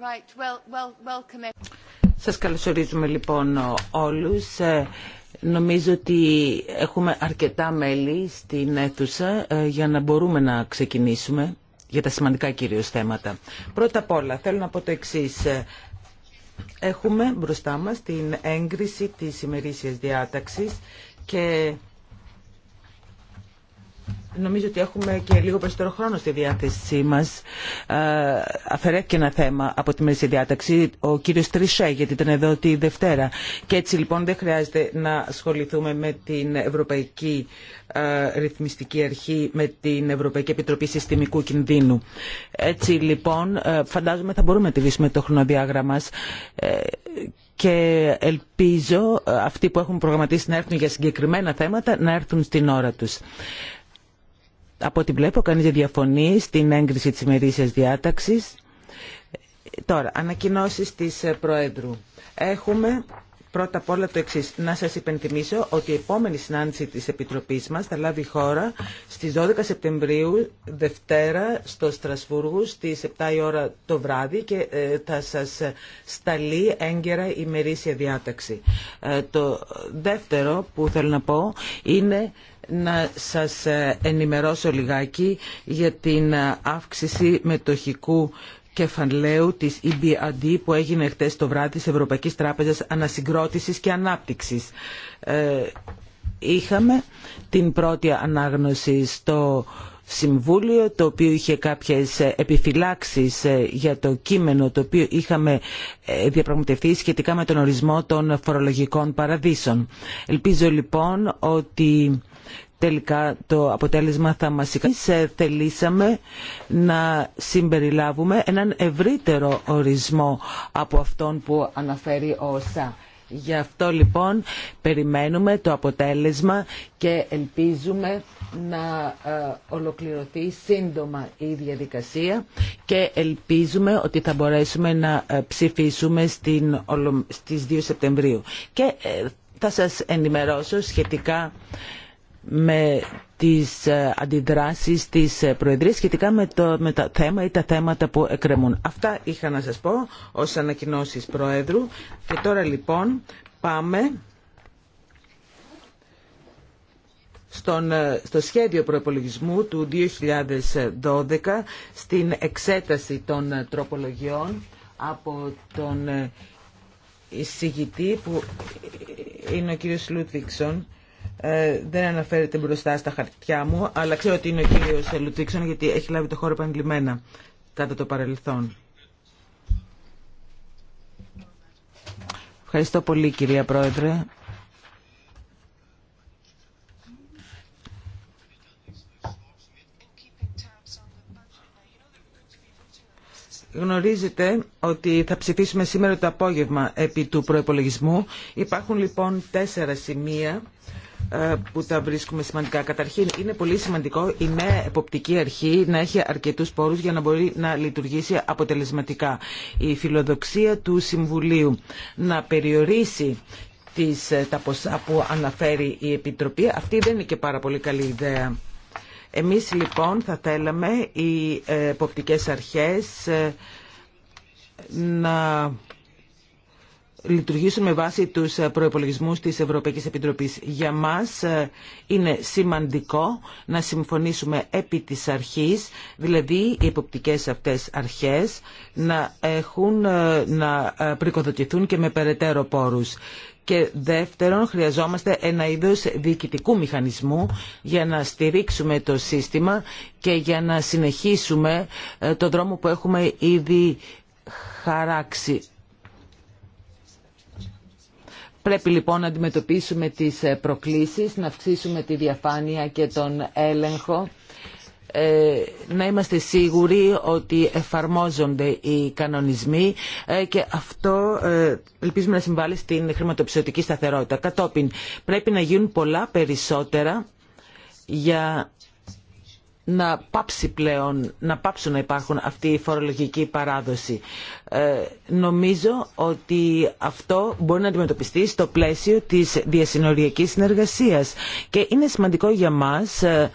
Right. Σας καλωσορίζουμε λοιπόν όλους. Ε, νομίζω ότι έχουμε αρκετά μέλη στην αίθουσα ε, για να μπορούμε να ξεκινήσουμε για τα σημαντικά κυρίως θέματα. Πρώτα απ' όλα θέλω να πω το εξής. Ε, έχουμε μπροστά μας την έγκριση της ημερήσιας διάταξης και Νομίζω ότι έχουμε και λίγο περισσότερο χρόνο στη διάθεσή μα. Ε, αφαιρέθηκε ένα θέμα από τη μέση διάταξη, ο κύριο Τρισέ, γιατί ήταν εδώ τη Δευτέρα. Και έτσι λοιπόν δεν χρειάζεται να ασχοληθούμε με την Ευρωπαϊκή ε, Ρυθμιστική Αρχή, με την Ευρωπαϊκή Επιτροπή Συστημικού Κινδύνου. Έτσι λοιπόν ε, φαντάζομαι θα μπορούμε να τη βρίσκουμε το χρονοδιάγραμμα και ελπίζω αυτοί που έχουν προγραμματίσει να έρθουν για συγκεκριμένα θέματα να έρθουν στην ώρα τους. Από ό,τι βλέπω κανείς δεν διαφωνεί στην έγκριση της ημερήσιας διάταξης. Τώρα, ανακοινώσεις της ε, Προέδρου. Έχουμε πρώτα απ' όλα το εξής. Να σας υπενθυμίσω ότι η επόμενη συνάντηση της Επιτροπής μας θα λάβει χώρα στις 12 Σεπτεμβρίου, Δευτέρα, στο Στρασβούργο, στις 7 η ώρα το βράδυ και ε, θα σας σταλεί έγκαιρα η ημερήσια διάταξη. Ε, το δεύτερο που θέλω να πω είναι να σας ε, ενημερώσω λιγάκι για την ε, αύξηση μετοχικού κεφαλαίου της EBRD που έγινε χτες το βράδυ της Ευρωπαϊκής Τράπεζας Ανασυγκρότησης και Ανάπτυξης. Ε, είχαμε την πρώτη ανάγνωση στο Συμβούλιο το οποίο είχε κάποιες επιφυλάξεις για το κείμενο το οποίο είχαμε διαπραγματευτεί σχετικά με τον ορισμό των φορολογικών παραδείσων. Ελπίζω λοιπόν ότι τελικά το αποτέλεσμα θα μας ικανοποιήσει. Θελήσαμε να συμπεριλάβουμε έναν ευρύτερο ορισμό από αυτόν που αναφέρει ο ΩΣΑ. Γι' αυτό λοιπόν περιμένουμε το αποτέλεσμα και ελπίζουμε να ε, ολοκληρωθεί σύντομα η διαδικασία και ελπίζουμε ότι θα μπορέσουμε να ε, ψηφίσουμε στην, στις 2 Σεπτεμβρίου. Και ε, θα σας ενημερώσω σχετικά με τις ε, αντιδράσεις της ε, Προεδρίας σχετικά με, το, με τα θέμα ή τα θέματα που εκκρεμούν. Αυτά είχα να σας πω ως ανακοινώσεις Προέδρου και τώρα λοιπόν πάμε στον, ε, στο σχέδιο προεπολογισμού του 2012 στην εξέταση των τροπολογιών από τον εισηγητή που είναι ο κύριος Λούτβιξον ε, δεν αναφέρεται μπροστά στα χαρτιά μου, αλλά ξέρω ότι είναι ο κύριος Λουτρίξον γιατί έχει λάβει το χώρο επανειλημμένα κατά το παρελθόν. Ευχαριστώ πολύ κυρία Πρόεδρε. Γνωρίζετε ότι θα ψηφίσουμε σήμερα το απόγευμα επί του προϋπολογισμού. Υπάρχουν λοιπόν τέσσερα σημεία ε, που τα βρίσκουμε σημαντικά. Καταρχήν, είναι πολύ σημαντικό η νέα εποπτική αρχή να έχει αρκετού πόρου για να μπορεί να λειτουργήσει αποτελεσματικά. Η φιλοδοξία του Συμβουλίου να περιορίσει τις, ε, τα ποσά που αναφέρει η Επιτροπή, αυτή δεν είναι και πάρα πολύ καλή ιδέα. Εμείς λοιπόν θα θέλαμε οι ε, εποπτικές αρχές να λειτουργήσουν με βάση τους ε, προϋπολογισμούς της Ευρωπαϊκής Επιτροπής. Για μας ε, είναι σημαντικό να συμφωνήσουμε επί της αρχής, δηλαδή οι υποπτικές αυτές αρχές να έχουν ε, να και με περαιτέρω πόρους. Και δεύτερον, χρειαζόμαστε ένα είδος διοικητικού μηχανισμού για να στηρίξουμε το σύστημα και για να συνεχίσουμε το δρόμο που έχουμε ήδη χαράξει Πρέπει λοιπόν να αντιμετωπίσουμε τις ε, προκλήσεις, να αυξήσουμε τη διαφάνεια και τον έλεγχο, ε, να είμαστε σίγουροι ότι εφαρμόζονται οι κανονισμοί ε, και αυτό ελπίζουμε να συμβάλλει στην χρηματοπιστωτική σταθερότητα. Κατόπιν πρέπει να γίνουν πολλά περισσότερα για να πάψει πλέον, να πάψουν να υπάρχουν αυτή η φορολογική παράδοση. Ε, νομίζω ότι αυτό μπορεί να αντιμετωπιστεί στο πλαίσιο της διασυνοριακής συνεργασίας και είναι σημαντικό για μας ε,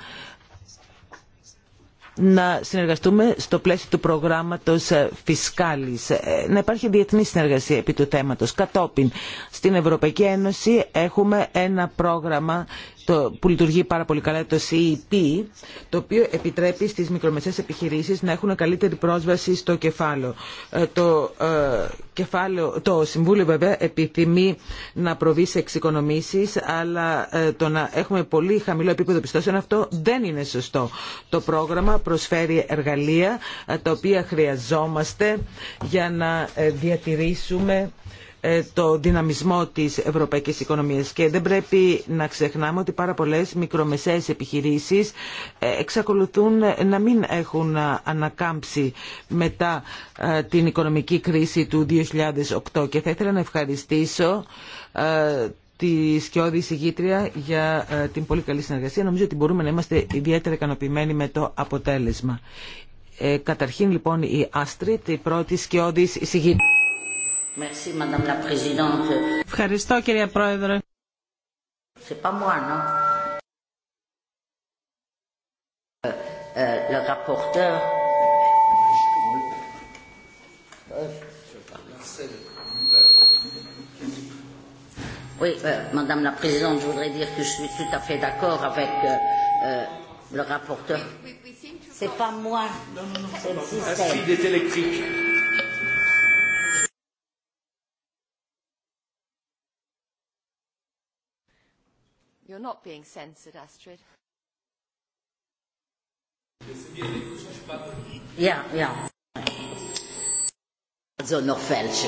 να συνεργαστούμε στο πλαίσιο του προγράμματος ε, Φισκάλης, ε, να υπάρχει διεθνή συνεργασία επί του θέματος. Κατόπιν, στην Ευρωπαϊκή Ένωση έχουμε ένα πρόγραμμα που λειτουργεί πάρα πολύ καλά, το CEP, το οποίο επιτρέπει στις μικρομεσαίες επιχειρήσεις να έχουν καλύτερη πρόσβαση στο κεφάλαιο. Ε, το, ε, κεφάλαιο, το Συμβούλιο βέβαια επιθυμεί να προβεί σε εξοικονομήσεις, αλλά ε, το να έχουμε πολύ χαμηλό επίπεδο πιστώσεων αυτό δεν είναι σωστό. Το πρόγραμμα προσφέρει εργαλεία ε, τα οποία χρειαζόμαστε για να διατηρήσουμε ε, το δυναμισμό της ευρωπαϊκής οικονομίας και δεν πρέπει να ξεχνάμε ότι πάρα πολλές μικρομεσαίες επιχειρήσεις ε, εξακολουθούν να μην έχουν ε, ανακάμψει μετά την οικονομική κρίση του 2008 και θα ήθελα να ευχαριστήσω τη Σκιώδη Συγήτρια για την πολύ καλή συνεργασία. Νομίζω ότι μπορούμε να είμαστε ιδιαίτερα ικανοποιημένοι με το αποτέλεσμα. καταρχήν λοιπόν η Άστριτ, η πρώτη Σκιώδη Συγήτρια. Merci, Madame la Présidente. Ευχαριστώ κυρία Πρόεδρε. C'est pas moi, non? Euh, euh, le rapporteur. Oui, euh, Madame la Présidente, je voudrais dire que je suis tout à fait d'accord avec euh, le rapporteur. C'est pas moi, c'est le système. électrique. You're not being censored, Astrid. Ja, ja. Also noch falsche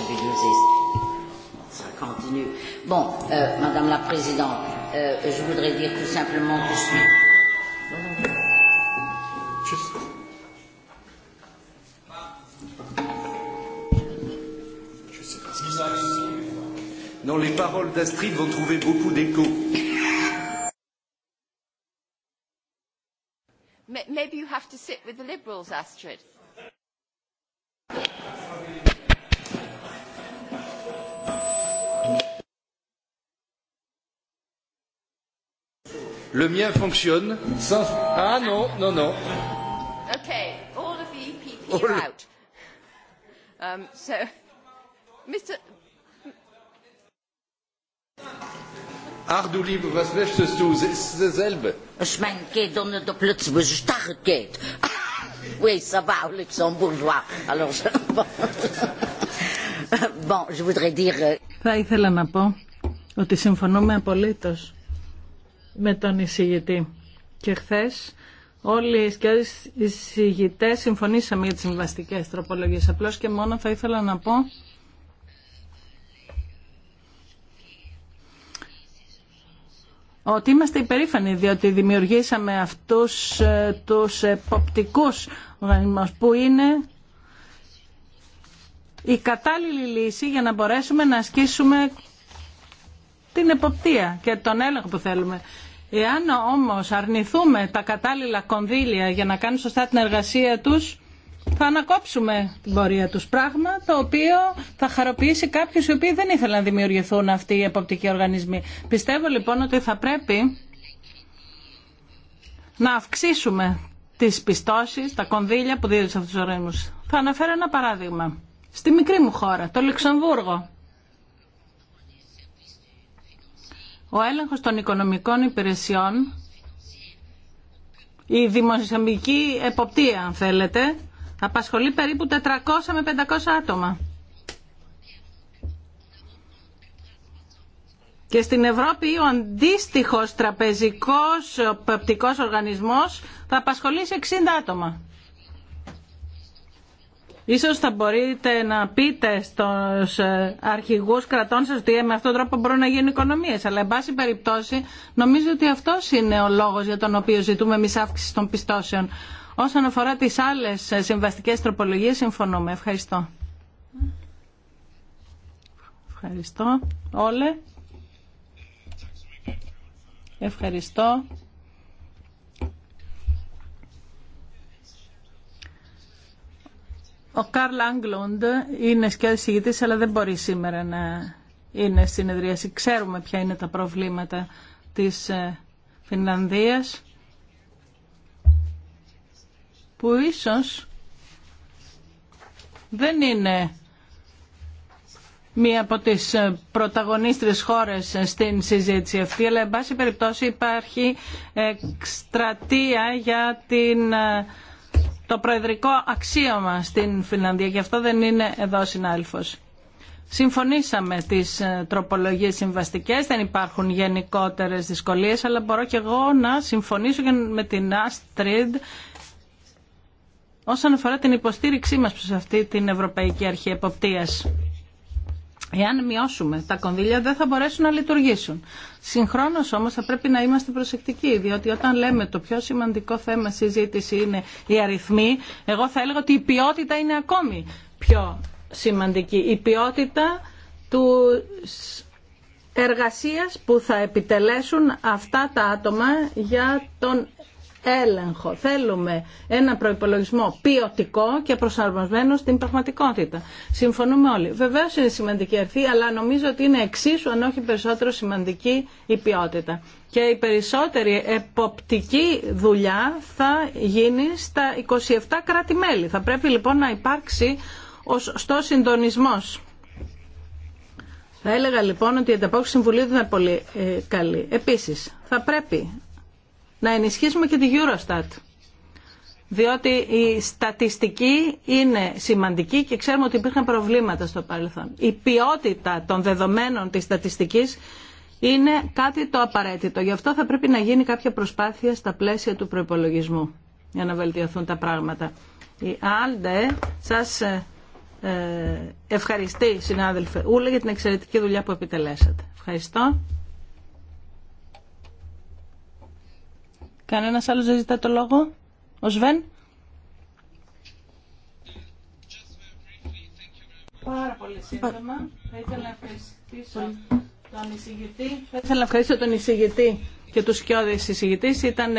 Ça continue. Bon, euh, Madame la Présidente, euh, je voudrais dire tout simplement que je suis. Dans Non, les paroles d'Astrid vont trouver beaucoup d'écho. with the Liberals, Astrid. Le mien fonctionne. Sans... Ah non, non, non. Okay, all of the EPP oh, is out. Um, so, Mr. Ach du Liebe, was möchtest du? Es ist dasselbe. Ich meine, geht ohne der Plötzlich, ich geht. Θα ήθελα να πω ότι συμφωνούμε απολύτως με τον εισηγητή. Και χθε όλοι όλοι οι εισηγητές συμφωνήσαμε για τις συμβαστικές τροπολογίες. Απλώς και μόνο θα ήθελα να πω ότι είμαστε υπερήφανοι διότι δημιουργήσαμε αυτούς ε, τους εποπτικούς οργανισμούς που είναι η κατάλληλη λύση για να μπορέσουμε να ασκήσουμε την εποπτεία και τον έλεγχο που θέλουμε. Εάν όμως αρνηθούμε τα κατάλληλα κονδύλια για να κάνουν σωστά την εργασία τους, θα ανακόψουμε την πορεία τους. Πράγμα το οποίο θα χαροποιήσει κάποιους οι οποίοι δεν ήθελαν να δημιουργηθούν αυτοί οι εποπτικοί οργανισμοί. Πιστεύω λοιπόν ότι θα πρέπει να αυξήσουμε τις πιστώσεις, τα κονδύλια που δίδονται σε αυτούς τους οργανισμούς. Θα αναφέρω ένα παράδειγμα. Στη μικρή μου χώρα, το Λουξεμβούργο. Ο έλεγχος των οικονομικών υπηρεσιών, η δημοσιονομική εποπτεία αν θέλετε, Απασχολεί περίπου 400 με 500 άτομα. Και στην Ευρώπη ο αντίστοιχος τραπεζικός πεπτικός οργανισμός θα απασχολήσει 60 άτομα. Ίσως θα μπορείτε να πείτε στους ε, αρχηγούς κρατών σας ότι ε, με αυτόν τον τρόπο μπορούν να γίνουν οικονομίες. Αλλά, εν πάση περιπτώσει, νομίζω ότι αυτός είναι ο λόγος για τον οποίο ζητούμε εμείς αύξηση των πιστώσεων. Όσον αφορά τις άλλες συμβαστικές τροπολογίες, συμφωνούμε. Ευχαριστώ. Ευχαριστώ. Όλε. Ευχαριστώ. Ο Καρλ Άγγλοντ είναι σκέδης αλλά δεν μπορεί σήμερα να είναι συνεδρίαση. Ξέρουμε ποια είναι τα προβλήματα της ε, Φινλανδίας που ίσως δεν είναι μία από τις πρωταγωνίστρες χώρες στην συζήτηση αυτή, αλλά εν πάση περιπτώσει υπάρχει εκστρατεία για το προεδρικό αξίωμα στην Φιλανδία και αυτό δεν είναι εδώ συνάλφος. Συμφωνήσαμε τις ε, τροπολογίες συμβαστικές, δεν υπάρχουν γενικότερες δυσκολίες, αλλά μπορώ και εγώ να συμφωνήσω και με την Άστριντ όσον αφορά την υποστήριξή μας προς αυτή την Ευρωπαϊκή Αρχή Εποπτείας. Εάν μειώσουμε τα κονδύλια δεν θα μπορέσουν να λειτουργήσουν. Συγχρόνως όμως θα πρέπει να είμαστε προσεκτικοί, διότι όταν λέμε το πιο σημαντικό θέμα συζήτηση είναι οι αριθμοί, εγώ θα έλεγα ότι η ποιότητα είναι ακόμη πιο σημαντική. Η ποιότητα του εργασίας που θα επιτελέσουν αυτά τα άτομα για τον έλεγχο. Θέλουμε ένα προπολογισμό ποιοτικό και προσαρμοσμένο στην πραγματικότητα. Συμφωνούμε όλοι. Βεβαίω είναι σημαντική αρχή, αλλά νομίζω ότι είναι εξίσου, αν όχι περισσότερο σημαντική, η ποιότητα. Και η περισσότερη εποπτική δουλειά θα γίνει στα 27 κράτη-μέλη. Θα πρέπει λοιπόν να υπάρξει ο σωστό συντονισμό. Θα έλεγα λοιπόν ότι η ανταπόκριση συμβουλή δεν είναι πολύ ε, καλή. Επίσης, θα πρέπει να ενισχύσουμε και τη Eurostat. Διότι η στατιστική είναι σημαντική και ξέρουμε ότι υπήρχαν προβλήματα στο παρελθόν. Η ποιότητα των δεδομένων της στατιστικής είναι κάτι το απαραίτητο. Γι' αυτό θα πρέπει να γίνει κάποια προσπάθεια στα πλαίσια του προπολογισμού για να βελτιωθούν τα πράγματα. Η Άλντε σας ε, ε, ευχαριστεί συνάδελφε Ούλα για την εξαιρετική δουλειά που επιτελέσατε. Ευχαριστώ. Κανένα άλλο δεν ζητά το λόγο. Ο Σβέν. Πάρα πολύ σύντομα. Θα ήθελα να ευχαριστήσω τον εισηγητή. Θα ήθελα να ευχαριστήσω τον εισηγητή και τους σκιώδες εισηγητής. Ήταν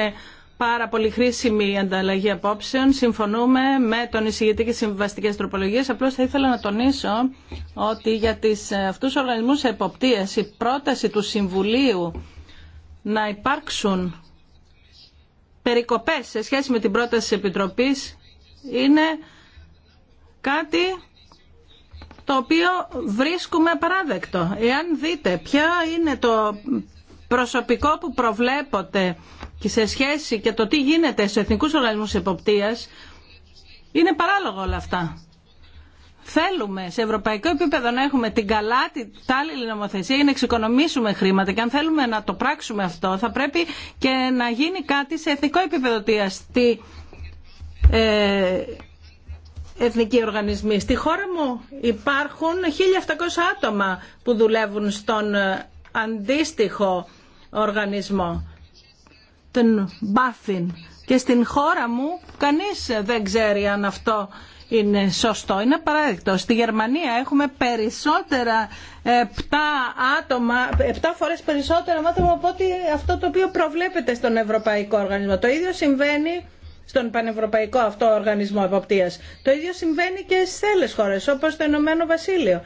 πάρα πολύ χρήσιμη η ανταλλαγή απόψεων. Συμφωνούμε με τον εισηγητή και συμβαστικέ τροπολογίε, απλώ θα ήθελα να τονίσω ότι για ε, αυτού του οργανισμού οργανισμούς η πρόταση του Συμβουλίου να υπάρξουν περικοπές σε σχέση με την πρόταση της Επιτροπής είναι κάτι το οποίο βρίσκουμε παράδεκτο. Εάν δείτε ποια είναι το προσωπικό που προβλέπονται και σε σχέση και το τι γίνεται στους εθνικούς οργανισμούς εποπτείας, είναι παράλογο όλα αυτά θέλουμε σε ευρωπαϊκό επίπεδο να έχουμε την καλά την τάλληλη νομοθεσία για να εξοικονομήσουμε χρήματα και αν θέλουμε να το πράξουμε αυτό θα πρέπει και να γίνει κάτι σε εθνικό επίπεδο τι ε, εθνικοί οργανισμοί. Στη χώρα μου υπάρχουν 1.700 άτομα που δουλεύουν στον ε, αντίστοιχο οργανισμό, τον Μπάφιν. Και στην χώρα μου κανείς δεν ξέρει αν αυτό είναι σωστό, είναι απαραίτητο. Στη Γερμανία έχουμε περισσότερα 7 ε, άτομα, 7 φορέ περισσότερα άτομα από ότι αυτό το οποίο προβλέπεται στον Ευρωπαϊκό Οργανισμό. Το ίδιο συμβαίνει στον Πανευρωπαϊκό αυτό Οργανισμό εποπτεία. Το ίδιο συμβαίνει και σε άλλε χώρε, όπω το Ηνωμένο Βασίλειο.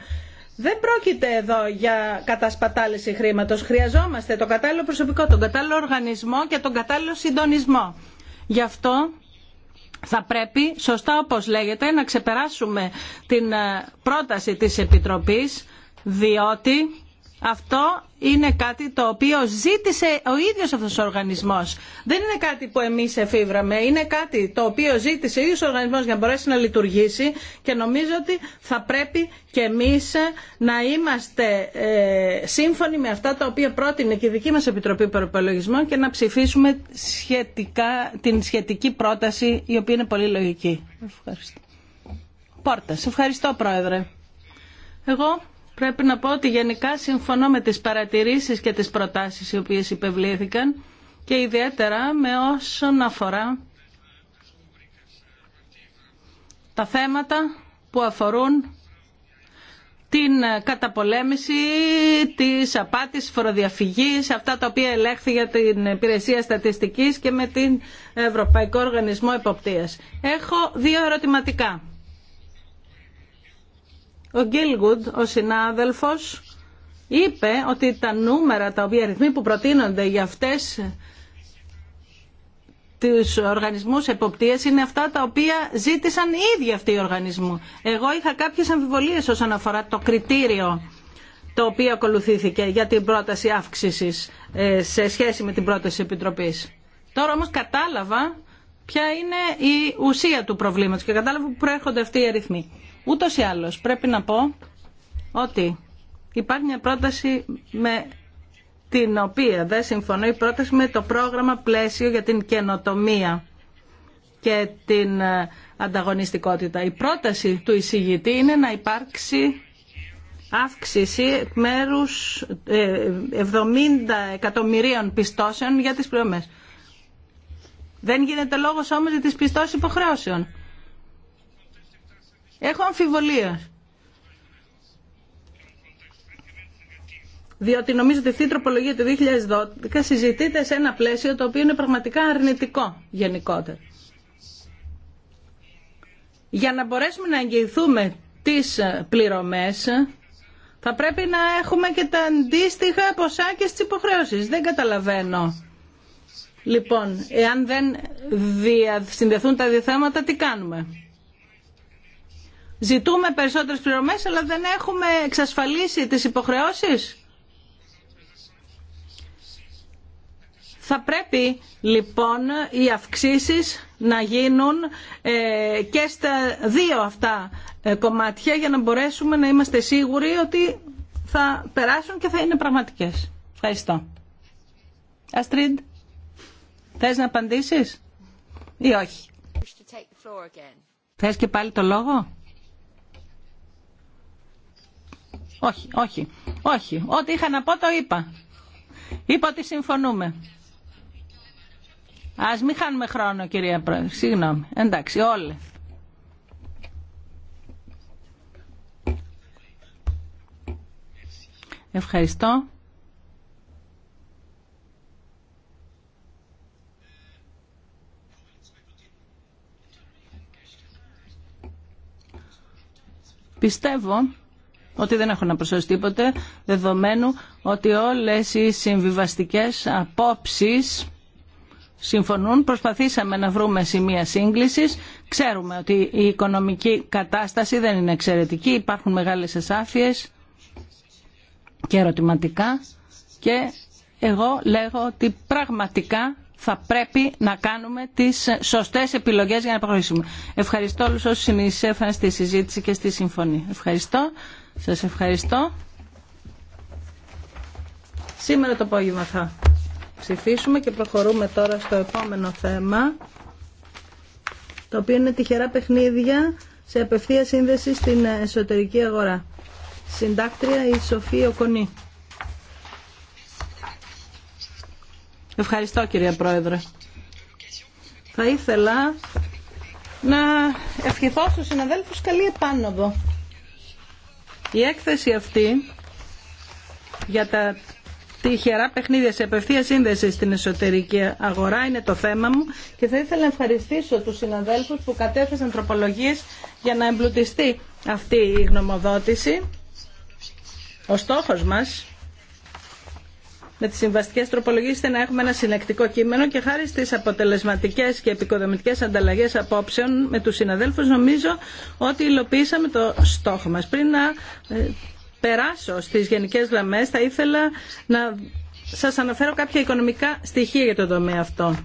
Δεν πρόκειται εδώ για κατασπατάληση χρήματος. Χρειαζόμαστε το κατάλληλο προσωπικό, τον κατάλληλο οργανισμό και τον κατάλληλο συντονισμό. Γι' αυτό θα πρέπει, σωστά όπως λέγεται, να ξεπεράσουμε την ε, πρόταση της Επιτροπής, διότι αυτό είναι κάτι το οποίο ζήτησε ο ίδιος αυτός ο οργανισμός. Δεν είναι κάτι που εμείς εφήβραμε, είναι κάτι το οποίο ζήτησε ο ίδιος ο οργανισμός για να μπορέσει να λειτουργήσει και νομίζω ότι θα πρέπει και εμείς να είμαστε ε, σύμφωνοι με αυτά τα οποία πρότεινε και η δική μας Επιτροπή Προπολογισμών και να ψηφίσουμε σχετικά, την σχετική πρόταση η οποία είναι πολύ λογική. Ευχαριστώ. Πόρτας. Ευχαριστώ Πρόεδρε. Εγώ Πρέπει να πω ότι γενικά συμφωνώ με τις παρατηρήσεις και τις προτάσεις οι οποίες υπευλήθηκαν και ιδιαίτερα με όσον αφορά τα θέματα που αφορούν την καταπολέμηση της απάτης φοροδιαφυγής, αυτά τα οποία ελέγχθη για την υπηρεσία στατιστικής και με την Ευρωπαϊκό Οργανισμό Εποπτείας. Έχω δύο ερωτηματικά. Ο Γκίλγουντ, ο συνάδελφος, είπε ότι τα νούμερα, τα οποία αριθμοί που προτείνονται για αυτές του οργανισμούς εποπτείας είναι αυτά τα οποία ζήτησαν οι ίδιοι αυτοί οι οργανισμοί. Εγώ είχα κάποιες αμφιβολίες όσον αφορά το κριτήριο το οποίο ακολουθήθηκε για την πρόταση αύξησης ε, σε σχέση με την πρόταση Επιτροπής. Τώρα όμως κατάλαβα ποια είναι η ουσία του προβλήματος και κατάλαβα που προέρχονται αυτοί οι αριθμοί. Ούτως ή άλλως πρέπει να πω ότι υπάρχει μια πρόταση με την οποία δεν συμφωνώ η πρόταση με το πρόγραμμα πλαίσιο για την καινοτομία και την ε, ανταγωνιστικότητα. Η πρόταση του εισηγητή είναι να υπάρξει αύξηση μέρους 70 ε, εκατομμυρίων πιστώσεων για τις πληρωμές. Δεν γίνεται λόγος όμως για τις πιστώσεις υποχρεώσεων. Έχω αμφιβολία. Διότι νομίζω ότι αυτή η τροπολογία του 2012 συζητείται σε ένα πλαίσιο το οποίο είναι πραγματικά αρνητικό γενικότερα. Για να μπορέσουμε να εγγυηθούμε τις πληρωμές θα πρέπει να έχουμε και τα αντίστοιχα ποσά και στις υποχρεώσεις. Δεν καταλαβαίνω. Λοιπόν, εάν δεν συνδεθούν τα διαθέματα, τι κάνουμε. Ζητούμε περισσότερες πληρωμές, αλλά δεν έχουμε εξασφαλίσει τις υποχρεώσεις. Θα πρέπει λοιπόν οι αυξήσεις να γίνουν ε, και στα δύο αυτά ε, κομμάτια για να μπορέσουμε να είμαστε σίγουροι ότι θα περάσουν και θα είναι πραγματικές. Ευχαριστώ. Αστρίντ, θες να απαντήσεις ή όχι. Θες και πάλι το λόγο. όχι, όχι, όχι. Ό,τι είχα να πω το είπα. Είπα ότι συμφωνούμε. Ας μην χάνουμε χρόνο, κυρία Πρόεδρε. Συγγνώμη. Εντάξει, όλοι. Ευχαριστώ. Πιστεύω ότι δεν έχω να προσθέσω τίποτε, δεδομένου ότι όλες οι συμβιβαστικές απόψεις συμφωνούν. Προσπαθήσαμε να βρούμε σημεία σύγκλησης. Ξέρουμε ότι η οικονομική κατάσταση δεν είναι εξαιρετική, υπάρχουν μεγάλες ασάφειες και ερωτηματικά και εγώ λέγω ότι πραγματικά θα πρέπει να κάνουμε τις σωστές επιλογές για να προχωρήσουμε. Ευχαριστώ όλους όσους συνεισέφεραν στη συζήτηση και στη συμφωνία. Ευχαριστώ. Σας ευχαριστώ. Σήμερα το απόγευμα θα ψηφίσουμε και προχωρούμε τώρα στο επόμενο θέμα, το οποίο είναι τυχερά παιχνίδια σε απευθεία σύνδεση στην εσωτερική αγορά. Συντάκτρια η Σοφία Οκονή. Ευχαριστώ κυρία Πρόεδρε. Θα ήθελα να ευχηθώ στους συναδέλφους καλή επάνωδο. Η έκθεση αυτή για τα τυχερά παιχνίδια σε απευθεία σύνδεση στην εσωτερική αγορά είναι το θέμα μου και θα ήθελα να ευχαριστήσω τους συναδέλφους που κατέθεσαν τροπολογίες για να εμπλουτιστεί αυτή η γνωμοδότηση. Ο στόχος μας με τις συμβαστικές τροπολογίες να έχουμε ένα συνεκτικό κείμενο και χάρη στις αποτελεσματικές και επικοδομητικές ανταλλαγές απόψεων με τους συναδέλφους νομίζω ότι υλοποιήσαμε το στόχο μας. Πριν να ε, περάσω στις γενικές γραμμές θα ήθελα να σας αναφέρω κάποια οικονομικά στοιχεία για το τομέα αυτό.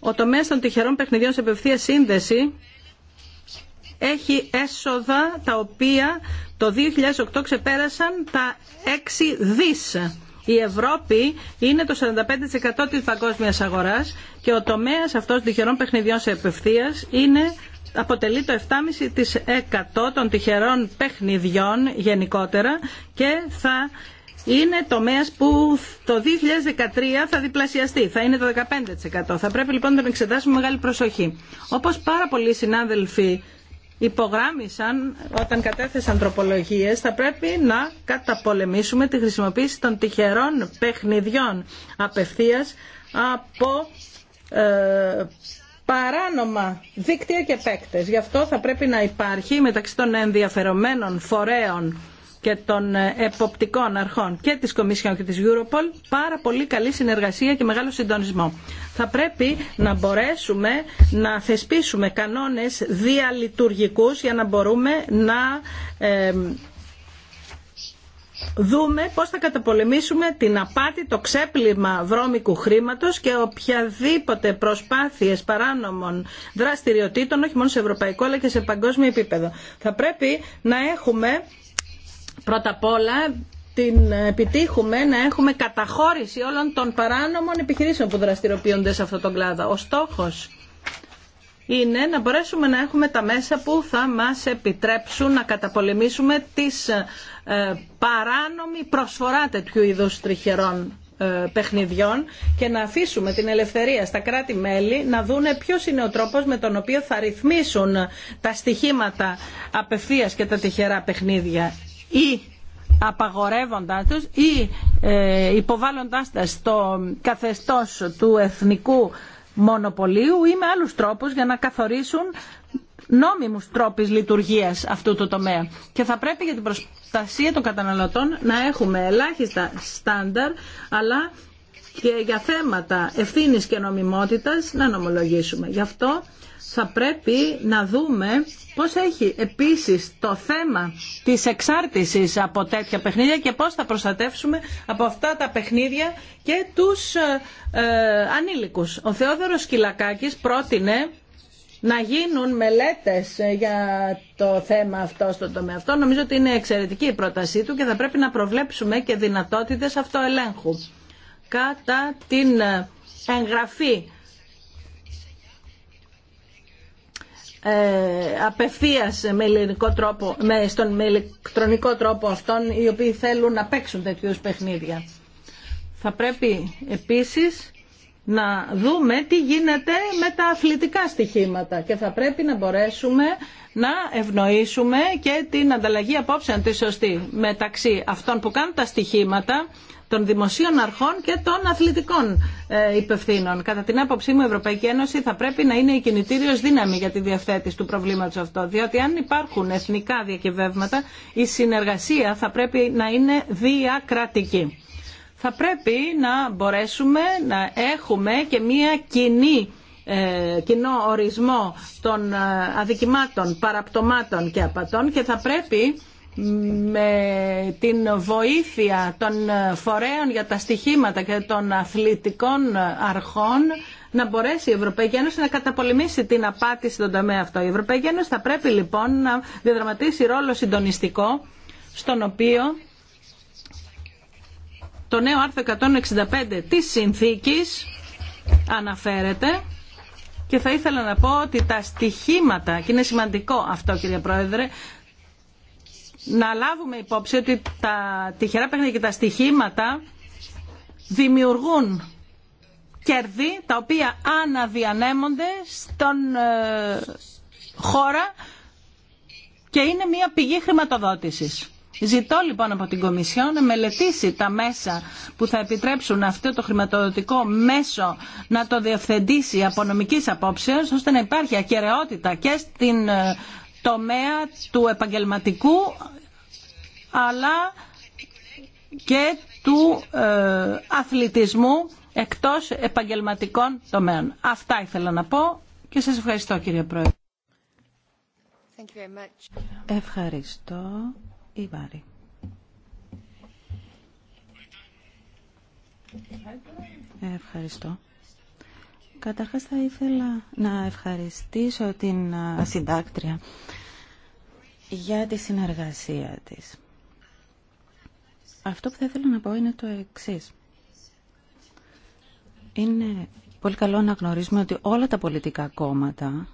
Ο τομέας των τυχερών παιχνιδιών σε απευθεία σύνδεση έχει έσοδα τα οποία το 2008 ξεπέρασαν τα 6 δις η Ευρώπη είναι το 45% της παγκόσμιας αγοράς και ο τομέας αυτός τυχερών παιχνιδιών σε επευθείας είναι αποτελεί το 7,5% των τυχερών παιχνιδιών γενικότερα και θα είναι τομέας που το 2013 θα διπλασιαστεί, θα είναι το 15%. Θα πρέπει λοιπόν να τον εξετάσουμε μεγάλη προσοχή. Όπως πάρα πολλοί συνάδελφοι υπογράμμισαν όταν κατέθεσαν τροπολογίες θα πρέπει να καταπολεμήσουμε τη χρησιμοποίηση των τυχερών παιχνιδιών απευθείας από ε, παράνομα δίκτυα και παίκτες. Γι' αυτό θα πρέπει να υπάρχει μεταξύ των ενδιαφερομένων φορέων και των ε, εποπτικών αρχών και της Κομισιόν και της Europol πάρα πολύ καλή συνεργασία και μεγάλο συντονισμό. Θα πρέπει να μπορέσουμε να θεσπίσουμε κανόνες διαλειτουργικούς για να μπορούμε να δούμε πώς θα καταπολεμήσουμε την απάτη, το ξέπλυμα βρώμικου χρήματος και οποιαδήποτε προσπάθειες παράνομων δραστηριοτήτων, όχι μόνο σε ευρωπαϊκό αλλά και σε παγκόσμιο επίπεδο. Θα πρέπει να έχουμε πρώτα απ' όλα την επιτύχουμε να έχουμε καταχώρηση όλων των παράνομων επιχειρήσεων που δραστηριοποιούνται σε αυτόν τον κλάδο. Ο στόχος είναι να μπορέσουμε να έχουμε τα μέσα που θα μας επιτρέψουν να καταπολεμήσουμε τις ε, παράνομη προσφορά τέτοιου είδους τριχερών ε, παιχνιδιών και να αφήσουμε την ελευθερία στα κράτη-μέλη να δούνε ποιος είναι ο τρόπος με τον οποίο θα ρυθμίσουν τα στοιχήματα απευθείας και τα τυχερά παιχνίδια ή απαγορεύοντάς τους ή ε, υποβάλλοντάς τα στο καθεστώς του εθνικού μονοπωλίου ή με άλλους τρόπους για να καθορίσουν νόμιμους τρόπους λειτουργίας αυτού του τομέα. Και θα πρέπει για την προστασία των καταναλωτών να έχουμε ελάχιστα στάνταρ, αλλά και για θέματα ευθύνης και νομιμότητας να νομολογήσουμε. Γι' αυτό θα πρέπει να δούμε πώς έχει επίσης το θέμα της εξάρτησης από τέτοια παιχνίδια και πώς θα προστατεύσουμε από αυτά τα παιχνίδια και τους ε, ε ανήλικους. Ο Θεόδωρος Κυλακάκης πρότεινε να γίνουν μελέτες ε, για το θέμα αυτό στον τομέα αυτό. Νομίζω ότι είναι εξαιρετική η πρότασή του και θα πρέπει να προβλέψουμε και δυνατότητες αυτοελέγχου. Κατά την ε, εγγραφή ε, απευθείας με, τρόπο, με, στον, με ηλεκτρονικό τρόπο αυτών οι οποίοι θέλουν να παίξουν τέτοιους παιχνίδια. Θα πρέπει επίσης να δούμε τι γίνεται με τα αθλητικά στοιχήματα και θα πρέπει να μπορέσουμε να ευνοήσουμε και την ανταλλαγή απόψεων τη σωστή μεταξύ αυτών που κάνουν τα στοιχήματα των δημοσίων αρχών και των αθλητικών ε, υπευθύνων. Κατά την άποψή μου, η Ευρωπαϊκή Ένωση θα πρέπει να είναι η κινητήριο δύναμη για τη διευθέτηση του προβλήματο αυτό. Διότι αν υπάρχουν εθνικά διακυβεύματα, η συνεργασία θα πρέπει να είναι διακρατική. Θα πρέπει να μπορέσουμε να έχουμε και μία κοινή ε, κοινό ορισμό των ε, αδικημάτων, παραπτωμάτων και απατών και θα πρέπει με την βοήθεια των φορέων για τα στοιχήματα και των αθλητικών αρχών να μπορέσει η Ευρωπαϊκή Ένωση να καταπολεμήσει την απάτη στον τομέα αυτό. Η Ευρωπαϊκή Ένωση θα πρέπει λοιπόν να διαδραματίσει ρόλο συντονιστικό στον οποίο το νέο άρθρο 165 της συνθήκης αναφέρεται και θα ήθελα να πω ότι τα στοιχήματα, και είναι σημαντικό αυτό κύριε Πρόεδρε, να λάβουμε υπόψη ότι τα τυχερά παιχνίδια και τα στοιχήματα δημιουργούν κέρδη τα οποία αναδιανέμονται στον ε, χώρα και είναι μια πηγή χρηματοδότησης. Ζητώ λοιπόν από την Κομισιό να μελετήσει τα μέσα που θα επιτρέψουν αυτό το χρηματοδοτικό μέσο να το διευθεντήσει από νομικής απόψεως ώστε να υπάρχει ακαιρεότητα και στην ε, τομέα του επαγγελματικού αλλά και του ε, αθλητισμού εκτός επαγγελματικών τομέων. Αυτά ήθελα να πω και σας ευχαριστώ κύριε Πρόεδρε. Ευχαριστώ. Καταρχάς θα ήθελα να ευχαριστήσω την συντάκτρια για τη συνεργασία της. Αυτό που θα ήθελα να πω είναι το εξής. Είναι πολύ καλό να γνωρίζουμε ότι όλα τα πολιτικά κόμματα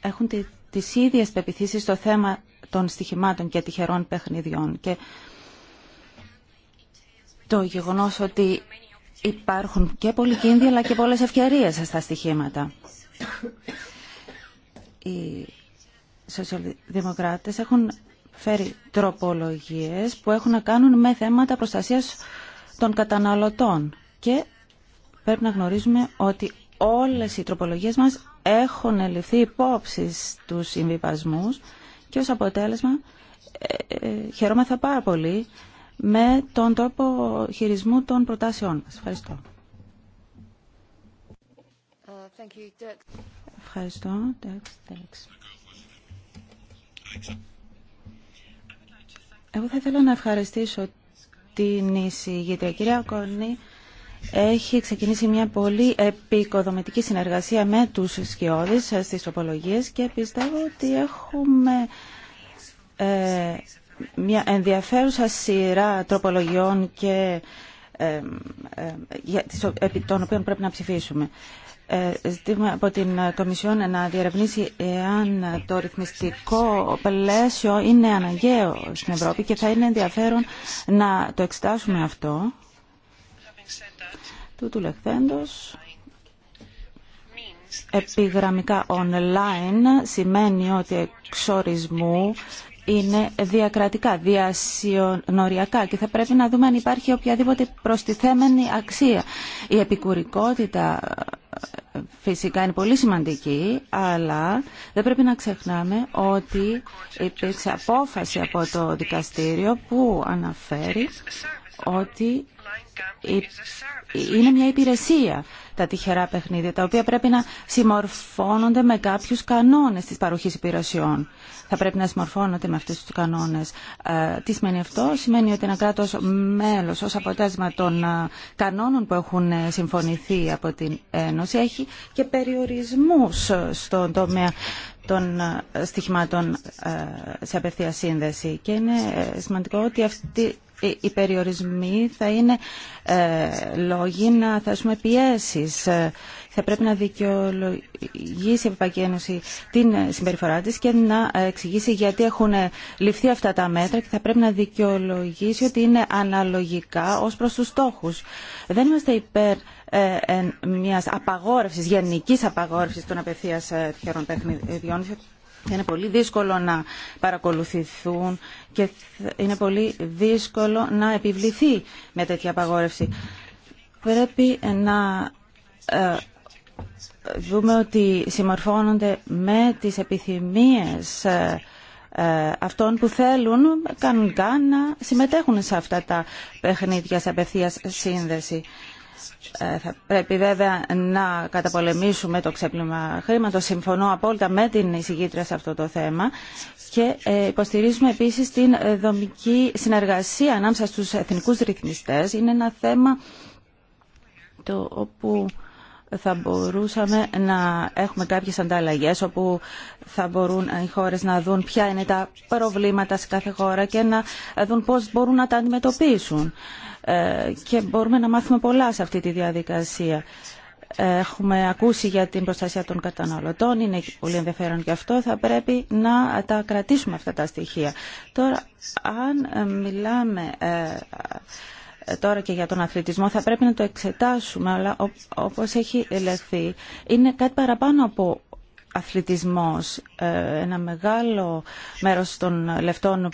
έχουν τις ίδιες πεπιθήσεις στο θέμα των στοιχημάτων και τυχερών παιχνιδιών και το γεγονός ότι υπάρχουν και πολλοί κίνδυνοι αλλά και πολλές ευκαιρίες στα στοιχήματα. Οι σοσιαλδημοκράτες έχουν φέρει τροπολογίες που έχουν να κάνουν με θέματα προστασίας των καταναλωτών και πρέπει να γνωρίζουμε ότι όλες οι τροπολογίες μας έχουν ληφθεί υπόψη στους συμβιβασμούς και ως αποτέλεσμα ε, ε πάρα πολύ με τον τρόπο χειρισμού των προτάσεών μας. Ευχαριστώ. Ευχαριστώ. Εγώ θα ήθελα να ευχαριστήσω την εισηγήτρια. Κυρία Κόνη, έχει ξεκινήσει μια πολύ επικοδομητική συνεργασία με τους σκιώδεις στις τοπολογίες και πιστεύω ότι έχουμε ε, μια ενδιαφέρουσα σειρά τροπολογιών και ε, ε των οποίων πρέπει να ψηφίσουμε. Ε, Ζητήμα από την Κομισιόν να διερευνήσει εάν το ρυθμιστικό πλαίσιο είναι αναγκαίο στην Ευρώπη και θα είναι ενδιαφέρον να το εξετάσουμε αυτό. Τούτου λεχθέντος, επιγραμμικά online σημαίνει ότι εξορισμού είναι διακρατικά, διασυνοριακά και θα πρέπει να δούμε αν υπάρχει οποιαδήποτε προστιθέμενη αξία. Η επικουρικότητα ε, φυσικά είναι πολύ σημαντική, αλλά δεν πρέπει να ξεχνάμε ότι υπήρξε απόφαση από το δικαστήριο που αναφέρει ότι είναι μια υπηρεσία τα τυχερά παιχνίδια, τα οποία πρέπει να συμμορφώνονται με κάποιους κανόνες της παροχής υπηρεσιών. Θα πρέπει να συμμορφώνονται με αυτούς τους κανόνες. Ε, τι σημαίνει αυτό? Σημαίνει ότι ένα κράτος μέλος ως αποτέλεσμα των ε, κανόνων που έχουν ε, συμφωνηθεί από την Ένωση έχει και περιορισμούς στον τομέα των στοιχημάτων σε απευθεία σύνδεση. Και είναι σημαντικό ότι αυτή ε, οι περιορισμοί θα είναι ε, λόγοι να θέσουμε πιέσεις. Ε, θα πρέπει να δικαιολογήσει η Ευρωπαϊκή Ένωση την συμπεριφορά της και να εξηγήσει γιατί έχουν ληφθεί αυτά τα μέτρα και θα πρέπει να δικαιολογήσει ότι είναι αναλογικά ως προς τους στόχους. Δεν είμαστε υπέρ μιας απαγόρευσης, γενικής απαγόρευσης των απευθείας τυχερών παιχνιδιών είναι πολύ δύσκολο να παρακολουθηθούν και είναι πολύ δύσκολο να επιβληθεί με τέτοια απαγόρευση. Πρέπει να ε, δούμε ότι συμμορφώνονται με τις επιθυμίες ε, ε, αυτών που θέλουν κανονικά να συμμετέχουν σε αυτά τα παιχνίδια σε απευθείας σύνδεση. Ε, θα πρέπει βέβαια να καταπολεμήσουμε το ξέπλυμα χρήματος. Συμφωνώ απόλυτα με την εισηγήτρια σε αυτό το θέμα και ε, υποστηρίζουμε επίσης την δομική συνεργασία ανάμεσα στους εθνικούς ρυθμιστές. Είναι ένα θέμα το όπου θα μπορούσαμε να έχουμε κάποιες ανταλλαγές όπου θα μπορούν οι χώρες να δουν ποια είναι τα προβλήματα σε κάθε χώρα και να δουν πώς μπορούν να τα αντιμετωπίσουν. Ε, και μπορούμε να μάθουμε πολλά σε αυτή τη διαδικασία. Έχουμε ακούσει για την προστασία των καταναλωτών, είναι πολύ ενδιαφέρον και αυτό, θα πρέπει να τα κρατήσουμε αυτά τα στοιχεία. Τώρα, αν ε, μιλάμε ε, τώρα και για τον αθλητισμό θα πρέπει να το εξετάσουμε, αλλά όπως έχει ελεγχθεί είναι κάτι παραπάνω από αθλητισμός. Ένα μεγάλο μέρος των λεφτών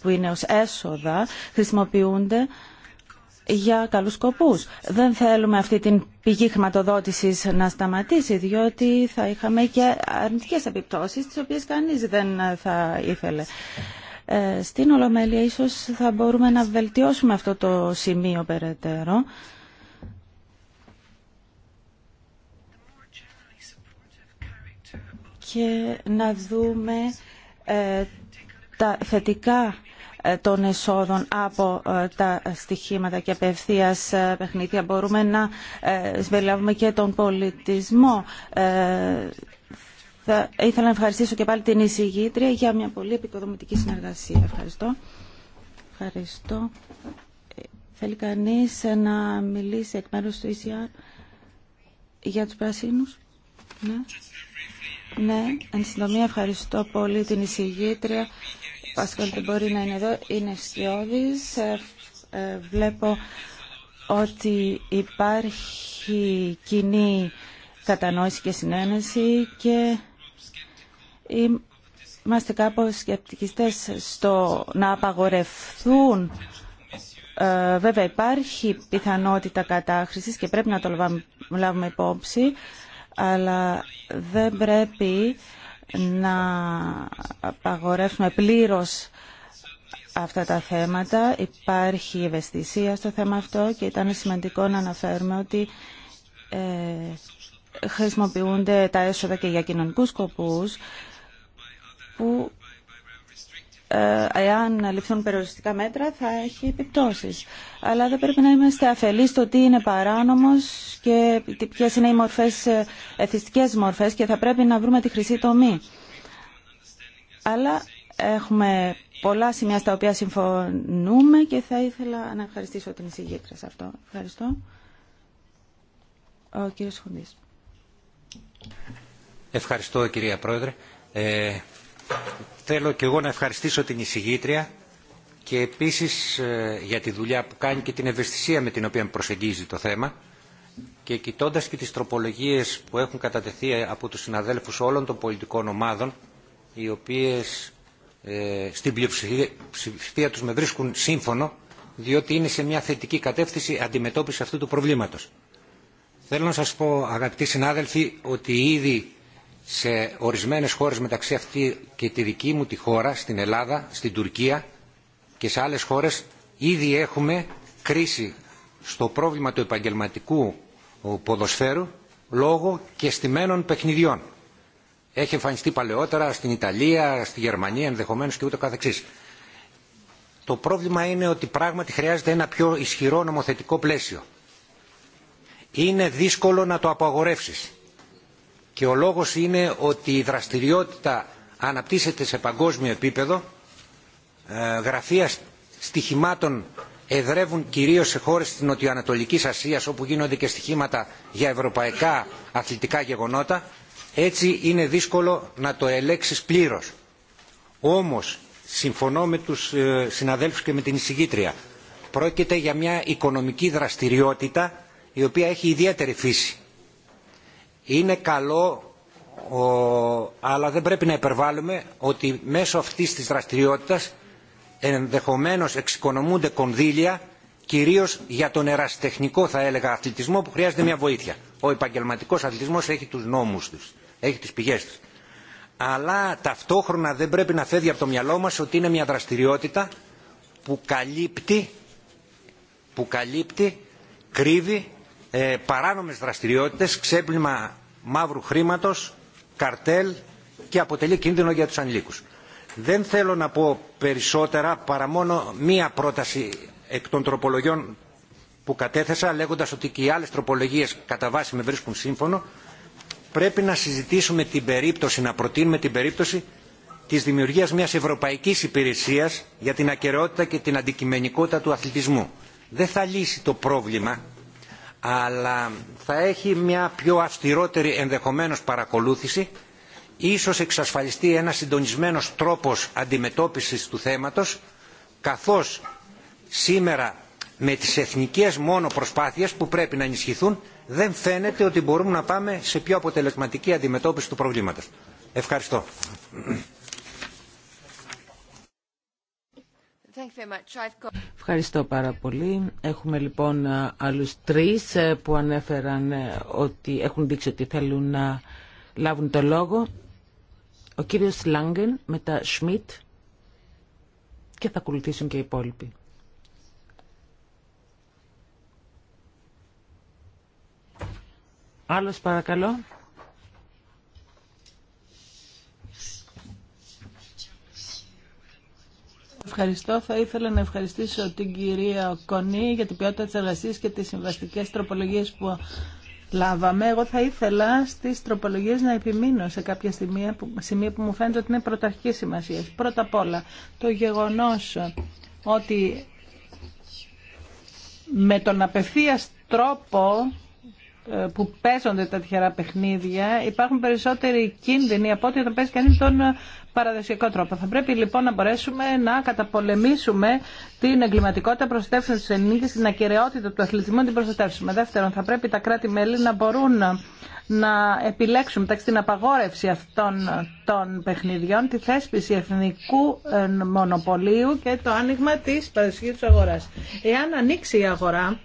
που είναι ως έσοδα χρησιμοποιούνται για καλούς σκοπούς. Δεν θέλουμε αυτή την πηγή χρηματοδότησης να σταματήσει, διότι θα είχαμε και αρνητικές επιπτώσεις, τις οποίες κανείς δεν θα ήθελε. Ε, στην Ολομέλεια ίσως θα μπορούμε να βελτιώσουμε αυτό το σημείο περαιτέρω. Και να δούμε ε, τα θετικά ε, των εσόδων από ε, τα στοιχήματα και απευθείας ε, παιχνίδια. Μπορούμε να συμπεριλάβουμε και τον πολιτισμό. Θα ήθελα να ευχαριστήσω και πάλι την εισηγήτρια για μια πολύ επικοδομητική συνεργασία. Ευχαριστώ. Ευχαριστώ. Θέλει κανείς να μιλήσει εκ μέρους του ECR για τους πράσινους. Ναι. Ναι, εν συντομία ευχαριστώ πολύ την εισηγήτρια Πάσχαλ δεν μπορεί να είναι εδώ, είναι ε, ε, Βλέπω ότι υπάρχει κοινή κατανόηση και συνένεση και είμαστε κάπως σκεπτικιστές στο να απαγορευθούν ε, βέβαια υπάρχει πιθανότητα κατάχρησης και πρέπει να το λάβουμε υπόψη αλλά δεν πρέπει να απαγορεύσουμε πλήρως αυτά τα θέματα. Υπάρχει ευαισθησία στο θέμα αυτό και ήταν σημαντικό να αναφέρουμε ότι ε, χρησιμοποιούνται τα έσοδα και για κοινωνικούς σκοπούς που ε, εάν ληφθούν περιοριστικά μέτρα θα έχει επιπτώσεις. Αλλά δεν πρέπει να είμαστε αφελείς στο τι είναι παράνομος και ποιε είναι οι μορφές, ε, εθιστικές μορφές και θα πρέπει να βρούμε τη χρυσή τομή. Αλλά έχουμε πολλά σημεία στα οποία συμφωνούμε και θα ήθελα να ευχαριστήσω την εισηγήτρια σε αυτό. Ευχαριστώ. Ο κύριος Χοντής. Ευχαριστώ κυρία Πρόεδρε. Ε, Θέλω και εγώ να ευχαριστήσω την εισηγήτρια και επίσης ε, για τη δουλειά που κάνει και την ευαισθησία με την οποία προσεγγίζει το θέμα και κοιτώντα και τις τροπολογίες που έχουν κατατεθεί από τους συναδέλφους όλων των πολιτικών ομάδων οι οποίες ε, στην πλειοψηφία τους με βρίσκουν σύμφωνο διότι είναι σε μια θετική κατεύθυνση αντιμετώπιση αυτού του προβλήματος. Θέλω να σας πω αγαπητοί συνάδελφοι ότι ήδη σε ορισμένες χώρες μεταξύ αυτή και τη δική μου τη χώρα, στην Ελλάδα, στην Τουρκία και σε άλλες χώρες ήδη έχουμε κρίση στο πρόβλημα του επαγγελματικού ποδοσφαίρου λόγω και στημένων παιχνιδιών. Έχει εμφανιστεί παλαιότερα στην Ιταλία, στη Γερμανία ενδεχομένως και ούτω καθεξής. Το πρόβλημα είναι ότι πράγματι χρειάζεται ένα πιο ισχυρό νομοθετικό πλαίσιο. Είναι δύσκολο να το απαγορεύσεις και ο λόγος είναι ότι η δραστηριότητα αναπτύσσεται σε παγκόσμιο επίπεδο, ε, γραφεία στοιχημάτων εδρεύουν κυρίως σε χώρες της Νοτιοανατολικής Ασίας όπου γίνονται και στοιχήματα για ευρωπαϊκά αθλητικά γεγονότα, έτσι είναι δύσκολο να το ελέξεις πλήρως. Όμως, συμφωνώ με τους ε, συναδέλφους και με την εισηγήτρια, πρόκειται για μια οικονομική δραστηριότητα η οποία έχει ιδιαίτερη φύση είναι καλό, αλλά δεν πρέπει να υπερβάλλουμε ότι μέσω αυτής της δραστηριότητας ενδεχομένως εξοικονομούνται κονδύλια κυρίως για τον ερασιτεχνικό θα έλεγα αθλητισμό που χρειάζεται μια βοήθεια. Ο επαγγελματικός αθλητισμός έχει τους νόμους τους, έχει τις πηγές τους. Αλλά ταυτόχρονα δεν πρέπει να φεύγει από το μυαλό μας ότι είναι μια δραστηριότητα που καλύπτει, που καλύπτει κρύβει Παράνομε παράνομες δραστηριότητες, ξέπλυμα μαύρου χρήματος, καρτέλ και αποτελεί κίνδυνο για τους ανηλίκους. Δεν θέλω να πω περισσότερα παρά μόνο μία πρόταση εκ των τροπολογιών που κατέθεσα λέγοντας ότι και οι άλλες τροπολογίες κατά βάση με βρίσκουν σύμφωνο πρέπει να συζητήσουμε την περίπτωση, να προτείνουμε την περίπτωση της δημιουργίας μιας ευρωπαϊκής υπηρεσίας για την ακαιρεότητα και την αντικειμενικότητα του αθλητισμού. Δεν θα λύσει το πρόβλημα αλλά θα έχει μια πιο αυστηρότερη ενδεχομένως παρακολούθηση ίσως εξασφαλιστεί ένα συντονισμένος τρόπος αντιμετώπισης του θέματος καθώς σήμερα με τις εθνικές μόνο προσπάθειες που πρέπει να ενισχυθούν δεν φαίνεται ότι μπορούμε να πάμε σε πιο αποτελεσματική αντιμετώπιση του προβλήματος. Ευχαριστώ. Ευχαριστώ πάρα πολύ. Έχουμε λοιπόν άλλους τρεις ε, που ανέφεραν ε, ότι έχουν δείξει ότι θέλουν να λάβουν το λόγο. Ο κύριος Λάγκεν, μετά Σμιτ και θα ακολουθήσουν και οι υπόλοιποι. Άλλος παρακαλώ. Ευχαριστώ. Θα ήθελα να ευχαριστήσω την κυρία Κονή για την ποιότητα της εργασίας και τις συμβαστικές τροπολογίες που λάβαμε. Εγώ θα ήθελα στις τροπολογίες να επιμείνω σε κάποια σημεία που, σημεία που μου φαίνεται ότι είναι πρωταρχική σημασία. Πρώτα απ' όλα, το γεγονός ότι με τον απευθείας τρόπο ε, που παίζονται τα τυχερά παιχνίδια υπάρχουν περισσότεροι κίνδυνοι από ό,τι όταν παίζει κανείς τον παραδοσιακό τρόπο. Θα πρέπει λοιπόν να μπορέσουμε να καταπολεμήσουμε την εγκληματικότητα, προστατεύσουμε τη ενήλικε, την ακαιρεότητα του αθλητισμού να την προστατεύσουμε. Δεύτερον, θα πρέπει τα κράτη-μέλη να μπορούν να επιλέξουν μεταξύ την απαγόρευση αυτών των παιχνιδιών, τη θέσπιση εθνικού ε, μονοπωλίου και το άνοιγμα τη παραδοσιακή αγορά. Εάν ανοίξει η αγορά,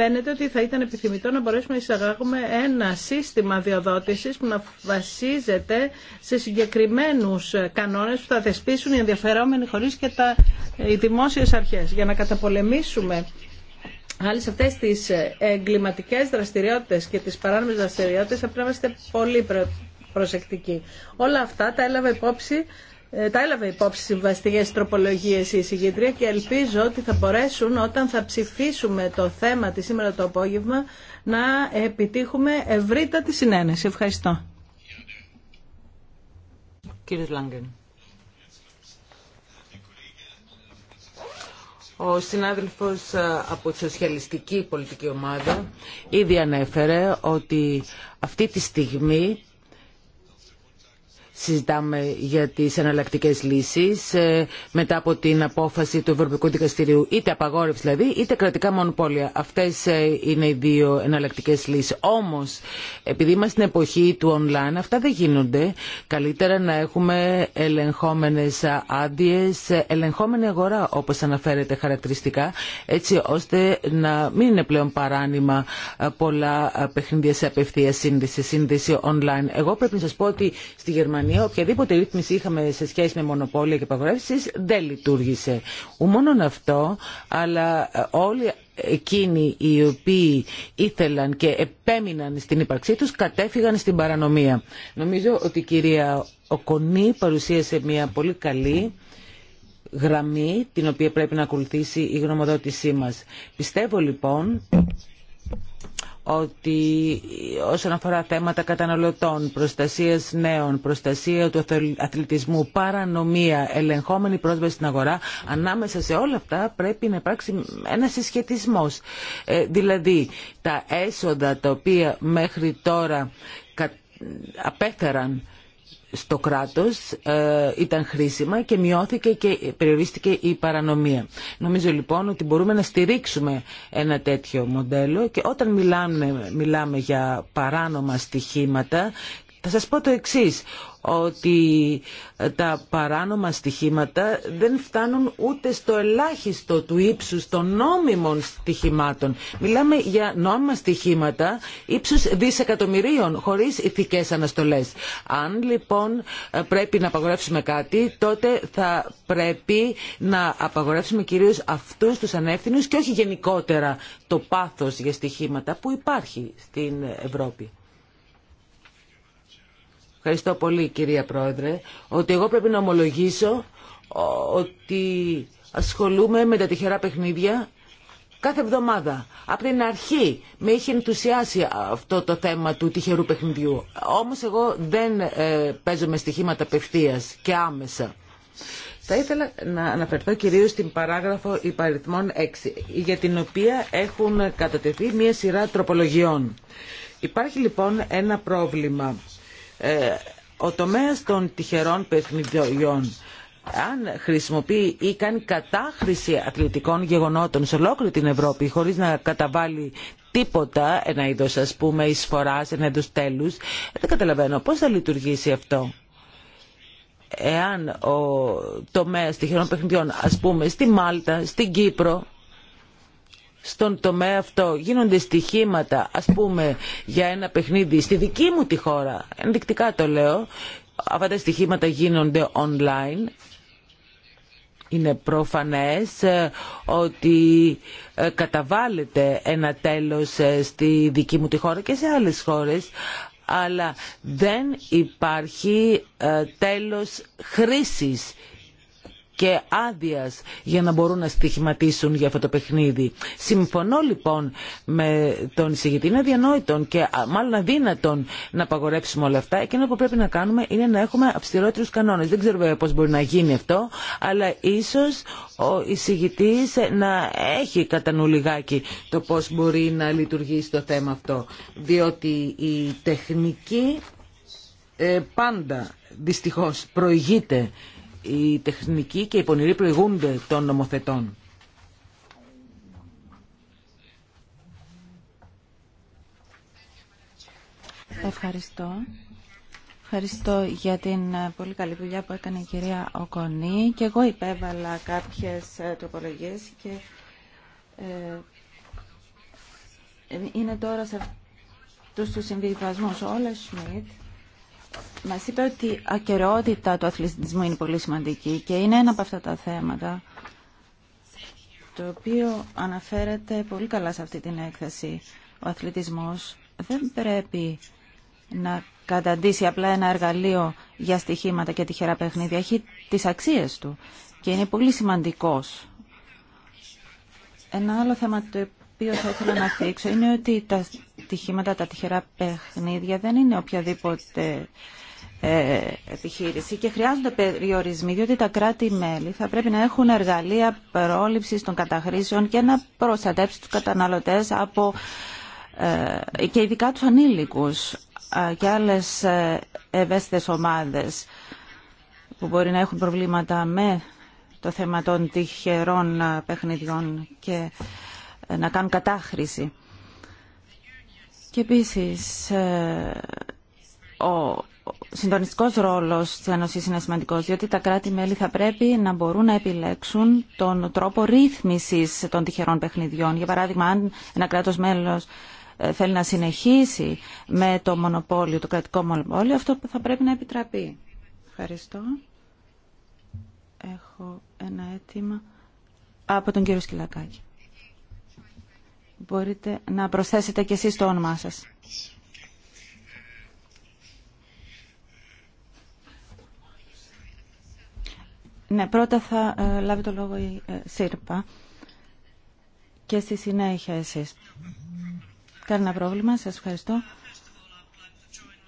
φαίνεται ότι θα ήταν επιθυμητό να μπορέσουμε να εισαγάγουμε ένα σύστημα διοδότησης που να βασίζεται σε συγκεκριμένους κανόνες που θα θεσπίσουν οι ενδιαφερόμενοι χωρίς και τα, οι δημόσιες αρχές για να καταπολεμήσουμε Άλλες αυτές τις εγκληματικές δραστηριότητες και τις παράνομες δραστηριότητες θα πρέπει να είμαστε πολύ προσεκτικοί. Όλα αυτά τα έλαβε υπόψη ε, τα έλαβε υπόψη συμβαστικέ τροπολογίε η συγκεντρία και ελπίζω ότι θα μπορέσουν όταν θα ψηφίσουμε το θέμα τη σήμερα το απόγευμα να επιτύχουμε ευρύτατη συνένεση. Ευχαριστώ. Κύριε Λάγκεν. Ο συνάδελφος ε, από τη Σοσιαλιστική Πολιτική Ομάδα ήδη ανέφερε ότι αυτή τη στιγμή συζητάμε για τις εναλλακτικέ λύσεις ε, μετά από την απόφαση του Ευρωπαϊκού Δικαστηρίου είτε απαγόρευση δηλαδή είτε κρατικά μονοπόλια. Αυτές ε, είναι οι δύο εναλλακτικέ λύσεις. Όμως επειδή είμαστε στην εποχή του online αυτά δεν γίνονται. Καλύτερα να έχουμε ελεγχόμενες άδειε, ελεγχόμενη αγορά όπως αναφέρεται χαρακτηριστικά έτσι ώστε να μην είναι πλέον παράνομα ε, πολλά παιχνίδια σε απευθεία σύνδεση, σύνδεση online. Εγώ πρέπει να σας πω ότι στη Γερμανία Γερμανία οποιαδήποτε ρύθμιση είχαμε σε σχέση με μονοπόλια και παγορεύσεις δεν λειτουργήσε. Ο μόνον αυτό, αλλά ε, όλοι εκείνοι οι οποίοι ήθελαν και επέμειναν στην ύπαρξή τους κατέφυγαν στην παρανομία. Νομίζω ότι η κυρία Οκονή παρουσίασε μια πολύ καλή γραμμή την οποία πρέπει να ακολουθήσει η γνωμοδότησή μας. Πιστεύω λοιπόν ότι όσον αφορά θέματα καταναλωτών, προστασίας νέων, προστασία του αθλητισμού, παρανομία, ελεγχόμενη πρόσβαση στην αγορά, ανάμεσα σε όλα αυτά πρέπει να υπάρξει ένα συσχετισμός. Ε, δηλαδή, τα έσοδα τα οποία μέχρι τώρα απέφεραν στο κράτος ε, ήταν χρήσιμα και μειώθηκε και περιορίστηκε η παρανομία. Νομίζω λοιπόν ότι μπορούμε να στηρίξουμε ένα τέτοιο μοντέλο και όταν μιλάμε, μιλάμε για παράνομα στοιχήματα θα σας πω το εξής, ότι ε, τα παράνομα στοιχήματα δεν φτάνουν ούτε στο ελάχιστο του ύψους των νόμιμων στοιχημάτων. Μιλάμε για νόμιμα στοιχήματα ύψους δισεκατομμυρίων, χωρίς ηθικές αναστολές. Αν λοιπόν ε, πρέπει να απαγορεύσουμε κάτι, τότε θα πρέπει να απαγορεύσουμε κυρίως αυτούς τους ανεύθυνους και όχι γενικότερα το πάθος για στοιχήματα που υπάρχει στην Ευρώπη. Ευχαριστώ πολύ κυρία Πρόεδρε. Ότι εγώ πρέπει να ομολογήσω ότι ασχολούμαι με τα τυχερά παιχνίδια κάθε εβδομάδα. Από την αρχή με είχε ενθουσιάσει αυτό το θέμα του τυχερού παιχνιδιού. Όμως εγώ δεν ε, παίζω με στοιχήματα απευθείας και άμεσα. Θα ήθελα να αναφερθώ κυρίως στην παράγραφο υπαριθμών 6, για την οποία έχουν κατατεθεί μία σειρά τροπολογιών. Υπάρχει λοιπόν ένα πρόβλημα ε, ο τομέας των τυχερών παιχνιδιών αν χρησιμοποιεί ή κάνει κατάχρηση αθλητικών γεγονότων σε ολόκληρη την Ευρώπη χωρίς να καταβάλει τίποτα, ένα είδος ας πούμε εισφοράς, ένα είδος τέλους, δεν καταλαβαίνω πώς θα λειτουργήσει αυτό. Εάν ο τομέας τυχερών παιχνιδιών, ας πούμε, στη Μάλτα, στην Κύπρο, στον τομέα αυτό. Γίνονται στοιχήματα, ας πούμε, για ένα παιχνίδι στη δική μου τη χώρα. Ενδεικτικά το λέω. Αυτά τα στοιχήματα γίνονται online. Είναι προφανές ε, ότι ε, καταβάλλεται ένα τέλος ε, στη δική μου τη χώρα και σε άλλες χώρες αλλά δεν υπάρχει τέλος χρήσης και άδεια για να μπορούν να στοιχηματίσουν για αυτό το παιχνίδι. Συμφωνώ λοιπόν με τον εισηγητή. Είναι αδιανόητον και μάλλον αδύνατον να απαγορέψουμε όλα αυτά. Εκείνο που πρέπει να κάνουμε είναι να έχουμε αυστηρότερου κανόνε. Δεν ξέρω βέβαια πώ μπορεί να γίνει αυτό, αλλά ίσω ο εισηγητή ε, να έχει κατά νου λιγάκι το πώ μπορεί να λειτουργήσει το θέμα αυτό. Διότι η τεχνική ε, πάντα δυστυχώς προηγείται οι τεχνικοί και οι πονηροί προηγούνται των νομοθετών. Ευχαριστώ. Ευχαριστώ για την ε, πολύ καλή δουλειά που έκανε η κυρία Οκονή και εγώ υπέβαλα κάποιες ε, τροπολογίες και ε, είναι τώρα σε αυτούς τους συμβιβασμούς. Όλα Σμιτ Μα είπε ότι η ακαιρεότητα του αθλητισμού είναι πολύ σημαντική και είναι ένα από αυτά τα θέματα το οποίο αναφέρεται πολύ καλά σε αυτή την έκθεση. Ο αθλητισμός δεν πρέπει να καταντήσει απλά ένα εργαλείο για στοιχήματα και τυχερά παιχνίδια. Έχει τις αξίες του και είναι πολύ σημαντικός. Ένα άλλο θέμα το οποίο θα ήθελα να θίξω είναι ότι τα ατυχήματα, τα τυχερά παιχνίδια δεν είναι οποιαδήποτε ε, επιχείρηση και χρειάζονται περιορισμοί διότι τα κράτη-μέλη θα πρέπει να έχουν εργαλεία πρόληψης των καταχρήσεων και να προστατέψουν τους καταναλωτές από, ε, και ειδικά τους ανήλικους ε, και άλλες ε, ευαίσθητες ομάδες που μπορεί να έχουν προβλήματα με το θέμα των τυχερών παιχνιδιών και να κάνουν κατάχρηση. Και επίσης, ε, ο συντονιστικό ρόλος τη Ένωση είναι σημαντικό, διότι τα κράτη-μέλη θα πρέπει να μπορούν να επιλέξουν τον τρόπο ρύθμισης των τυχερών παιχνιδιών. Για παράδειγμα, αν ένα κράτος-μέλος ε, θέλει να συνεχίσει με το μονοπόλιο, το κρατικό μονοπόλιο, αυτό θα πρέπει να επιτραπεί. Ευχαριστώ. Έχω ένα αίτημα από τον κύριο Σκυλακάκη μπορείτε να προσθέσετε και εσείς το όνομά σας. Ναι, πρώτα θα ε, λάβει το λόγο η ε, ΣΥΡΠΑ και στη συνέχεια εσείς. να πρόβλημα, σας ευχαριστώ.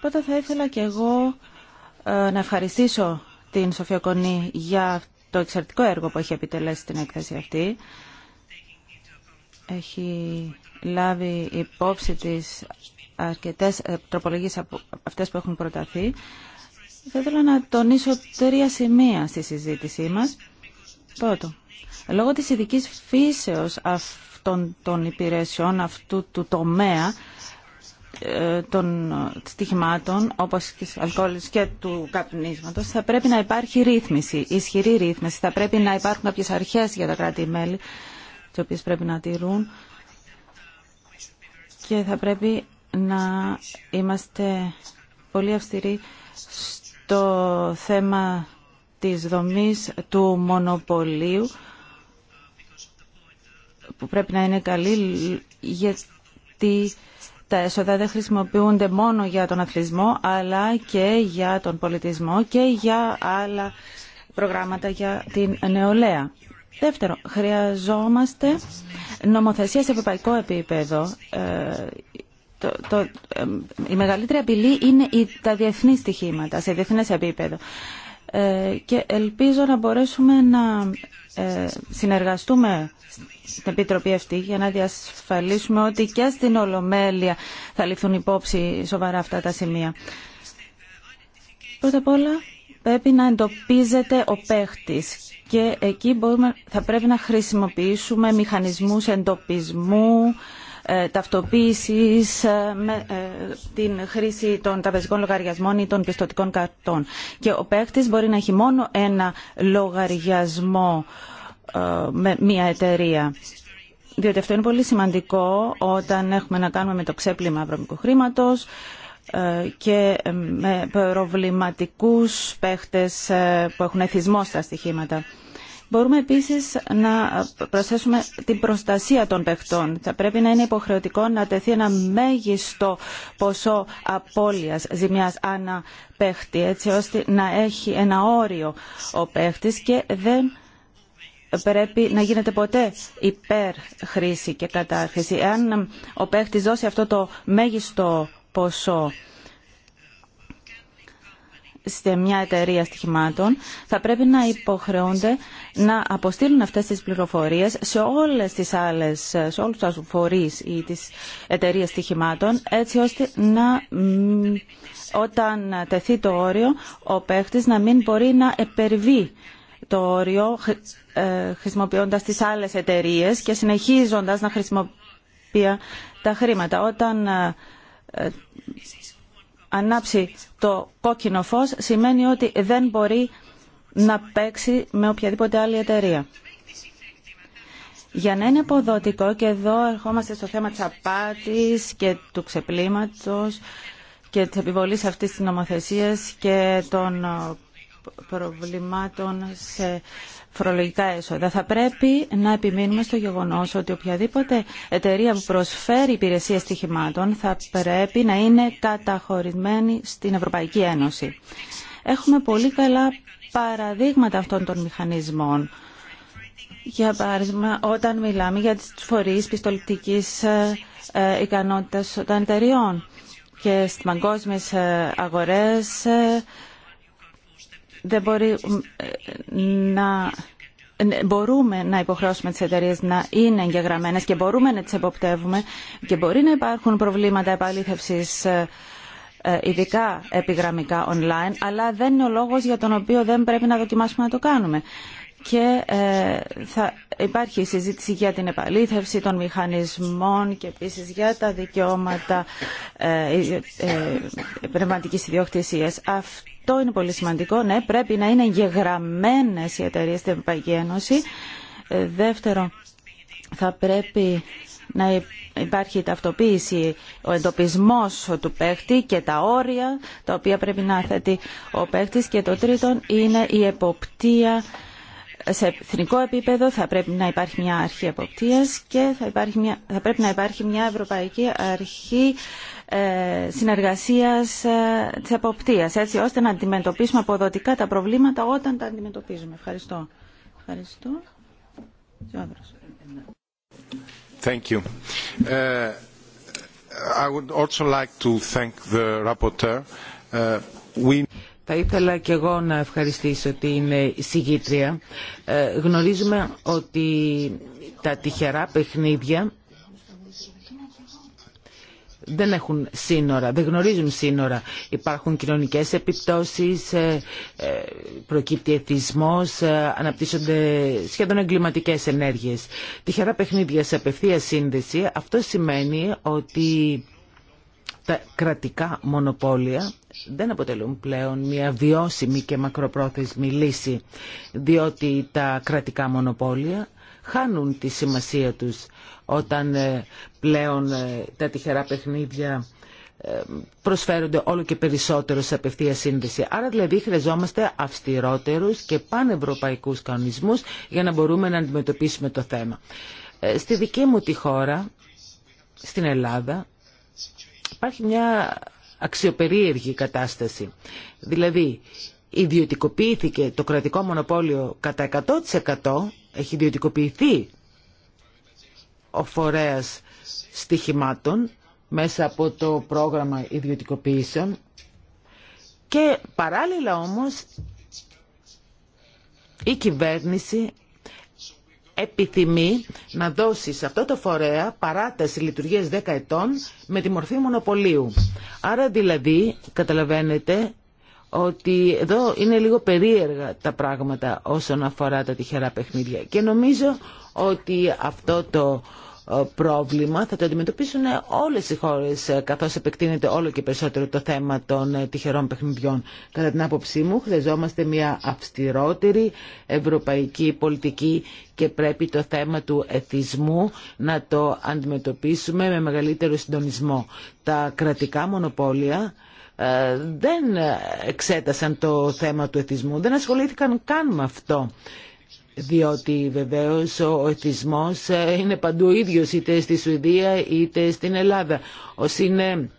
Πρώτα θα ήθελα και εγώ ε, να ευχαριστήσω την Σοφία Κονή για το εξαιρετικό έργο που έχει επιτελέσει την έκθεση αυτή έχει λάβει υπόψη της αρκετές ε, τροπολογίες από αυτές που έχουν προταθεί. Θα ήθελα να τονίσω τρία σημεία στη συζήτησή μας. Πρώτο, λόγω της ειδική φύσεως αυτών των υπηρεσιών αυτού του τομέα ε, των στοιχημάτων όπως και αλκοόλης και του καπνίσματος θα πρέπει να υπάρχει ρύθμιση, ισχυρή ρύθμιση θα πρέπει να υπάρχουν κάποιες αρχές για τα κράτη-μέλη τι οποίε πρέπει να τηρούν και θα πρέπει να είμαστε πολύ αυστηροί στο θέμα της δομής του μονοπωλίου που πρέπει να είναι καλή γιατί τα έσοδα δεν χρησιμοποιούνται μόνο για τον αθλησμό αλλά και για τον πολιτισμό και για άλλα προγράμματα για την νεολαία. Δεύτερο, χρειαζόμαστε νομοθεσία σε ευρωπαϊκό επίπεδο. Ε, το, το, ε, η μεγαλύτερη απειλή είναι τα διεθνή στοιχήματα σε διεθνές επίπεδο. Ε, και ελπίζω να μπορέσουμε να συνεργαστούμε στην Επιτροπή αυτή για να διασφαλίσουμε ότι και στην Ολομέλεια θα ληφθούν υπόψη σοβαρά αυτά τα σημεία. Πρώτα απ' όλα πρέπει να εντοπίζεται ο παίχτης και εκεί μπορούμε, θα πρέπει να χρησιμοποιήσουμε μηχανισμούς εντοπισμού, ε, ταυτοποίησης ε, με ε, την χρήση των ταπεζικών λογαριασμών ή των πιστωτικών καρτών. Και ο παίχτης μπορεί να έχει μόνο ένα λογαριασμό με μια εταιρεία. Διότι αυτό είναι πολύ σημαντικό όταν έχουμε να κάνουμε με το ξέπλυμα βρωμικού χρήματος, ε, και ε, με προβληματικούς παίχτες ε, που έχουν εθισμό στα στοιχήματα. Μπορούμε επίσης να προσθέσουμε την προστασία των παιχτών. Θα πρέπει να είναι υποχρεωτικό να τεθεί ένα μέγιστο ποσό απώλειας ζημιάς ανά παίχτη, έτσι ώστε να έχει ένα όριο ο παίχτης και δεν πρέπει να γίνεται ποτέ υπερχρήση και κατάχρηση. Εάν ο παίχτης δώσει αυτό το μέγιστο ποσό σε μια εταιρεία στοιχημάτων θα πρέπει να υποχρεούνται να αποστείλουν αυτές τις πληροφορίες σε όλες τις άλλες, σε όλους φορείς ή τις εταιρείες στοιχημάτων έτσι ώστε να όταν τεθεί το όριο ο παίχτης να μην μπορεί να επερβεί το όριο ε, χρησιμοποιώντας τις άλλες εταιρείες και συνεχίζοντας να χρησιμοποιεί τα χρήματα. Όταν ε, ε, ανάψει το κόκκινο φως σημαίνει ότι δεν μπορεί να παίξει με οποιαδήποτε άλλη εταιρεία. Για να είναι αποδοτικό, και εδώ ερχόμαστε στο θέμα της απάτης και του ξεπλήματος και της επιβολής αυτής της νομοθεσίας και των ε, προβλημάτων σε φορολογικά έσοδα. Θα πρέπει να επιμείνουμε στο γεγονός ότι οποιαδήποτε εταιρεία που προσφέρει υπηρεσία στοιχημάτων θα πρέπει να είναι καταχωρημένη στην Ευρωπαϊκή Ένωση. Έχουμε πολύ καλά παραδείγματα αυτών των μηχανισμών. Για παράδειγμα, όταν μιλάμε για τις φορείς πιστοληπτικής ε, ε, ικανότητας των εταιριών και στις παγκόσμιες ε, αγορές δεν μπορεί ε, να ε, μπορούμε να υποχρεώσουμε τις εταιρείε να είναι εγγεγραμμένες και μπορούμε να τις εποπτεύουμε και μπορεί να υπάρχουν προβλήματα επαλήθευσης ε, ειδικά επιγραμμικά online, αλλά δεν είναι ο λόγος για τον οποίο δεν πρέπει να δοκιμάσουμε να το κάνουμε και ε, θα υπάρχει συζήτηση για την επαλήθευση των μηχανισμών και επίσης για τα δικαιώματα ε, ε, πνευματικής ιδιοκτησίας. Αυτό είναι πολύ σημαντικό. Ναι, πρέπει να είναι γεγραμμένες οι εταιρείε στην Ευρωπαϊκή Ένωση. Δεύτερο, θα πρέπει να υπάρχει η ταυτοποίηση, ο εντοπισμός του παίχτη και τα όρια τα οποία πρέπει να θέτει ο παίχτης. Και το τρίτον είναι η εποπτεία σε εθνικό επίπεδο θα πρέπει να υπάρχει μια αρχή αποπτίας και θα, υπάρχει μια, θα πρέπει να υπάρχει μια ευρωπαϊκή αρχή ε, συνεργασίας ε, της αποπτίας, έτσι ώστε να αντιμετωπίσουμε αποδοτικά τα προβλήματα όταν τα αντιμετωπίζουμε. Ευχαριστώ. Ευχαριστώ. Thank you. Ε, I would also like to thank the rapporteur. Ε, we... Θα ήθελα και εγώ να ευχαριστήσω την συγγήτρια. Ε, γνωρίζουμε ότι τα τυχερά παιχνίδια δεν έχουν σύνορα, δεν γνωρίζουν σύνορα. Υπάρχουν κοινωνικές επιπτώσεις, ε, ε, προκύπτει εθισμός, αναπτύσσονται σχεδόν εγκληματικές ενέργειες. Τυχερά παιχνίδια σε απευθεία σύνδεση, αυτό σημαίνει ότι τα κρατικά μονοπόλια δεν αποτελούν πλέον μια βιώσιμη και μακροπρόθεσμη λύση, διότι τα κρατικά μονοπόλια χάνουν τη σημασία τους όταν ε, πλέον ε, τα τυχερά παιχνίδια ε, προσφέρονται όλο και περισσότερο σε απευθεία σύνδεση. Άρα δηλαδή χρειαζόμαστε αυστηρότερους και πανευρωπαϊκούς κανονισμούς για να μπορούμε να αντιμετωπίσουμε το θέμα. Στη δική μου τη χώρα, στην Ελλάδα, υπάρχει μια αξιοπερίεργη κατάσταση. Δηλαδή, ιδιωτικοποιήθηκε το κρατικό μονοπόλιο κατά 100%, έχει ιδιωτικοποιηθεί ο φορέας στοιχημάτων μέσα από το πρόγραμμα ιδιωτικοποίησεων και παράλληλα όμως η κυβέρνηση επιθυμεί να δώσει σε αυτό το φορέα παράταση λειτουργίας 10 ετών με τη μορφή μονοπωλίου. Άρα δηλαδή καταλαβαίνετε ότι εδώ είναι λίγο περίεργα τα πράγματα όσον αφορά τα τυχερά παιχνίδια και νομίζω ότι αυτό το ε, πρόβλημα θα το αντιμετωπίσουν όλες οι χώρες ε, καθώς επεκτείνεται όλο και περισσότερο το θέμα των ε, τυχερών παιχνιδιών. Κατά την άποψή μου χρειαζόμαστε μια αυστηρότερη ευρωπαϊκή πολιτική και πρέπει το θέμα του εθισμού να το αντιμετωπίσουμε με μεγαλύτερο συντονισμό. Τα κρατικά μονοπόλια δεν εξέτασαν το θέμα του εθισμού, δεν ασχολήθηκαν καν με αυτό διότι βεβαίως ο εθισμός ε, είναι παντού ίδιος είτε στη Σουηδία είτε στην Ελλάδα. Όσοι είναι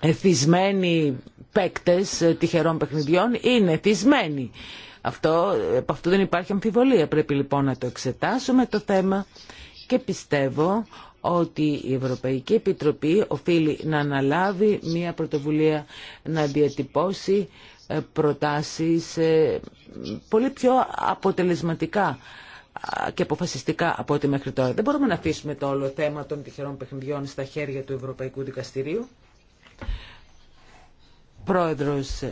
εθισμένοι παίκτες ε, τυχερών παιχνιδιών είναι εθισμένοι. Αυτό, ε, από αυτό δεν υπάρχει αμφιβολία. Πρέπει λοιπόν να το εξετάσουμε το θέμα και πιστεύω ότι η Ευρωπαϊκή Επιτροπή οφείλει να αναλάβει μία πρωτοβουλία να διατυπώσει προτάσεις πολύ πιο αποτελεσματικά και αποφασιστικά από ό,τι μέχρι τώρα. Δεν μπορούμε να αφήσουμε το όλο θέμα των τυχερών παιχνιδιών στα χέρια του Ευρωπαϊκού Δικαστηρίου. Πρόεδρος,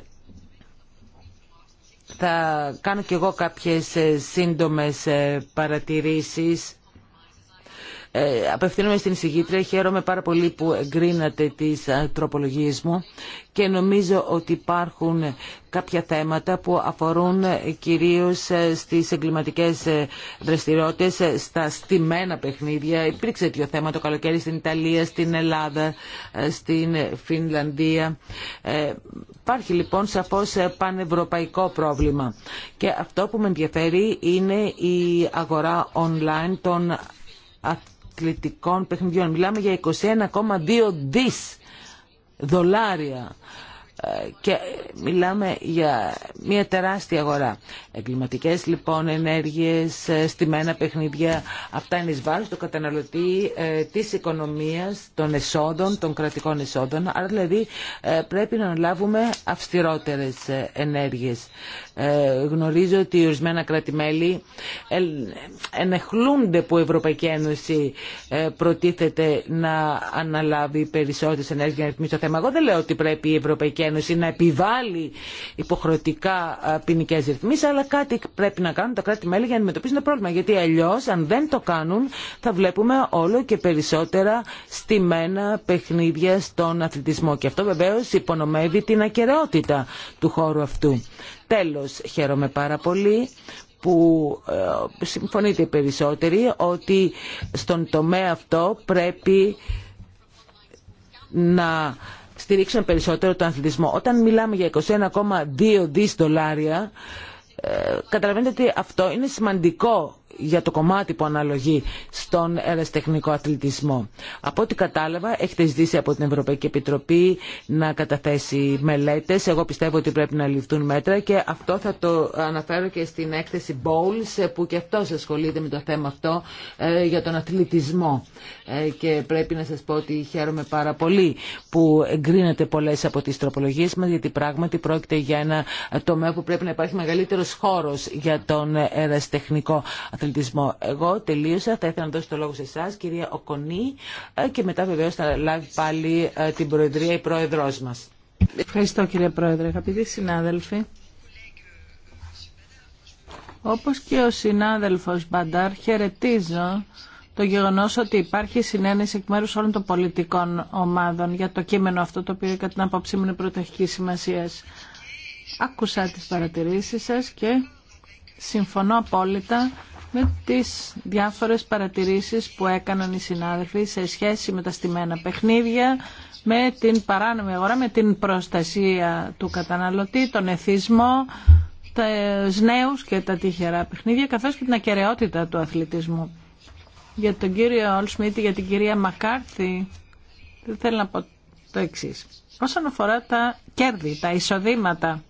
θα κάνω κι εγώ κάποιες ε, σύντομες ε, παρατηρήσεις ε, απευθύνομαι στην εισηγήτρια. Χαίρομαι πάρα πολύ που εγκρίνατε τις ε, τροπολογίες μου και νομίζω ότι υπάρχουν κάποια θέματα που αφορούν ε, κυρίως ε, στις εγκληματικές δραστηριότητες, στα στημένα παιχνίδια. Υπήρξε τέτοιο θέμα το καλοκαίρι στην Ιταλία, στην Ελλάδα, στην Φινλανδία. υπάρχει λοιπόν σαφώς πανευρωπαϊκό πρόβλημα. Και αυτό που με ενδιαφέρει είναι η αγορά online των αθλητικών παιχνιδιών. Μιλάμε για 21,2 δις δολάρια και μιλάμε για μια τεράστια αγορά. Εγκληματικές λοιπόν ενέργειες, ε, στημένα παιχνίδια, αυτά είναι εις βάρος του καταναλωτή τη ε, της οικονομίας, των εσόδων, των κρατικών εσόδων. Άρα δηλαδή ε, πρέπει να αναλάβουμε αυστηρότερες ενέργειες. γνωρίζω ότι ορισμένα κράτη-μέλη ενεχλούνται που η Ευρωπαϊκή Ένωση προτίθεται να αναλάβει περισσότερες ενέργειες για να ρυθμίσει το θέμα. Εγώ δεν λέω ότι πρέπει η Ευρωπαϊκή Ένωση να επιβάλλει υποχρεωτικά ποινικέ ρυθμίσει, αλλά κάτι πρέπει να κάνουν τα κράτη-μέλη για να αντιμετωπίσουν το πρόβλημα. Γιατί αλλιώ, αν δεν το κάνουν, θα βλέπουμε όλο και περισσότερα στημένα παιχνίδια στον αθλητισμό. Και αυτό βεβαίω υπονομεύει την ακαιρεότητα του χώρου αυτού. Τέλος, χαίρομαι πάρα πολύ που ε, συμφωνείτε περισσότεροι ότι στον τομέα αυτό πρέπει να στηρίξουν περισσότερο τον αθλητισμό. Όταν μιλάμε για 21,2 δις δολάρια, ε, καταλαβαίνετε ότι αυτό είναι σημαντικό για το κομμάτι που αναλογεί στον αεραστεχνικό αθλητισμό. Από ό,τι κατάλαβα, έχετε ζητήσει από την Ευρωπαϊκή Επιτροπή να καταθέσει μελέτε. Εγώ πιστεύω ότι πρέπει να ληφθούν μέτρα και αυτό θα το αναφέρω και στην έκθεση Bowles που και αυτό ασχολείται με το θέμα αυτό ε, για τον αθλητισμό. Ε, και πρέπει να σα πω ότι χαίρομαι πάρα πολύ που εγκρίνεται πολλέ από τι τροπολογίε μα, γιατί πράγματι πρόκειται για ένα τομέα που πρέπει να υπάρχει μεγαλύτερο χώρο για τον αεραστεχνικό αθλητισμό. Εγώ τελείωσα, θα ήθελα να δώσω το λόγο σε εσά, κυρία Οκονή, ε, και μετά βεβαίω θα λάβει πάλι ε, την Προεδρία η Πρόεδρό μα. Ευχαριστώ κύριε Πρόεδρε, αγαπητοί συνάδελφοι. Όπω και ο συνάδελφο Μπαντάρ, χαιρετίζω το γεγονό ότι υπάρχει συνένεση εκ μέρου όλων των πολιτικών ομάδων για το κείμενο αυτό το οποίο κατά την απόψη μου είναι πρωταρχική σημασία. Άκουσα τις παρατηρήσεις σας και συμφωνώ απόλυτα με τις διάφορες παρατηρήσεις που έκαναν οι συνάδελφοι σε σχέση με τα στημένα παιχνίδια, με την παράνομη αγορά, με την προστασία του καταναλωτή, τον εθισμό, τους νέους και τα τυχερά παιχνίδια, καθώς και την ακεραιότητα του αθλητισμού. Για τον κύριο Ολσμιτ, για την κυρία Μακάρθη, δεν θέλω να πω το εξή. Όσον αφορά τα κέρδη, τα εισοδήματα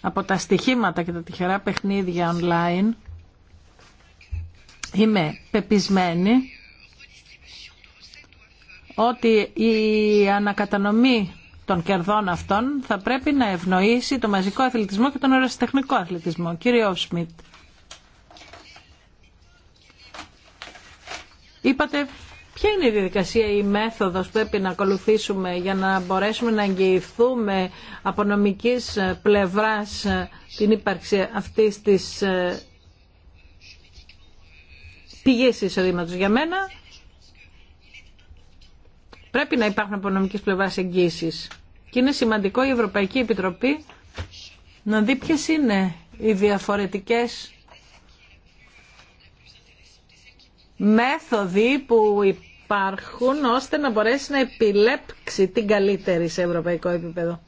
από τα στοιχήματα και τα τυχερά παιχνίδια online, Είμαι πεπισμένη ότι η ανακατανομή των κερδών αυτών θα πρέπει να ευνοήσει το μαζικό αθλητισμό και τον ερασιτεχνικό αθλητισμό. Κύριε Οφσμιτ, είπατε ποια είναι η διαδικασία, η μέθοδος που πρέπει να ακολουθήσουμε για να μπορέσουμε να εγγυηθούμε από νομικής πλευράς την ύπαρξη αυτής της ε, πηγές εισοδήματο Για μένα πρέπει να υπάρχουν από νομικής πλευράς εγγύσεις. Και είναι σημαντικό η Ευρωπαϊκή Επιτροπή να δει ποιες είναι οι διαφορετικές μέθοδοι που υπάρχουν ώστε να μπορέσει να επιλέξει την καλύτερη σε ευρωπαϊκό επίπεδο.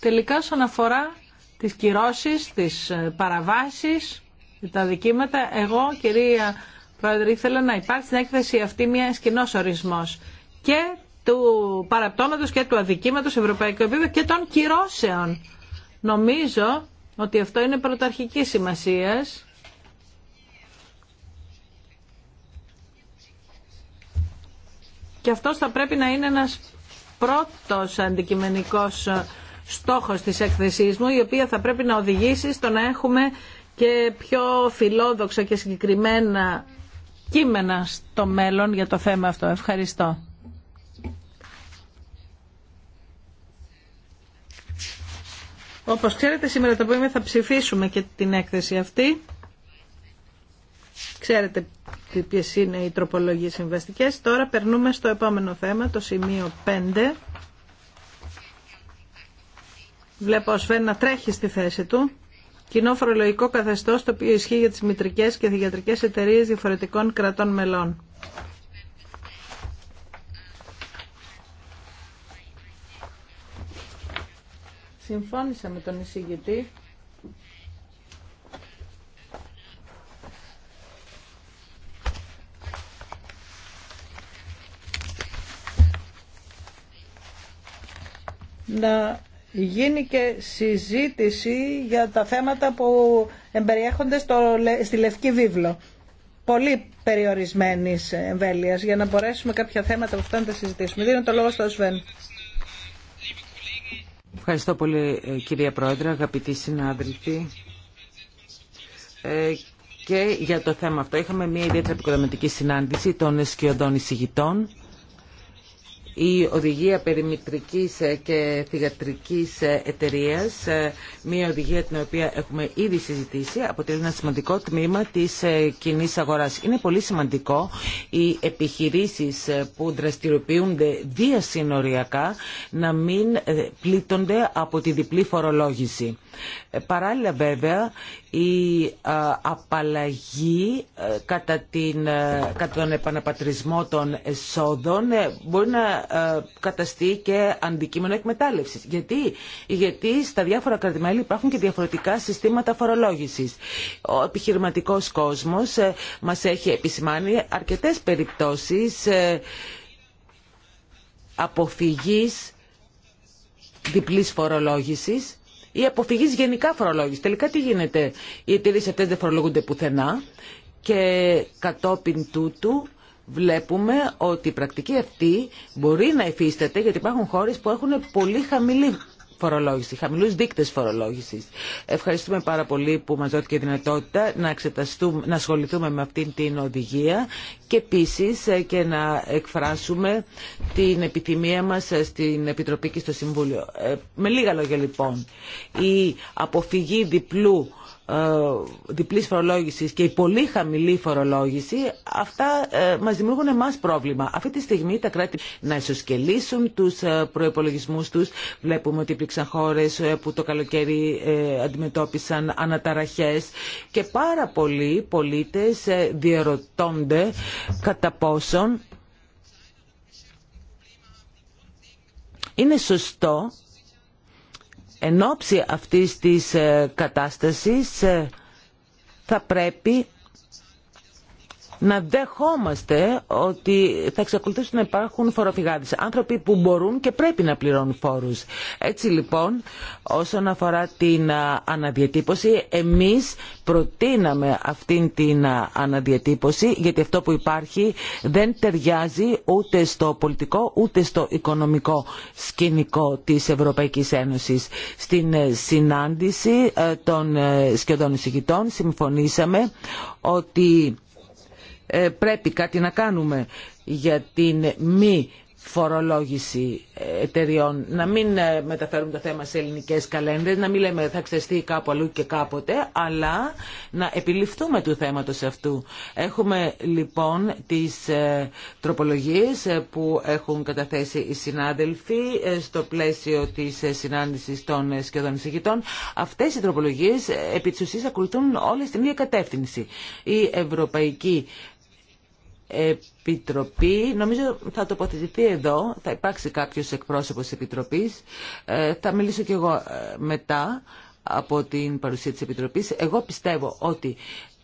Τελικά όσον αφορά τις κυρώσεις, τις παραβάσεις, τα δικήματα. Εγώ, κυρία Πρόεδρε, ήθελα να υπάρξει στην έκθεση αυτή μια κοινό ορισμό και του παραπτώματο και του αδικήματο Ευρωπαϊκού ευρωπαϊκό επίπεδο και των κυρώσεων. Νομίζω ότι αυτό είναι πρωταρχική σημασία. Και αυτό θα πρέπει να είναι ένας πρώτος αντικειμενικός στόχος της έκθεσής μου, η οποία θα πρέπει να οδηγήσει στο να έχουμε και πιο φιλόδοξα και συγκεκριμένα κείμενα στο μέλλον για το θέμα αυτό. Ευχαριστώ. Όπως ξέρετε σήμερα το πρωί θα ψηφίσουμε και την έκθεση αυτή. Ξέρετε ποιε είναι οι τροπολογίες συμβαστικές. Τώρα περνούμε στο επόμενο θέμα, το σημείο 5. Βλέπω ο Σφέν να τρέχει στη θέση του κοινό φορολογικό καθεστώς το οποίο ισχύει για τις μητρικές και διατρικέ εταιρείε διαφορετικών κρατών μελών. Συμφώνησα με τον εισηγητή να γίνει και συζήτηση για τα θέματα που εμπεριέχονται στο, στη Λευκή Βίβλο. Πολύ περιορισμένη εμβέλεια για να μπορέσουμε κάποια θέματα από αυτά να τα συζητήσουμε. Δίνω το λόγο στο Σβέν. Ευχαριστώ πολύ ε, κυρία Πρόεδρε, αγαπητοί συνάδελφοι. Ε, και για το θέμα αυτό είχαμε μια ιδιαίτερα επικοδομητική συνάντηση των σκιωδών εισηγητών η οδηγία περιμητρικής και θηγατρικής εταιρείας μια οδηγία την οποία έχουμε ήδη συζητήσει, αποτελεί ένα σημαντικό τμήμα της κοινή αγοράς. Είναι πολύ σημαντικό οι επιχειρήσεις που δραστηριοποιούνται διασυνοριακά να μην πλήττονται από τη διπλή φορολόγηση. Παράλληλα βέβαια η απαλλαγή ε, κατά, την, ε, κατά τον επαναπατρισμό των εσόδων ε, μπορεί να ε, καταστεί και αντικείμενο εκμετάλλευση. Γιατί, Γιατί στα διάφορα κρατημέλη υπάρχουν και διαφορετικά συστήματα φορολόγησης. Ο επιχειρηματικός κόσμος ε, μας έχει επισημάνει αρκετές περιπτώσεις ε, αποφυγής διπλής φορολόγησης ή αποφυγής γενικά φορολόγηση. Τελικά τι γίνεται. Οι εταιρείε αυτές δεν φορολογούνται πουθενά και κατόπιν τούτου βλέπουμε ότι η πρακτική αυτή μπορεί να υφίσταται γιατί υπάρχουν χώρες που έχουν πολύ χαμηλή φορολόγηση, χαμηλούς δείκτες φορολόγησης. Ευχαριστούμε πάρα πολύ που μας δόθηκε η δυνατότητα να, να ασχοληθούμε με αυτήν την οδηγία και επίσης ε, και να εκφράσουμε την επιθυμία μας ε, στην Επιτροπή και στο Συμβούλιο. Ε, με λίγα λόγια λοιπόν, η αποφυγή διπλού ε, διπλής φορολόγησης και η πολύ χαμηλή φορολόγηση, αυτά ε, μας δημιουργούν εμάς πρόβλημα. Αυτή τη στιγμή τα κράτη να ισοσκελίσουν τους ε, προϋπολογισμούς τους. Βλέπουμε ότι υπήρξαν χώρες που το καλοκαίρι αντιμετώπισαν αναταραχές και πάρα πολλοί πολίτες διερωτώνται κατά πόσον είναι σωστό Εν ώψη αυτής της ε, κατάστασης ε, θα πρέπει να δεχόμαστε ότι θα εξακολουθήσουν να υπάρχουν φοροφυγάδες, άνθρωποι που μπορούν και πρέπει να πληρώνουν φόρους. Έτσι λοιπόν, όσον αφορά την αναδιατύπωση, εμείς προτείναμε αυτήν την αναδιατύπωση, γιατί αυτό που υπάρχει δεν ταιριάζει ούτε στο πολιτικό ούτε στο οικονομικό σκηνικό της Ευρωπαϊκής Ένωσης. Στην ε, συνάντηση ε, των ε, σχεδόν εισηγητών συμφωνήσαμε ότι ε, πρέπει κάτι να κάνουμε για την μη φορολόγηση εταιριών. Να μην ε, μεταφέρουμε το θέμα σε ελληνικές καλένδες, να μην λέμε θα ξεστεί κάπου αλλού και κάποτε, αλλά να επιληφθούμε του θέματος αυτού. Έχουμε λοιπόν τις ε, τροπολογίες που έχουν καταθέσει οι συνάδελφοι στο πλαίσιο της συνάντησης των σχεδόν εισηγητών. Αυτές οι τροπολογίες επί της ουσίας ακολουθούν όλες την ίδια κατεύθυνση. Η Ευρωπαϊκή Επιτροπή, νομίζω θα τοποθετηθεί εδώ, θα υπάρξει κάποιος εκπρόσωπος Επιτροπής, ε, θα μιλήσω κι εγώ ε, μετά από την παρουσία της Επιτροπής. Εγώ πιστεύω ότι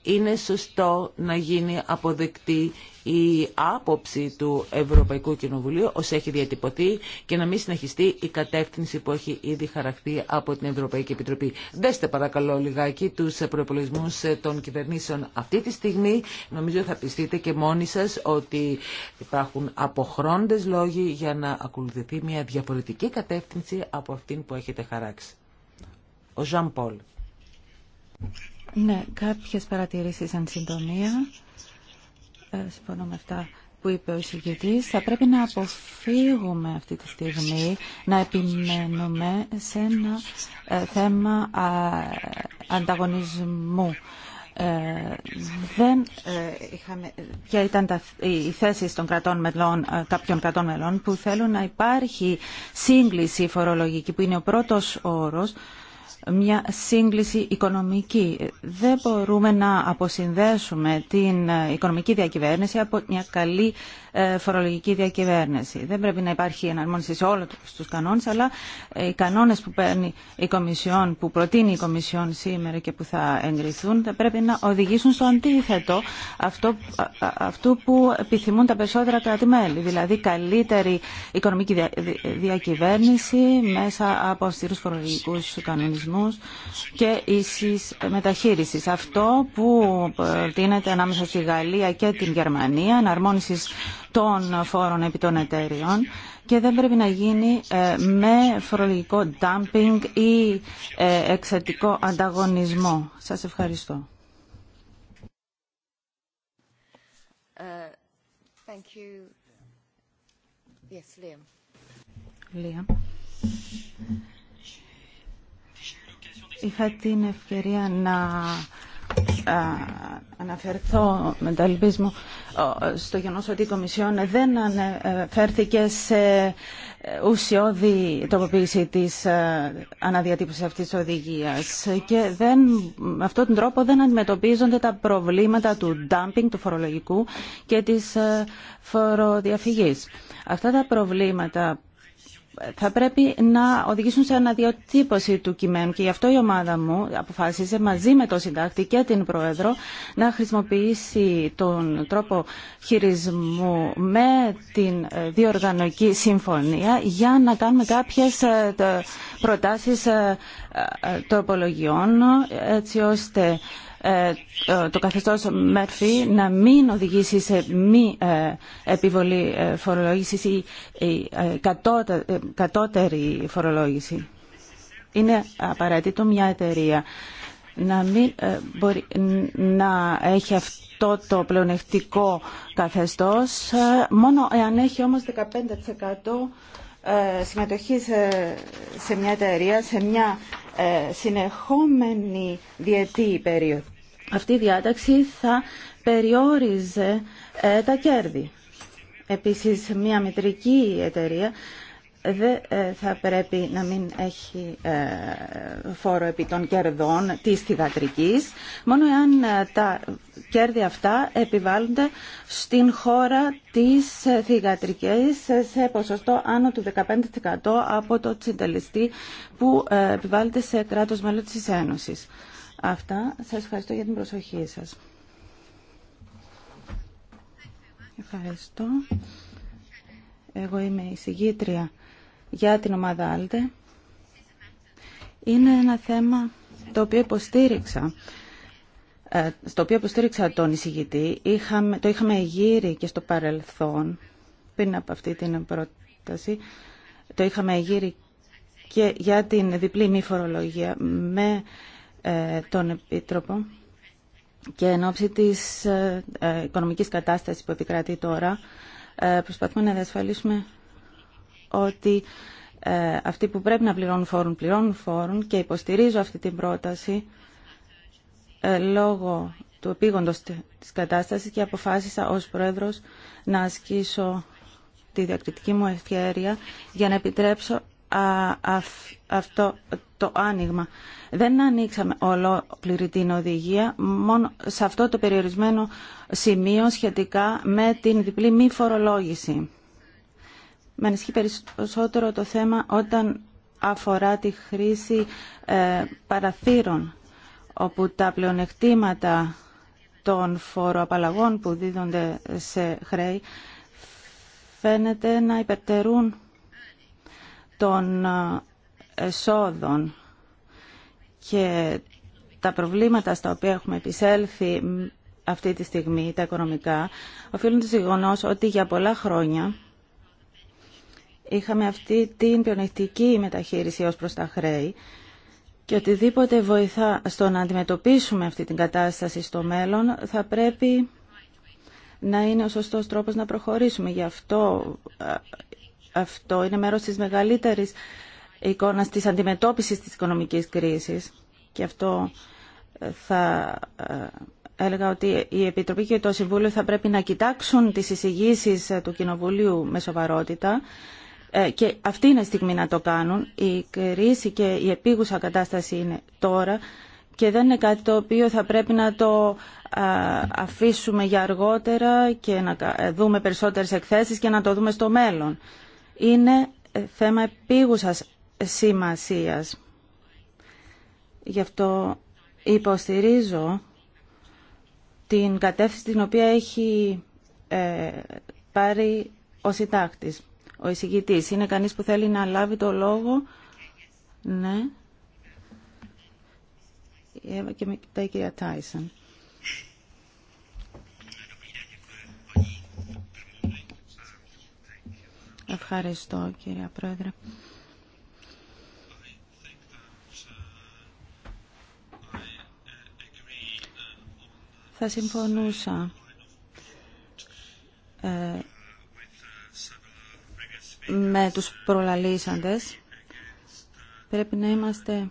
είναι σωστό να γίνει αποδεκτή η άποψη του Ευρωπαϊκού Κοινοβουλίου ως έχει διατυπωθεί και να μην συνεχιστεί η κατεύθυνση που έχει ήδη χαραχθεί από την Ευρωπαϊκή Επιτροπή. Δέστε παρακαλώ λιγάκι τους προπολογισμού των κυβερνήσεων αυτή τη στιγμή. Νομίζω θα πιστείτε και μόνοι σας ότι υπάρχουν αποχρόντες λόγοι για να ακολουθηθεί μια διαφορετική κατεύθυνση από αυτήν που έχετε χαράξει. Ο Ζαν Πολ. Ναι, κάποιες παρατηρήσεις εν συντομία. Ε, συμφωνώ με αυτά που είπε ο εισηγητής. Θα πρέπει να αποφύγουμε αυτή τη στιγμή να επιμένουμε σε ένα ε, θέμα ανταγωνισμού. Ε, δεν ε, είχαμε, ποια ήταν τα, οι θέσεις των κρατών μελών, κάποιων κρατών μελών που θέλουν να υπάρχει σύγκληση φορολογική που είναι ο πρώτος όρος μια σύγκληση οικονομική. Δεν μπορούμε να αποσυνδέσουμε την οικονομική διακυβέρνηση από μια καλή ε, φορολογική διακυβέρνηση. Δεν πρέπει να υπάρχει εναρμόνιση σε όλου του κανόνε, αλλά ε, οι κανόνε που παίρνει η Κομισιόν, που προτείνει η Κομισιόν σήμερα και που θα εγκριθούν, θα πρέπει να οδηγήσουν στο αντίθετο αυτό, αυτού που επιθυμούν τα περισσότερα κράτη-μέλη. Δηλαδή, καλύτερη οικονομική διακυβέρνηση μέσα από αυστηρού φορολογικού κανονισμού και ίση μεταχείριση. Αυτό που προτείνεται ανάμεσα στη Γαλλία και την Γερμανία, εναρμόνιση των φόρων επί των εταίριων και δεν πρέπει να γίνει ε, με φορολογικό dumping ή ε, εξαιρετικό ανταγωνισμό. Σας ευχαριστώ. Ε, Είχα την ευκαιρία να αναφερθώ με τα μου στο γεγονό ότι η Κομισιόν δεν αναφέρθηκε σε ουσιώδη τροποποίηση της ε, αναδιατύπωσης αυτής της οδηγίας και δεν, με αυτόν τον τρόπο δεν αντιμετωπίζονται τα προβλήματα του dumping, του φορολογικού και της ε, φοροδιαφυγής. Αυτά τα προβλήματα θα πρέπει να οδηγήσουν σε αναδιοτύπωση του κειμένου και γι' αυτό η ομάδα μου αποφάσισε μαζί με τον συντάκτη και την Πρόεδρο να χρησιμοποιήσει τον τρόπο χειρισμού με την ε, διοργανωτική συμφωνία για να κάνουμε κάποιες ε, προτάσεις ε, τοπολογιών έτσι ώστε ε, το καθεστώς Μέρφυ να μην οδηγήσει σε μη ε, επιβολή ε, φορολόγησης ή κατώτερη φορολόγηση. Είναι απαραίτητο μια εταιρεία να μην μπορεί να έχει αυτό το πλεονεκτικό καθεστώς μόνο εάν έχει όμως 15% συμμετοχή σε μια εταιρεία σε μια συνεχόμενη διετή περίοδο αυτή η διάταξη θα περιόριζε ε, τα κέρδη. Επίσης, μια μητρική εταιρεία δεν ε, θα πρέπει να μην έχει ε, φόρο επί των κερδών της θηγατρικής, μόνο εάν τα κέρδη αυτά επιβάλλονται στην χώρα της θηγατρικής σε ποσοστό άνω του 15% από το τσιντελιστή που επιβάλλεται σε κράτος μέλος της Ένωσης. Αυτά. Σας ευχαριστώ για την προσοχή σας. Ευχαριστώ. Εγώ είμαι η συγγήτρια για την ομάδα Άλτε. Είναι ένα θέμα το οποίο υποστήριξα ε, στο οποίο υποστήριξα τον εισηγητή, είχαμε, το είχαμε γύρει και στο παρελθόν, πριν από αυτή την πρόταση, το είχαμε γύρει και για την διπλή μη φορολογία με ε, τον Επίτροπο και εν ώψη της ε, ε, οικονομικής κατάστασης που επικρατεί τώρα προσπαθούμε να διασφαλίσουμε ότι αυτοί που πρέπει να πληρώνουν φόρουν πληρώνουν φόρουν και υποστηρίζω αυτή την πρόταση λόγω του επίγοντος της κατάστασης και αποφάσισα ως Πρόεδρος να ασκήσω τη διακριτική μου ευκαιρία για να επιτρέψω αυτό το άνοιγμα. Δεν ανοίξαμε όλο την οδηγία, μόνο σε αυτό το περιορισμένο σημείο σχετικά με την διπλή μη φορολόγηση. Με ανησυχεί περισσότερο το θέμα όταν αφορά τη χρήση ε, παραθύρων, όπου τα πλεονεκτήματα των φοροαπαλλαγών που δίδονται σε χρέη φαίνεται να υπερτερούν τον. Ε, εσόδων και τα προβλήματα στα οποία έχουμε επισέλθει αυτή τη στιγμή, τα οικονομικά, οφείλουν το γεγονό ότι για πολλά χρόνια είχαμε αυτή την πλεονεκτική μεταχείριση ως προς τα χρέη και οτιδήποτε βοηθά στο να αντιμετωπίσουμε αυτή την κατάσταση στο μέλλον θα πρέπει να είναι ο σωστός τρόπος να προχωρήσουμε. Γι' αυτό ε, αυτό είναι μέρος της μεγαλύτερης εικόνας της αντιμετώπισης της οικονομικής κρίσης και αυτό ε, θα ε, έλεγα ότι η Επιτροπή και το Συμβούλιο θα πρέπει να κοιτάξουν τις εισηγήσεις ε, του Κοινοβουλίου με σοβαρότητα και αυτή είναι στιγμή να το κάνουν. Η κρίση και η επίγουσα κατάσταση είναι τώρα και δεν είναι κάτι το οποίο θα πρέπει να το αφήσουμε για αργότερα και να δούμε περισσότερες εκθέσεις και να το δούμε στο μέλλον. Είναι θέμα επίγουσας σημασίας. Γι' αυτό υποστηρίζω την κατεύθυνση την οποία έχει ε, πάρει ο συντάκτης, ο εισηγητής. Είναι κανείς που θέλει να λάβει το λόγο. Ναι. Ε, η κυρία Ευχαριστώ κυρία Πρόεδρε. θα συμφωνούσα ε, με τους προλαλήσαντες. Πρέπει να είμαστε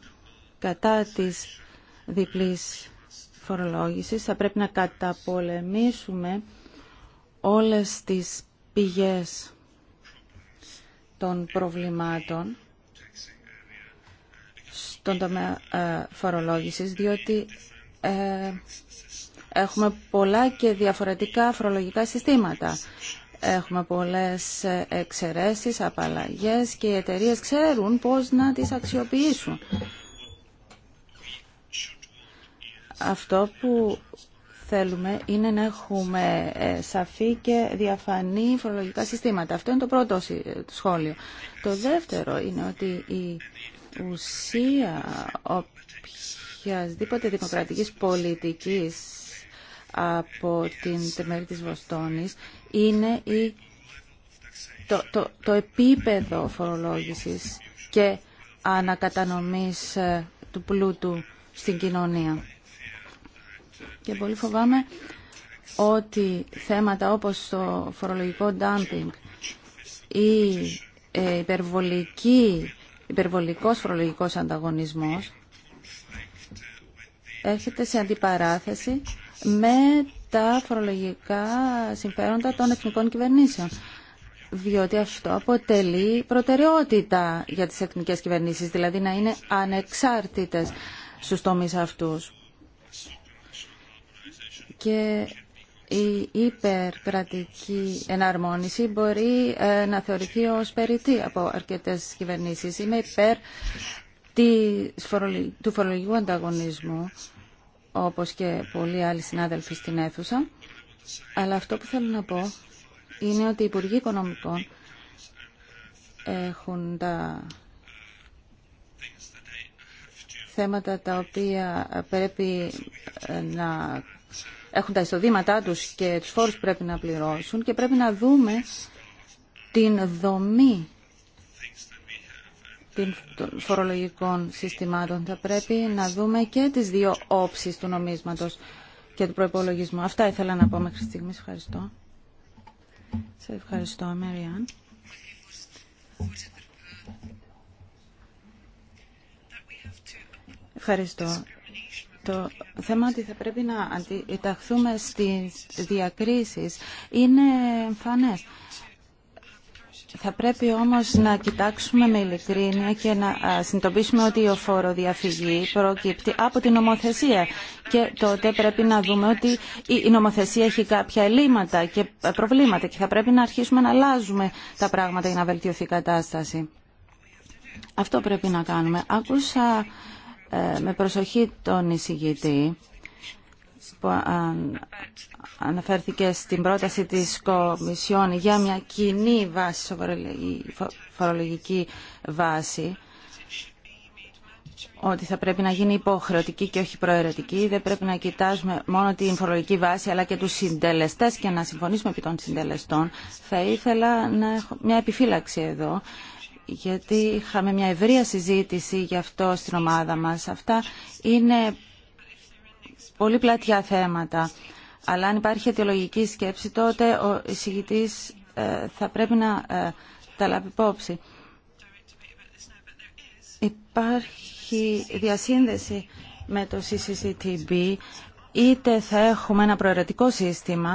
κατά της διπλής φορολόγησης. Θα πρέπει να καταπολεμήσουμε όλες τις πηγές των προβλημάτων στον τομέα ε, φορολόγησης, διότι ε, Έχουμε πολλά και διαφορετικά φορολογικά συστήματα. Έχουμε πολλές εξαιρέσεις, απαλλαγές και οι εταιρείες ξέρουν πώς να τις αξιοποιήσουν. Αυτό που θέλουμε είναι να έχουμε ε, σαφή και διαφανή φορολογικά συστήματα. Αυτό είναι το πρώτο σχόλιο. Το δεύτερο είναι ότι η ουσία οποιασδήποτε δημοκρατικής πολιτικής από την τεμέρη της Βοστόνης είναι η, το, το, το επίπεδο φορολόγησης και ανακατανομής ε, του πλούτου στην κοινωνία. Και πολύ φοβάμαι ότι θέματα όπως το φορολογικό dumping ή ε, υπερβολική, υπερβολικός φορολογικός ανταγωνισμός έρχεται σε αντιπαράθεση με τα φορολογικά συμφέροντα των εθνικών κυβερνήσεων διότι αυτό αποτελεί προτεραιότητα για τις εθνικές κυβερνήσεις, δηλαδή να είναι ανεξάρτητες στους τομείς αυτούς. Και η υπερκρατική εναρμόνιση μπορεί ε, να θεωρηθεί ως περιττή από αρκετές κυβερνήσεις. Είμαι υπέρ του φορολογικού ανταγωνισμού όπως και πολλοί άλλοι συνάδελφοι στην αίθουσα. Αλλά αυτό που θέλω να πω είναι ότι οι Υπουργοί Οικονομικών έχουν τα θέματα τα οποία πρέπει ε, να έχουν τα εισοδήματά τους και τους φόρους που πρέπει να πληρώσουν και πρέπει να δούμε την δομή των φορολογικών συστημάτων. Θα πρέπει να δούμε και τις δύο όψεις του νομίσματος και του προϋπολογισμού. Αυτά ήθελα να πω μέχρι στιγμής. Ευχαριστώ. Σε ευχαριστώ, Μεριάν. Ευχαριστώ. Το θέμα ότι θα πρέπει να αντιταχθούμε στις διακρίσεις είναι εμφανές. Θα πρέπει όμως να κοιτάξουμε με ειλικρίνεια και να συνειδητοποιήσουμε ότι η διαφυγή προκύπτει από την νομοθεσία και τότε πρέπει να δούμε ότι η νομοθεσία έχει κάποια ελλείμματα και προβλήματα και θα πρέπει να αρχίσουμε να αλλάζουμε τα πράγματα για να βελτιωθεί η κατάσταση. Αυτό πρέπει να κάνουμε. Άκουσα ε, με προσοχή τον εισηγητή που αναφέρθηκε στην πρόταση της Κομισιόν για μια κοινή βάση, φορολογική βάση, ότι θα πρέπει να γίνει υποχρεωτική και όχι προαιρετική. Δεν πρέπει να κοιτάζουμε μόνο την φορολογική βάση αλλά και τους συντελεστές και να συμφωνήσουμε επί των συντελεστών. Θα ήθελα να έχω μια επιφύλαξη εδώ γιατί είχαμε μια ευρεία συζήτηση γι' αυτό στην ομάδα μας. Αυτά είναι πολύ πλατιά θέματα. Αλλά αν υπάρχει αιτιολογική σκέψη, τότε ο εισηγητής ε, θα πρέπει να ε, τα λάβει υπόψη. Υπάρχει διασύνδεση με το CCCTB. Είτε θα έχουμε ένα προαιρετικό σύστημα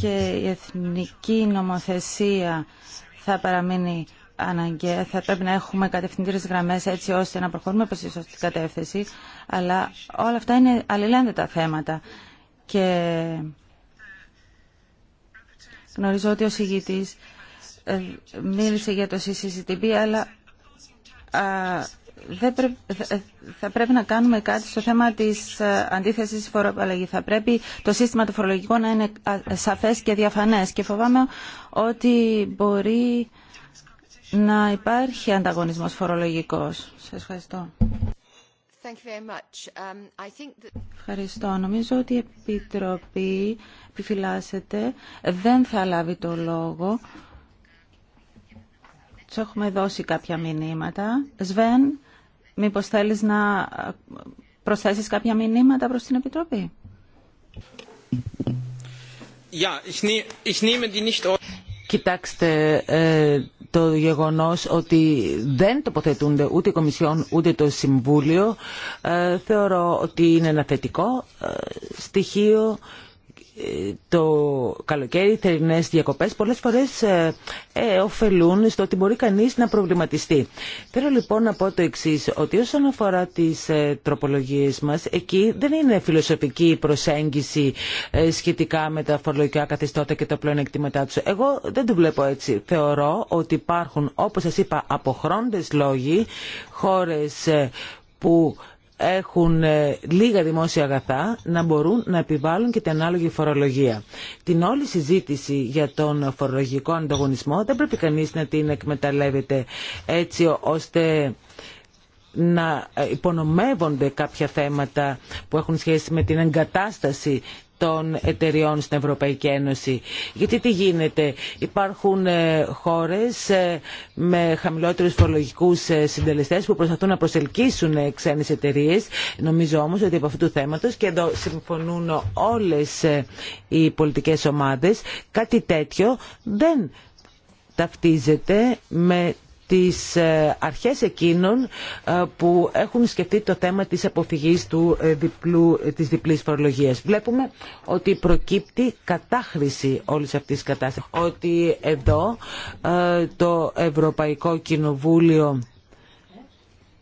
και η εθνική νομοθεσία θα παραμείνει αναγκαία. Θα πρέπει να έχουμε κατευθυντήρες γραμμές έτσι ώστε να προχωρούμε προς τη σωστή κατεύθυνση. Αλλά όλα αυτά είναι αλληλένδετα θέματα. Και γνωρίζω ότι ο συγγητής ε, μίλησε για το CCCTB, αλλά ε, θα πρέπει να κάνουμε κάτι στο θέμα της ε, αντίθεσης φοροαπαλλαγή. Θα πρέπει το σύστημα του φορολογικού να είναι σαφές και διαφανές και φοβάμαι ότι μπορεί να υπάρχει ανταγωνισμός φορολογικός. Σας ευχαριστώ. Um, ευχαριστώ. Νομίζω ότι η Επιτροπή επιφυλάσσεται. Δεν θα λάβει το λόγο. Τους έχουμε δώσει κάποια μηνύματα. Σβέν, μήπως θέλεις να προσθέσεις κάποια μηνύματα προς την Επιτροπή. Ja, ich ne ich nehme Κοιτάξτε ε, το γεγονός ότι δεν τοποθετούνται ούτε η Κομισιόν ούτε το Συμβούλιο ε, θεωρώ ότι είναι ένα θετικό ε, στοιχείο το καλοκαίρι, οι θερινές διακοπές πολλές φορές ε, ε, ωφελούν στο ότι μπορεί κανείς να προβληματιστεί. Θέλω λοιπόν να πω το εξή ότι όσον αφορά τις ε, τροπολογίες μας, εκεί δεν είναι φιλοσοφική προσέγγιση ε, σχετικά με τα φορολογικά καθεστώτα και τα πλεονεκτήματά τους. Εγώ δεν το βλέπω έτσι. Θεωρώ ότι υπάρχουν, όπως σας είπα, αποχρόντες λόγοι, χώρες ε, που έχουν ε, λίγα δημόσια αγαθά να μπορούν να επιβάλλουν και την ανάλογη φορολογία. Την όλη συζήτηση για τον φορολογικό ανταγωνισμό δεν πρέπει κανείς να την εκμεταλλεύεται έτσι ώστε να ε, υπονομεύονται κάποια θέματα που έχουν σχέση με την εγκατάσταση των εταιριών στην Ευρωπαϊκή Ένωση. Γιατί τι γίνεται, υπάρχουν ε, χώρες ε, με χαμηλότερους φορολογικούς ε, συντελεστές που προσπαθούν να προσελκύσουν ξένες εταιρείε. Νομίζω όμως ότι από αυτού του θέματος και εδώ συμφωνούν όλες οι πολιτικές ομάδες, κάτι τέτοιο δεν ταυτίζεται με τις ε, αρχές εκείνων ε, που έχουν σκεφτεί το θέμα της αποφυγής του ε, διπλού, της διπλής φορολογίας. Βλέπουμε ότι προκύπτει κατάχρηση όλης αυτής της κατάστασης. Ότι εδώ το Ευρωπαϊκό Κοινοβούλιο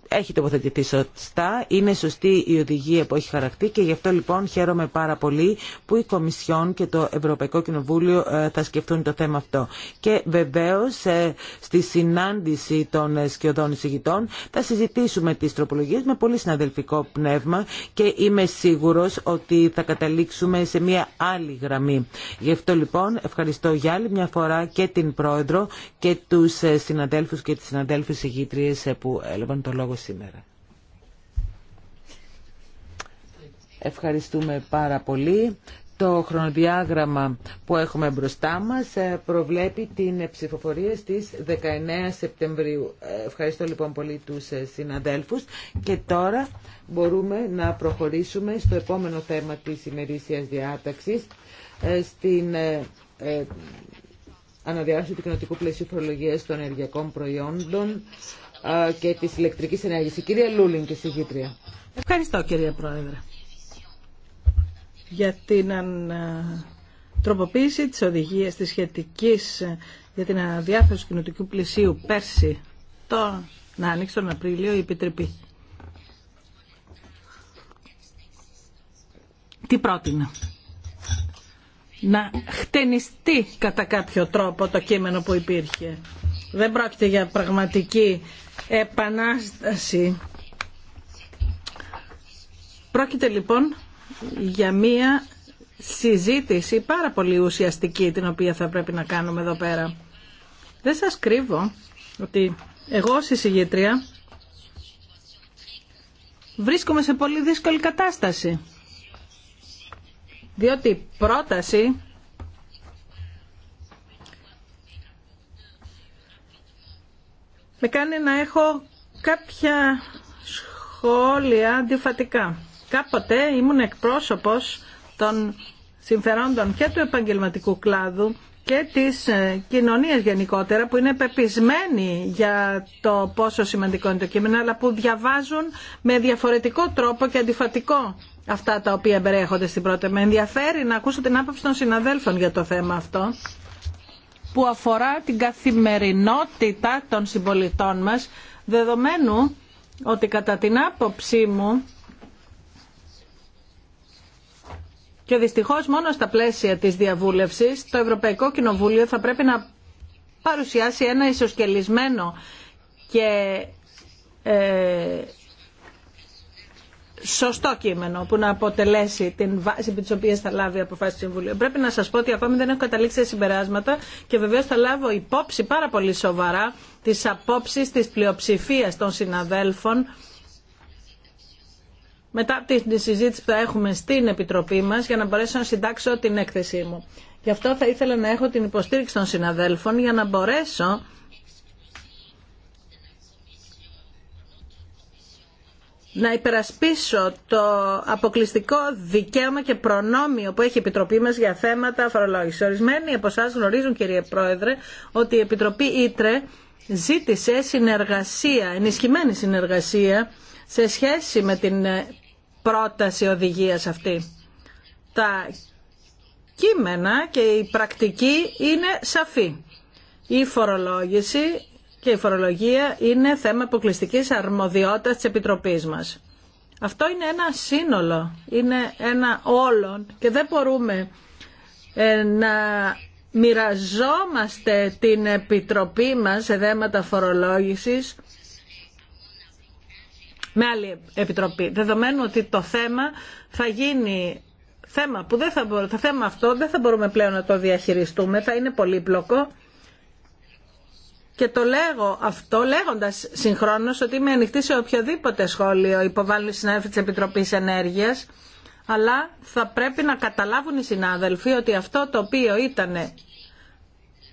έχει τοποθετηθεί σωστά, είναι σωστή η οδηγία που έχει χαρακτή και γι' αυτό λοιπόν χαίρομαι πάρα πολύ που η Κομισιόν και το Ευρωπαϊκό Κοινοβούλιο ε, θα σκεφτούν το θέμα αυτό. Και βεβαίω ε, στη συνάντηση των ε, σκιωδών εισηγητών θα συζητήσουμε τι τροπολογίε με πολύ συναδελφικό πνεύμα και είμαι σίγουρο ότι θα καταλήξουμε σε μια άλλη γραμμή. Γι' αυτό λοιπόν ευχαριστώ για άλλη μια φορά και την Πρόεδρο και του συναδέλφους και τι συναδέλφου εισηγήτριε που έλαβαν το λόγο σήμερα. Ευχαριστούμε πάρα πολύ. Το χρονοδιάγραμμα που έχουμε μπροστά μας ε, προβλέπει την ψηφοφορία στις 19 Σεπτεμβρίου. Ε, ευχαριστώ λοιπόν πολύ τους ε, συναδέλφους και τώρα μπορούμε να προχωρήσουμε στο επόμενο θέμα της ημερήσιας διάταξης στην αναδιάρθρωση του κοινοτικού πλαισίου φορολογίας των ενεργειακών προϊόντων και της ηλεκτρικής ενέργειας. Η κυρία Λούλιν και η συγγήτρια. Ευχαριστώ κυρία Πρόεδρε για την τροποποίηση της οδηγίας της σχετικής ε, για την του κοινωτικού πλησίου πέρσι το να ανοίξει τον Απρίλιο η Επιτροπή. Τι πρότεινα. Να χτενιστεί κατά κάποιο τρόπο το κείμενο που υπήρχε. Δεν πρόκειται για πραγματική επανάσταση. Πρόκειται λοιπόν για μία συζήτηση πάρα πολύ ουσιαστική την οποία θα πρέπει να κάνουμε εδώ πέρα. Δεν σας κρύβω ότι εγώ ως εισηγήτρια βρίσκομαι σε πολύ δύσκολη κατάσταση. Διότι πρόταση με κάνει να έχω κάποια σχόλια αντιφατικά. Κάποτε ήμουν εκπρόσωπος των συμφερόντων και του επαγγελματικού κλάδου και της ε, κοινωνίας γενικότερα που είναι πεπισμένοι για το πόσο σημαντικό είναι το κείμενο αλλά που διαβάζουν με διαφορετικό τρόπο και αντιφατικό αυτά τα οποία περιέχονται στην πρώτη. Με ενδιαφέρει να ακούσω την άποψη των συναδέλφων για το θέμα αυτό που αφορά την καθημερινότητα των συμπολιτών μας, δεδομένου ότι κατά την άποψή μου και δυστυχώς μόνο στα πλαίσια της διαβούλευσης το Ευρωπαϊκό Κοινοβούλιο θα πρέπει να παρουσιάσει ένα ισοσκελισμένο και ε, σωστό κείμενο που να αποτελέσει την βάση επί τη οποία θα λάβει η του Συμβουλίου. Πρέπει να σα πω ότι ακόμη δεν έχω καταλήξει σε συμπεράσματα και βεβαίω θα λάβω υπόψη πάρα πολύ σοβαρά τι απόψει τη πλειοψηφία των συναδέλφων μετά τη συζήτηση που θα έχουμε στην Επιτροπή μας για να μπορέσω να συντάξω την έκθεσή μου. Γι' αυτό θα ήθελα να έχω την υποστήριξη των συναδέλφων για να μπορέσω να υπερασπίσω το αποκλειστικό δικαίωμα και προνόμιο που έχει η Επιτροπή μας για θέματα φορολόγηση. Ορισμένοι από εσά γνωρίζουν κύριε Πρόεδρε ότι η Επιτροπή Ήτρε ζήτησε συνεργασία, ενισχυμένη συνεργασία σε σχέση με την πρόταση οδηγίας αυτή. Τα κείμενα και η πρακτική είναι σαφή. Η φορολόγηση και η φορολογία είναι θέμα αποκλειστική αρμοδιότητα τη επιτροπή μας. Αυτό είναι ένα σύνολο, είναι ένα όλον και δεν μπορούμε ε, να μοιραζόμαστε την Επιτροπή μας σε δέματα φορολόγησης με άλλη Επιτροπή. Δεδομένου ότι το θέμα θα γίνει θέμα που δεν θα μπορούμε, το θέμα αυτό δεν θα μπορούμε πλέον να το διαχειριστούμε, θα είναι πολύπλοκο και το λέγω αυτό λέγοντας συγχρόνως ότι είμαι ανοιχτή σε οποιοδήποτε σχόλιο υποβάλλουν οι συνάδελφοι της Επιτροπής Ενέργειας, αλλά θα πρέπει να καταλάβουν οι συνάδελφοι ότι αυτό το οποίο ήταν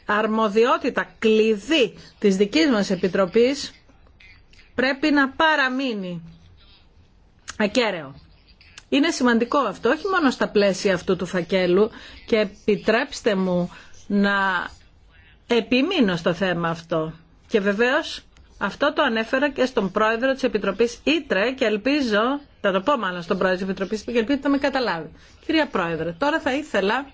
αρμοδιότητα κλειδί της δικής μας Επιτροπής πρέπει να παραμείνει ακέραιο. Είναι σημαντικό αυτό, όχι μόνο στα πλαίσια αυτού του φακέλου και επιτρέψτε μου να επιμείνω στο θέμα αυτό. Και βεβαίως αυτό το ανέφερα και στον πρόεδρο της Επιτροπής Ήτρε και ελπίζω, θα το πω μάλλον στον πρόεδρο της Επιτροπής και ελπίζω ότι θα με καταλάβει. Κυρία Πρόεδρε, τώρα θα ήθελα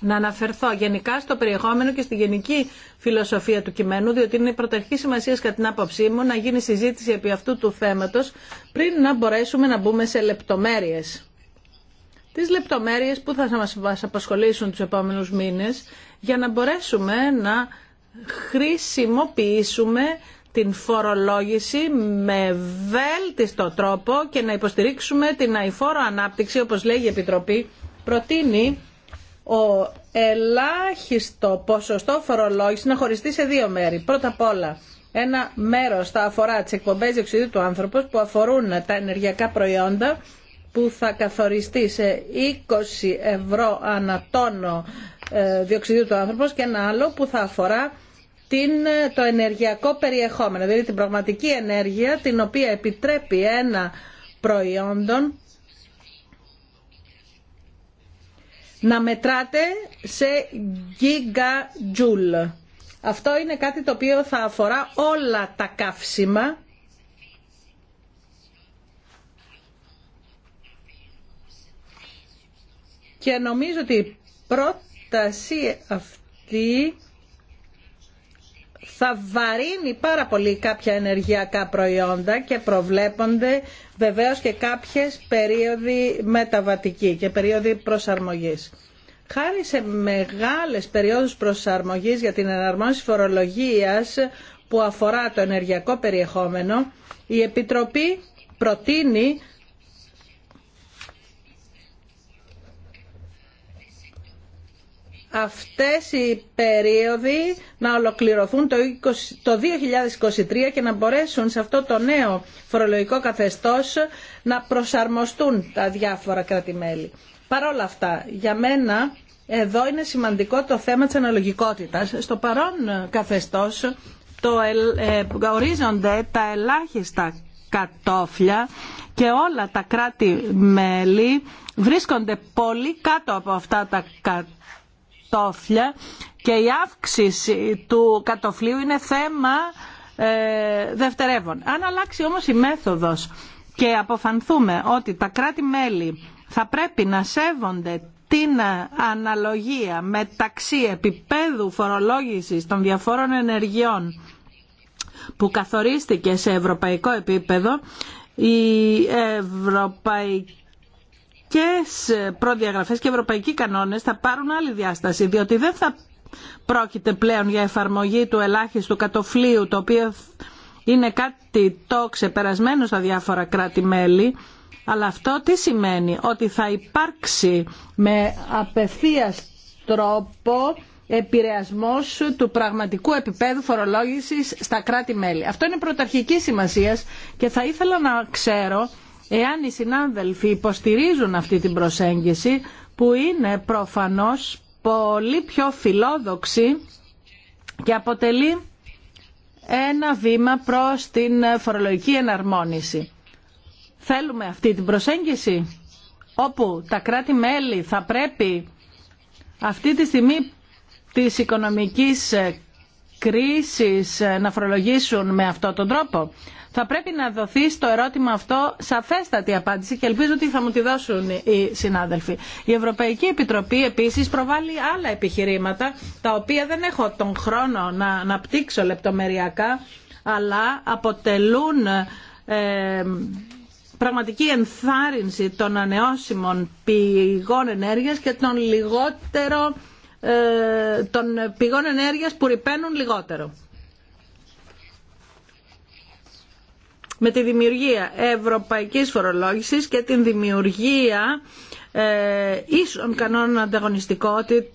να αναφερθώ γενικά στο περιεχόμενο και στη γενική φιλοσοφία του κειμένου, διότι είναι πρωταρχή σημασία κατά την άποψή μου να γίνει συζήτηση επί αυτού του θέματο πριν να μπορέσουμε να μπούμε σε λεπτομέρειε. Τις λεπτομέρειες που θα μας απασχολήσουν τους επόμενους μήνες για να μπορέσουμε να χρησιμοποιήσουμε την φορολόγηση με βέλτιστο τρόπο και να υποστηρίξουμε την αηφόρο ανάπτυξη, όπως λέει η Επιτροπή, προτείνει ο ελάχιστο ποσοστό φορολόγηση να χωριστεί σε δύο μέρη. Πρώτα απ' όλα, ένα μέρος θα αφορά τις εκπομπές διοξιδίου του άνθρωπος που αφορούν τα ενεργειακά προϊόντα που θα καθοριστεί σε 20 ευρώ ανατόνο ε, διοξιδίου του άνθρωπος και ένα άλλο που θα αφορά την, ε, το ενεργειακό περιεχόμενο, δηλαδή την πραγματική ενέργεια την οποία επιτρέπει ένα προϊόντον να μετράτε σε τζουλ. Αυτό είναι κάτι το οποίο θα αφορά όλα τα καύσιμα και νομίζω ότι η πρόταση αυτή θα βαρύνει πάρα πολύ κάποια ενεργειακά προϊόντα και προβλέπονται βεβαίως και κάποιες περίοδοι μεταβατικοί και περίοδοι προσαρμογής. Χάρη σε μεγάλες περιόδους προσαρμογής για την εναρμόνιση φορολογίας που αφορά το ενεργειακό περιεχόμενο, η Επιτροπή προτείνει αυτές οι περίοδοι να ολοκληρωθούν το, 2023 και να μπορέσουν σε αυτό το νέο φορολογικό καθεστώς να προσαρμοστούν τα διάφορα κράτη-μέλη. Παρ' όλα αυτά, για μένα εδώ είναι σημαντικό το θέμα της αναλογικότητας. Στο παρόν καθεστώς το ε, ορίζονται τα ελάχιστα κατόφλια και όλα τα κράτη-μέλη βρίσκονται πολύ κάτω από αυτά τα κατόφλια και η αύξηση του κατοφλίου είναι θέμα ε, Αν αλλάξει όμως η μέθοδος και αποφανθούμε ότι τα κράτη-μέλη θα πρέπει να σέβονται την αναλογία μεταξύ επίπεδου φορολόγησης των διαφόρων ενεργειών που καθορίστηκε σε ευρωπαϊκό επίπεδο, η Ευρωπαϊκή προδιαγραφές και ευρωπαϊκοί κανόνες θα πάρουν άλλη διάσταση, διότι δεν θα πρόκειται πλέον για εφαρμογή του ελάχιστου κατοφλίου, το οποίο είναι κάτι το ξεπερασμένο στα διάφορα κράτη-μέλη, αλλά αυτό τι σημαίνει, ότι θα υπάρξει με απευθείας τρόπο επηρεασμός του πραγματικού επίπεδου φορολόγησης στα κράτη-μέλη. Αυτό είναι πρωταρχική σημασίας και θα ήθελα να ξέρω Εάν οι συνάδελφοι υποστηρίζουν αυτή την προσέγγιση που είναι προφανώς πολύ πιο φιλόδοξη και αποτελεί ένα βήμα προς την φορολογική εναρμόνιση. Θέλουμε αυτή την προσέγγιση όπου τα κράτη-μέλη θα πρέπει αυτή τη στιγμή της οικονομικής κρίσης να φορολογήσουν με αυτόν τον τρόπο. Θα πρέπει να δοθεί στο ερώτημα αυτό σαφέστατη απάντηση και ελπίζω ότι θα μου τη δώσουν οι συνάδελφοι. Η Ευρωπαϊκή Επιτροπή επίση προβάλλει άλλα επιχειρήματα τα οποία δεν έχω τον χρόνο να αναπτύξω λεπτομεριακά αλλά αποτελούν ε, πραγματική ενθάρρυνση των ανεώσιμων πηγών ενέργειας και των ε, των πηγών ενέργειας που ρηπαίνουν λιγότερο. με τη δημιουργία ευρωπαϊκής φορολόγησης και την δημιουργία ε, ίσων κανόνων ανταγωνιστικότητας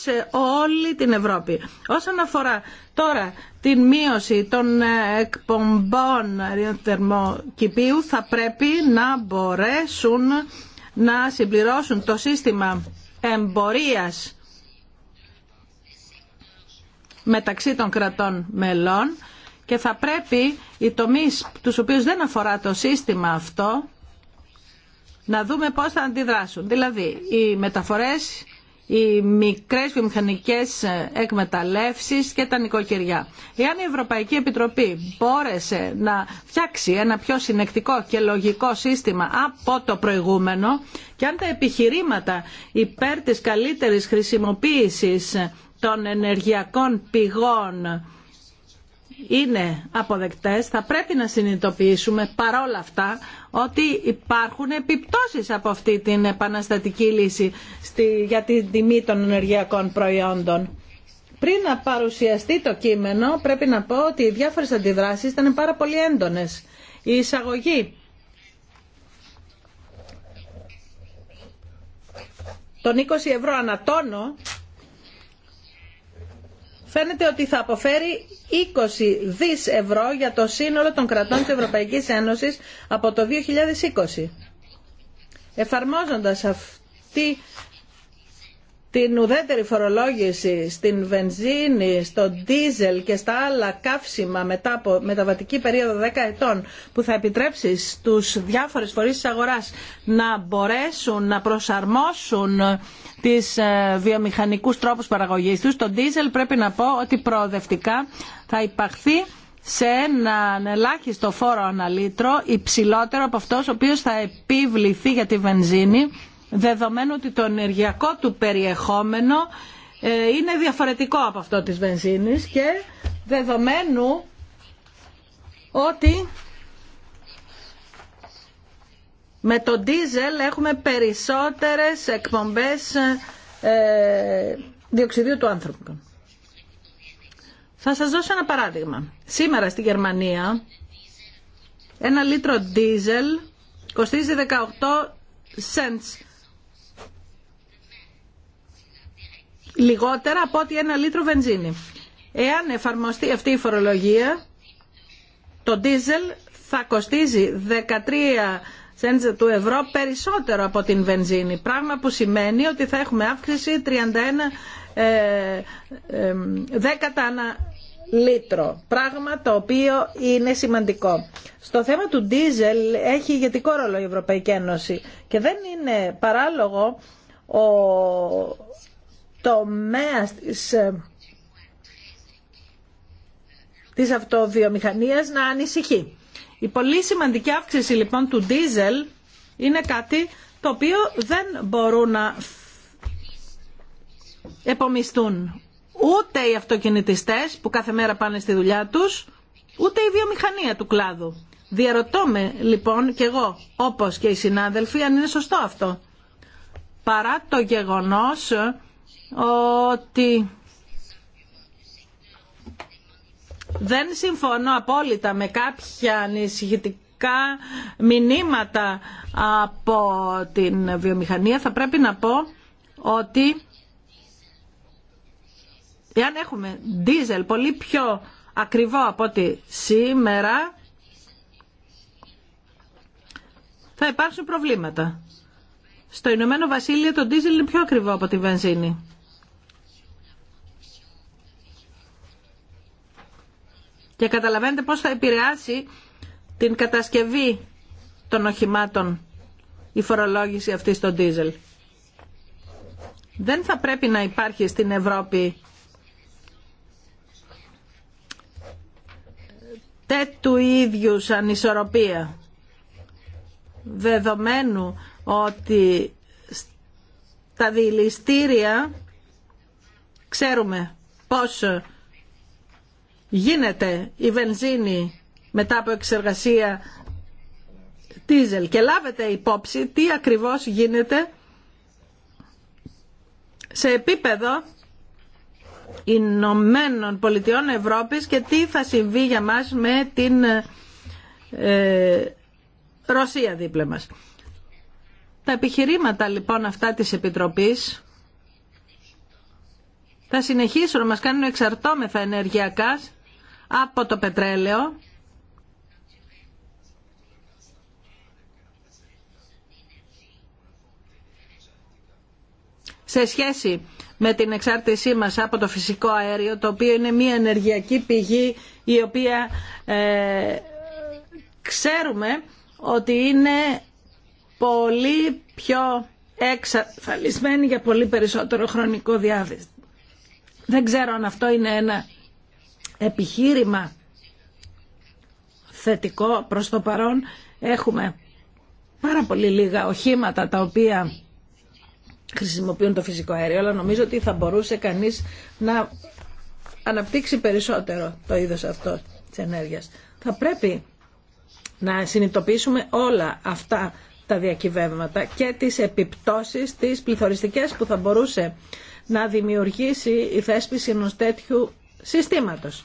σε όλη την Ευρώπη. Όσον αφορά τώρα την μείωση των ε, εκπομπών θερμοκηπίου θα πρέπει να μπορέσουν να συμπληρώσουν το σύστημα εμπορίας μεταξύ των κρατών μελών και θα πρέπει οι τομείς τους οποίους δεν αφορά το σύστημα αυτό να δούμε πώς θα αντιδράσουν. Δηλαδή, οι μεταφορές, οι μικρές βιομηχανικές εκμεταλλεύσεις και τα νοικοκυριά. Εάν η Ευρωπαϊκή Επιτροπή μπόρεσε να φτιάξει ένα πιο συνεκτικό και λογικό σύστημα από το προηγούμενο και αν τα επιχειρήματα υπέρ της καλύτερης χρησιμοποίησης των ενεργειακών πηγών είναι αποδεκτές, θα πρέπει να συνειδητοποιήσουμε παρόλα αυτά ότι υπάρχουν επιπτώσεις από αυτή την επαναστατική λύση στη, για την τιμή των ενεργειακών προϊόντων. Πριν να παρουσιαστεί το κείμενο, πρέπει να πω ότι οι διάφορες αντιδράσεις ήταν πάρα πολύ έντονες. Η εισαγωγή των 20 ευρώ ανατόνο φαίνεται ότι θα αποφέρει 20 δις ευρώ για το σύνολο των κρατών της Ευρωπαϊκής Ένωσης από το 2020. Εφαρμόζοντας αυτή την ουδέτερη φορολόγηση στην βενζίνη, στο ντίζελ και στα άλλα καύσιμα μετά από μεταβατική περίοδο 10 ετών που θα επιτρέψει στους διάφορες φορείς της αγοράς να μπορέσουν να προσαρμόσουν τις ε, βιομηχανικούς τρόπους παραγωγής τους. Το ντίζελ πρέπει να πω ότι προοδευτικά θα υπαχθεί σε έναν ελάχιστο φόρο αναλύτρο υψηλότερο από αυτός ο οποίος θα επιβληθεί για τη βενζίνη δεδομένου ότι το ενεργειακό του περιεχόμενο ε, είναι διαφορετικό από αυτό της βενζίνης και δεδομένου ότι με το ντίζελ έχουμε περισσότερες εκπομπές ε, διοξιδίου του άνθρωπου. Θα σας δώσω ένα παράδειγμα. Σήμερα στη Γερμανία ένα λίτρο ντίζελ κοστίζει 18 cents λιγότερα από ότι ένα λίτρο βενζίνη. Εάν εφαρμοστεί αυτή η φορολογία, το ντίζελ θα κοστίζει 13 του ευρώ περισσότερο από την βενζίνη. Πράγμα που σημαίνει ότι θα έχουμε αύξηση 31 ε, ε, δέκατα ανα λίτρο. Πράγμα το οποίο είναι σημαντικό. Στο θέμα του ντίζελ έχει ηγετικό ρόλο η Ευρωπαϊκή Ένωση και δεν είναι παράλογο ο τομέας της, ε, της αυτοβιομηχανίας να ανησυχεί. Η πολύ σημαντική αύξηση λοιπόν του ντίζελ είναι κάτι το οποίο δεν μπορούν να επομιστούν ούτε οι αυτοκινητιστές που κάθε μέρα πάνε στη δουλειά τους, ούτε η βιομηχανία του κλάδου. Διαρωτώ με λοιπόν και εγώ, όπως και οι συνάδελφοι, αν είναι σωστό αυτό. Παρά το γεγονός ότι δεν συμφωνώ απόλυτα με κάποια ανησυχητικά μηνύματα από την βιομηχανία. Θα πρέπει να πω ότι εάν έχουμε δίζελ πολύ πιο ακριβό από ότι σήμερα θα υπάρξουν προβλήματα. Στο Ηνωμένο Βασίλειο το δίζελ είναι πιο ακριβό από τη βενζίνη. Και καταλαβαίνετε πώς θα επηρεάσει την κατασκευή των οχημάτων η φορολόγηση αυτή στο ντίζελ. Δεν θα πρέπει να υπάρχει στην Ευρώπη τέτοιου ίδιου ανισορροπία δεδομένου ότι τα διηληστήρια ξέρουμε πώς γίνεται η βενζίνη μετά από εξεργασία τίζελ και λάβετε υπόψη τι ακριβώς γίνεται σε επίπεδο Ηνωμένων Πολιτειών Ευρώπης και τι θα συμβεί για μας με την ε, Ρωσία δίπλα μας. Τα επιχειρήματα λοιπόν αυτά της Επιτροπής θα συνεχίσουν να μας κάνουν εξαρτώμεθα ενεργειακά από το πετρέλαιο σε σχέση με την εξάρτησή μας από το φυσικό αέριο, το οποίο είναι μια ενεργειακή πηγή η οποία ε, ξέρουμε ότι είναι πολύ πιο εξαφαλισμένη για πολύ περισσότερο χρονικό διάστημα. Δεν ξέρω αν αυτό είναι ένα επιχείρημα θετικό προς το παρόν έχουμε πάρα πολύ λίγα οχήματα τα οποία χρησιμοποιούν το φυσικό αέριο αλλά νομίζω ότι θα μπορούσε κανείς να αναπτύξει περισσότερο το είδος αυτό της ενέργειας. Θα πρέπει να συνειδητοποιήσουμε όλα αυτά τα διακυβεύματα και τις επιπτώσεις, τις πληθωριστικές που θα μπορούσε να δημιουργήσει η θέσπιση ενός τέτοιου συστήματος.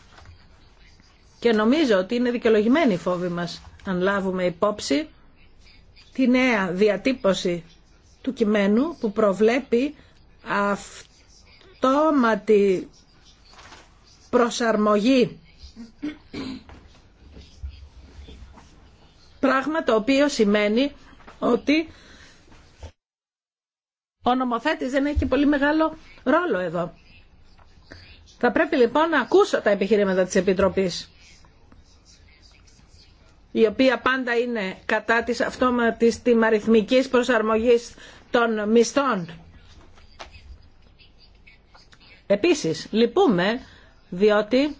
Και νομίζω ότι είναι δικαιολογημένη η φόβη μας αν λάβουμε υπόψη τη νέα διατύπωση του κειμένου που προβλέπει αυτόματη προσαρμογή πράγμα το οποίο σημαίνει ότι ο νομοθέτης δεν έχει πολύ μεγάλο ρόλο εδώ. Θα πρέπει λοιπόν να ακούσω τα επιχειρήματα της Επιτροπής η οποία πάντα είναι κατά της αυτόματης τιμαριθμικής προσαρμογής των μισθών. Επίσης, λυπούμε διότι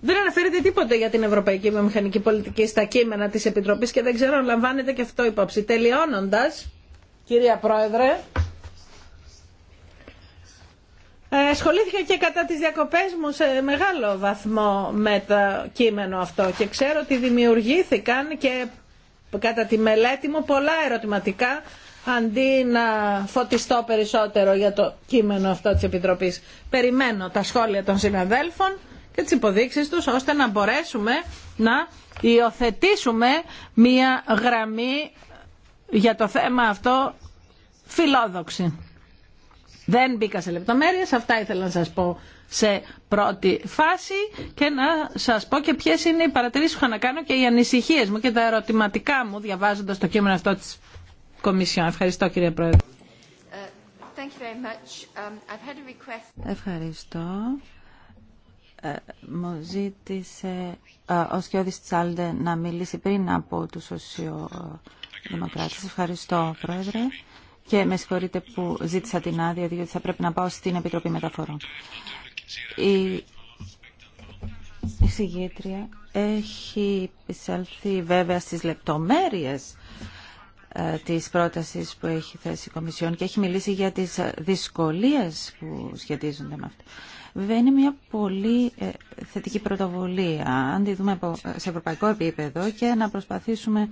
δεν αναφέρεται τίποτε για την Ευρωπαϊκή μηχανική Πολιτική στα κείμενα της Επιτροπής και δεν ξέρω αν λαμβάνεται και αυτό υπόψη. Τελειώνοντας, κυρία Πρόεδρε, ε, ασχολήθηκα και κατά τις διακοπές μου σε μεγάλο βαθμό με το κείμενο αυτό και ξέρω ότι δημιουργήθηκαν και κατά τη μελέτη μου πολλά ερωτηματικά αντί να φωτιστώ περισσότερο για το κείμενο αυτό της Επιτροπής. Περιμένω τα σχόλια των συναδέλφων και τις υποδείξεις τους ώστε να μπορέσουμε να υιοθετήσουμε μία γραμμή για το θέμα αυτό φιλόδοξη. Δεν μπήκα σε λεπτομέρειες, αυτά ήθελα να σας πω σε πρώτη φάση και να σας πω και ποιες είναι οι παρατηρήσεις που είχα να κάνω και οι ανησυχίες μου και τα ερωτηματικά μου διαβάζοντας το κείμενο αυτό της Κομισιόν. Ευχαριστώ κύριε Πρόεδρε. Um, Ευχαριστώ. Ε, μου ζήτησε ο Σκιώδης Τσάλντε να μιλήσει πριν από τους σοσιοδημοκράτες. Ευχαριστώ, Πρόεδρε και με συγχωρείτε που ζήτησα την άδεια διότι θα πρέπει να πάω στην Επιτροπή Μεταφορών. Η συγγήτρια έχει εισέλθει βέβαια στις λεπτομέρειες ε, της πρότασης που έχει θέσει η Κομισιόν και έχει μιλήσει για τις δυσκολίες που σχετίζονται με αυτό. Βέβαια είναι μια πολύ ε, θετική πρωτοβουλία, αν τη δούμε σε ευρωπαϊκό επίπεδο και να προσπαθήσουμε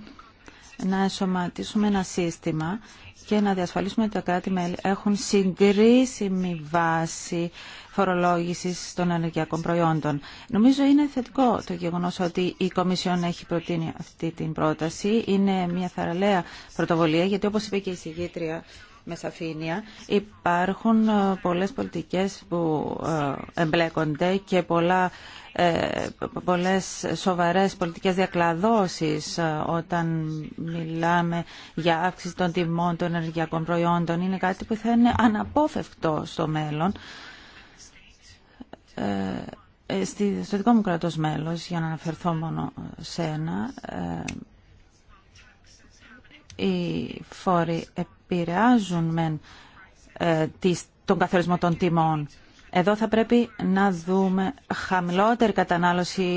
να εσωματίσουμε ένα σύστημα και να διασφαλίσουμε ότι τα κράτη-μέλη έχουν συγκρίσιμη βάση φορολόγησης των ενεργειακών προϊόντων. Νομίζω είναι θετικό το γεγονός ότι η Κομισιόν έχει προτείνει αυτή την πρόταση. Είναι μια θαραλέα πρωτοβολία, γιατί όπως είπε και η συγγήτρια, με Υπάρχουν ε, πολλές πολιτικές που ε, εμπλέκονται και πολλά, ε, πολλές σοβαρές πολιτικές διακλαδώσεις όταν μιλάμε για αύξηση των τιμών των ενεργειακών προϊόντων. Είναι κάτι που θα είναι αναπόφευκτο στο μέλλον. Στο δικό μου κρατός μέλος, για να αναφερθώ μόνο σε ένα, οι φόροι επηρεάζουν μεν ε, τον καθορισμό των τιμών. Εδώ θα πρέπει να δούμε χαμηλότερη κατανάλωση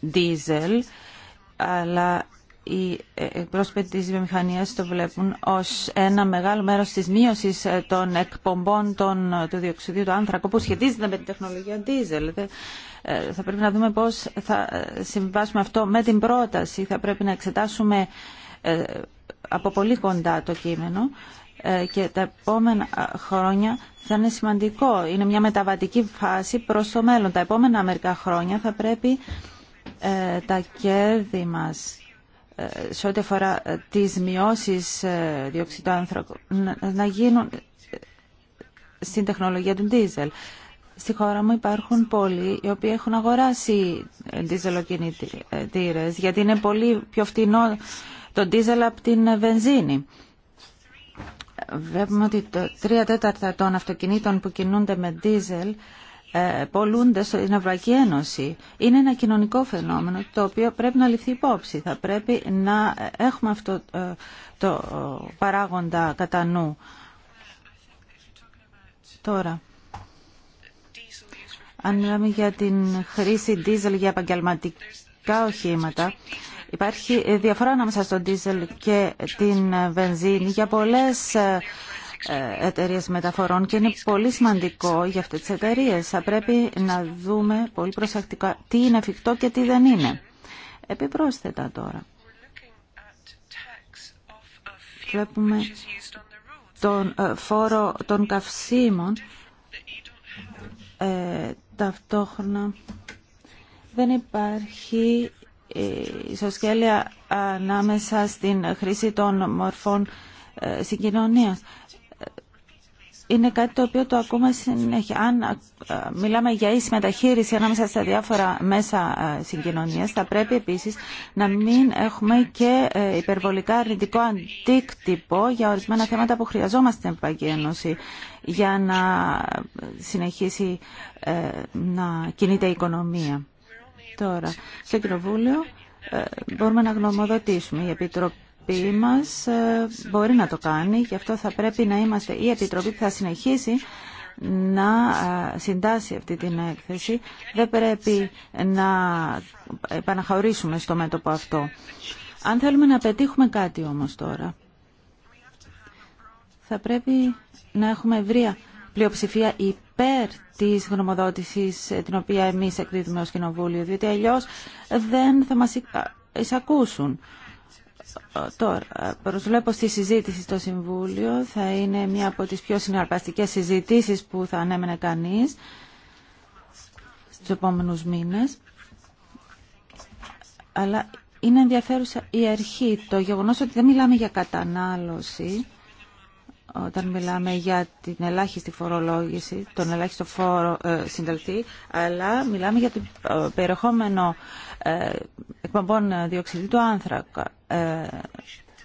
δίζελ, αλλά οι εκπρόσωποι της βιομηχανίας το βλέπουν ως ένα μεγάλο μέρος της μείωσης ε, των εκπομπών του διοξιδίου του άνθρακο που σχετίζεται με την τεχνολογία δίζελ. Ε, θα πρέπει να δούμε πώς θα συμβάσουμε αυτό με την πρόταση. Θα πρέπει να εξετάσουμε από πολύ κοντά το κείμενο ε, και τα επόμενα χρόνια θα είναι σημαντικό. Είναι μια μεταβατική φάση προς το μέλλον. Τα επόμενα μερικά χρόνια θα πρέπει ε, τα κέρδη μας ε, σε ό,τι αφορά τις μειώσεις διοξιδίου άνθρωπου να γίνουν στην τεχνολογία του ντίζελ. Στη χώρα μου υπάρχουν πολλοί οι οποίοι έχουν αγοράσει ντίζελοκινητήρες γιατί είναι πολύ πιο φτηνό το ντίζελ από την βενζίνη. Βλέπουμε ότι το 3 τέταρτα των αυτοκινήτων που κινούνται με ντίζελ ε, πολλούνται στην Ευρωπαϊκή Ένωση. Είναι ένα κοινωνικό φαινόμενο το οποίο πρέπει να ληφθεί υπόψη. Θα πρέπει να έχουμε αυτό ε, το παράγοντα κατά νου. Τώρα, αν μιλάμε για την χρήση ντίζελ για επαγγελματικά οχήματα, Υπάρχει διαφορά ανάμεσα στον δίζελ και την βενζίνη για πολλές ε, ε, εταιρείες μεταφορών και είναι πολύ σημαντικό για αυτές τις εταιρείες. Θα πρέπει να δούμε πολύ προσεκτικά τι είναι εφικτό και τι δεν είναι. Επιπρόσθετα τώρα. Βλέπουμε τον ε, φόρο των καυσίμων ταυτόχρονα δεν υπάρχει ισοσκέλεια ανάμεσα στην χρήση των μορφών ε, συγκοινωνίας. Είναι κάτι το οποίο το ακούμε συνέχεια. Αν ε, μιλάμε για ίση μεταχείριση ανάμεσα στα διάφορα μέσα ε, συγκοινωνίας, θα πρέπει επίσης να μην έχουμε και υπερβολικά αρνητικό αντίκτυπο για ορισμένα θέματα που χρειαζόμαστε στην για να συνεχίσει να κινείται η οικονομία. Τώρα, στο Κοινοβούλιο ε, μπορούμε να γνωμοδοτήσουμε. Η Επιτροπή μας ε, μπορεί να το κάνει, γι' αυτό θα πρέπει να είμαστε η Επιτροπή που θα συνεχίσει να ε, συντάσει αυτή την έκθεση. Δεν πρέπει να επαναχωρήσουμε στο μέτωπο αυτό. Αν θέλουμε να πετύχουμε κάτι όμως τώρα, θα πρέπει να έχουμε ευρεία πλειοψηφία υπέρ της γνωμοδότησης ε, την οποία εμείς εκδίδουμε ως Κοινοβούλιο, διότι αλλιώς δεν θα μας εισακούσουν. Ε, τώρα, προσβλέπω στη συζήτηση στο Συμβούλιο, θα είναι μία από τις πιο συναρπαστικές συζητήσεις που θα ανέμενε κανείς στους επόμενους μήνες. Αλλά είναι ενδιαφέρουσα η αρχή, το γεγονός ότι δεν μιλάμε για κατανάλωση, όταν μιλάμε για την ελάχιστη φορολόγηση, τον ελάχιστο φόρο ε, αλλά μιλάμε για το ε, περιεχόμενο ε, εκπομπών ε, διοξιδίου του άνθρακα. Ε,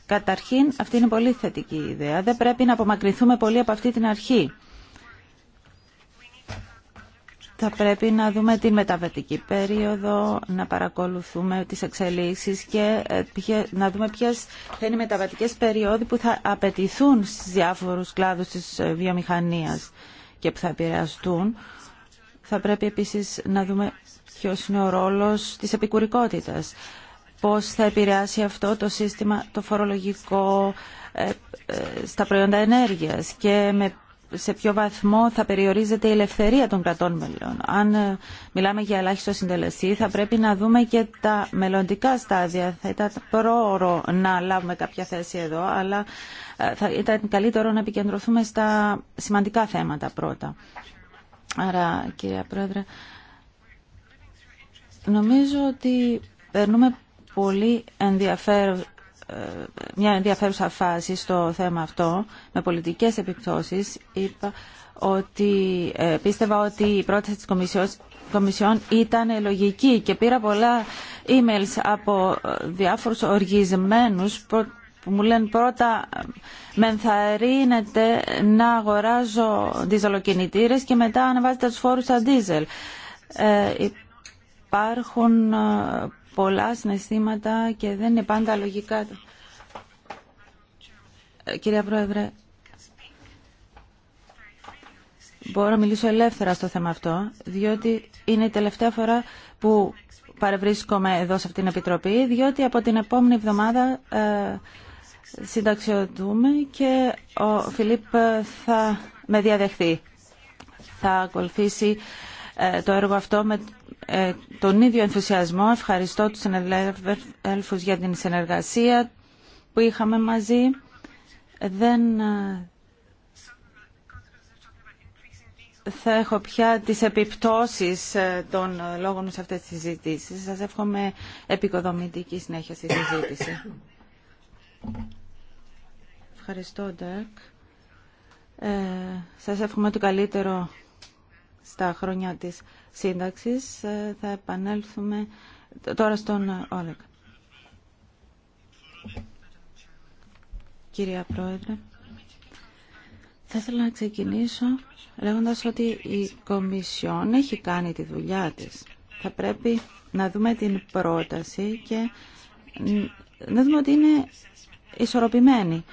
καταρχήν, αυτή είναι πολύ θετική ιδέα. Δεν πρέπει να απομακρυνθούμε πολύ από αυτή την αρχή. Θα πρέπει να δούμε την μεταβατική περίοδο, να παρακολουθούμε τις εξελίξεις και ε, να δούμε ποιες θα είναι οι μεταβατικές περιόδοι που θα απαιτηθούν στις διάφορους κλάδους της ε, βιομηχανίας και που θα επηρεαστούν. Θα πρέπει επίσης να δούμε ποιος είναι ο ρόλος της επικουρικότητας. Πώς θα επηρεάσει αυτό το σύστημα το φορολογικό ε, στα προϊόντα ενέργειας και με σε ποιο βαθμό θα περιορίζεται η ελευθερία των κρατών μελών. Αν ε, μιλάμε για ελάχιστο συντελεστή, θα πρέπει να δούμε και τα μελλοντικά στάδια. Θα ήταν πρόωρο να λάβουμε κάποια θέση εδώ, αλλά ε, θα ήταν καλύτερο να επικεντρωθούμε στα σημαντικά θέματα πρώτα. Άρα, κυρία Πρόεδρε, νομίζω ότι περνούμε πολύ ενδιαφέρον ε, μια ενδιαφέρουσα φάση στο θέμα αυτό με πολιτικές επιπτώσεις. Είπα ότι ε, πίστευα ότι η πρόταση της Κομισιός Κομισιόν ήταν λογική και πήρα πολλά emails από ε, διάφορους οργισμένους που μου λένε πρώτα με ενθαρρύνεται να αγοράζω διζελοκινητήρες και μετά ανεβάζετε τους φόρους στα δίζελ. Ε, υπάρχουν πολλά συναισθήματα και δεν είναι πάντα λογικά. Ε, κυρία Πρόεδρε, μπορώ να μιλήσω ελεύθερα στο θέμα αυτό, διότι είναι η τελευταία φορά που παρευρίσκομαι εδώ σε αυτήν την Επιτροπή, διότι από την επόμενη εβδομάδα ε, και ο Φιλίπ θα με διαδεχθεί. Θα ακολουθήσει ε, το έργο αυτό με ε, τον ίδιο ενθουσιασμό. Ευχαριστώ τους συνελεύθερους για την συνεργασία που είχαμε μαζί. Δεν ε, θα έχω πια τις επιπτώσεις των λόγων σε αυτές τις συζητήσεις. Σας εύχομαι επικοδομητική συνέχεια στη συζήτηση. Ευχαριστώ, Ντέρκ. σας εύχομαι το καλύτερο στα χρόνια της σύνταξης. Ε, θα επανέλθουμε τώρα στον Όλεκ. Κυρία Πρόεδρε, θα ήθελα να ξεκινήσω λέγοντας ότι η Κομισιόν έχει κάνει τη δουλειά της. Θα πρέπει να δούμε την πρόταση και να δούμε ότι είναι ισορροπημένη.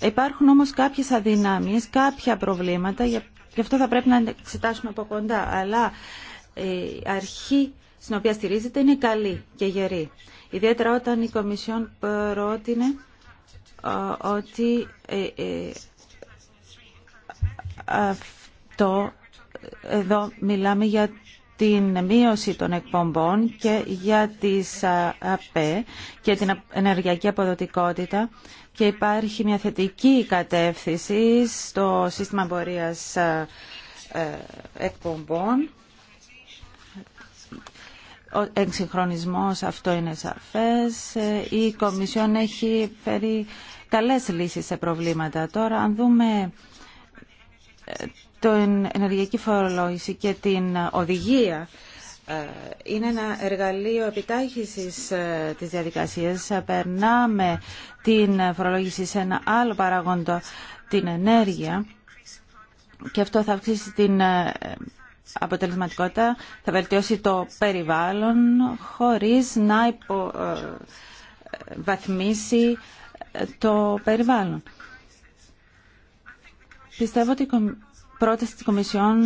Υπάρχουν όμως κάποιες αδυνάμεις, κάποια προβλήματα για Γι' αυτό θα πρέπει να εξετάσουμε από κοντά. Αλλά η αρχή στην οποία στηρίζεται είναι καλή και γερή. Ιδιαίτερα όταν η Κομισιόν πρότεινε ε, ότι ε, ε, αυτό εδώ μιλάμε για την μείωση των εκπομπών και για τις ΑΠΕ και την ενεργειακή αποδοτικότητα και υπάρχει μια θετική κατεύθυνση στο σύστημα εμπορίας ε, ε, εκπομπών. Ο εξυγχρονισμός αυτό είναι σαφές. Ε, η Κομισιόν έχει φέρει καλές λύσεις σε προβλήματα. Τώρα, αν δούμε την ενεργειακή φορολόγηση και την οδηγία ε, είναι ένα εργαλείο επιτάχυσης ε, της διαδικασίας. Ε, περνάμε την φορολόγηση σε ένα άλλο παραγόντο, την ενέργεια, και αυτό θα αυξήσει την αποτελεσματικότητα, θα βελτιώσει το περιβάλλον χωρίς να υποβαθμίσει το περιβάλλον. Πιστεύω ότι η πρόταση της Κομισιόν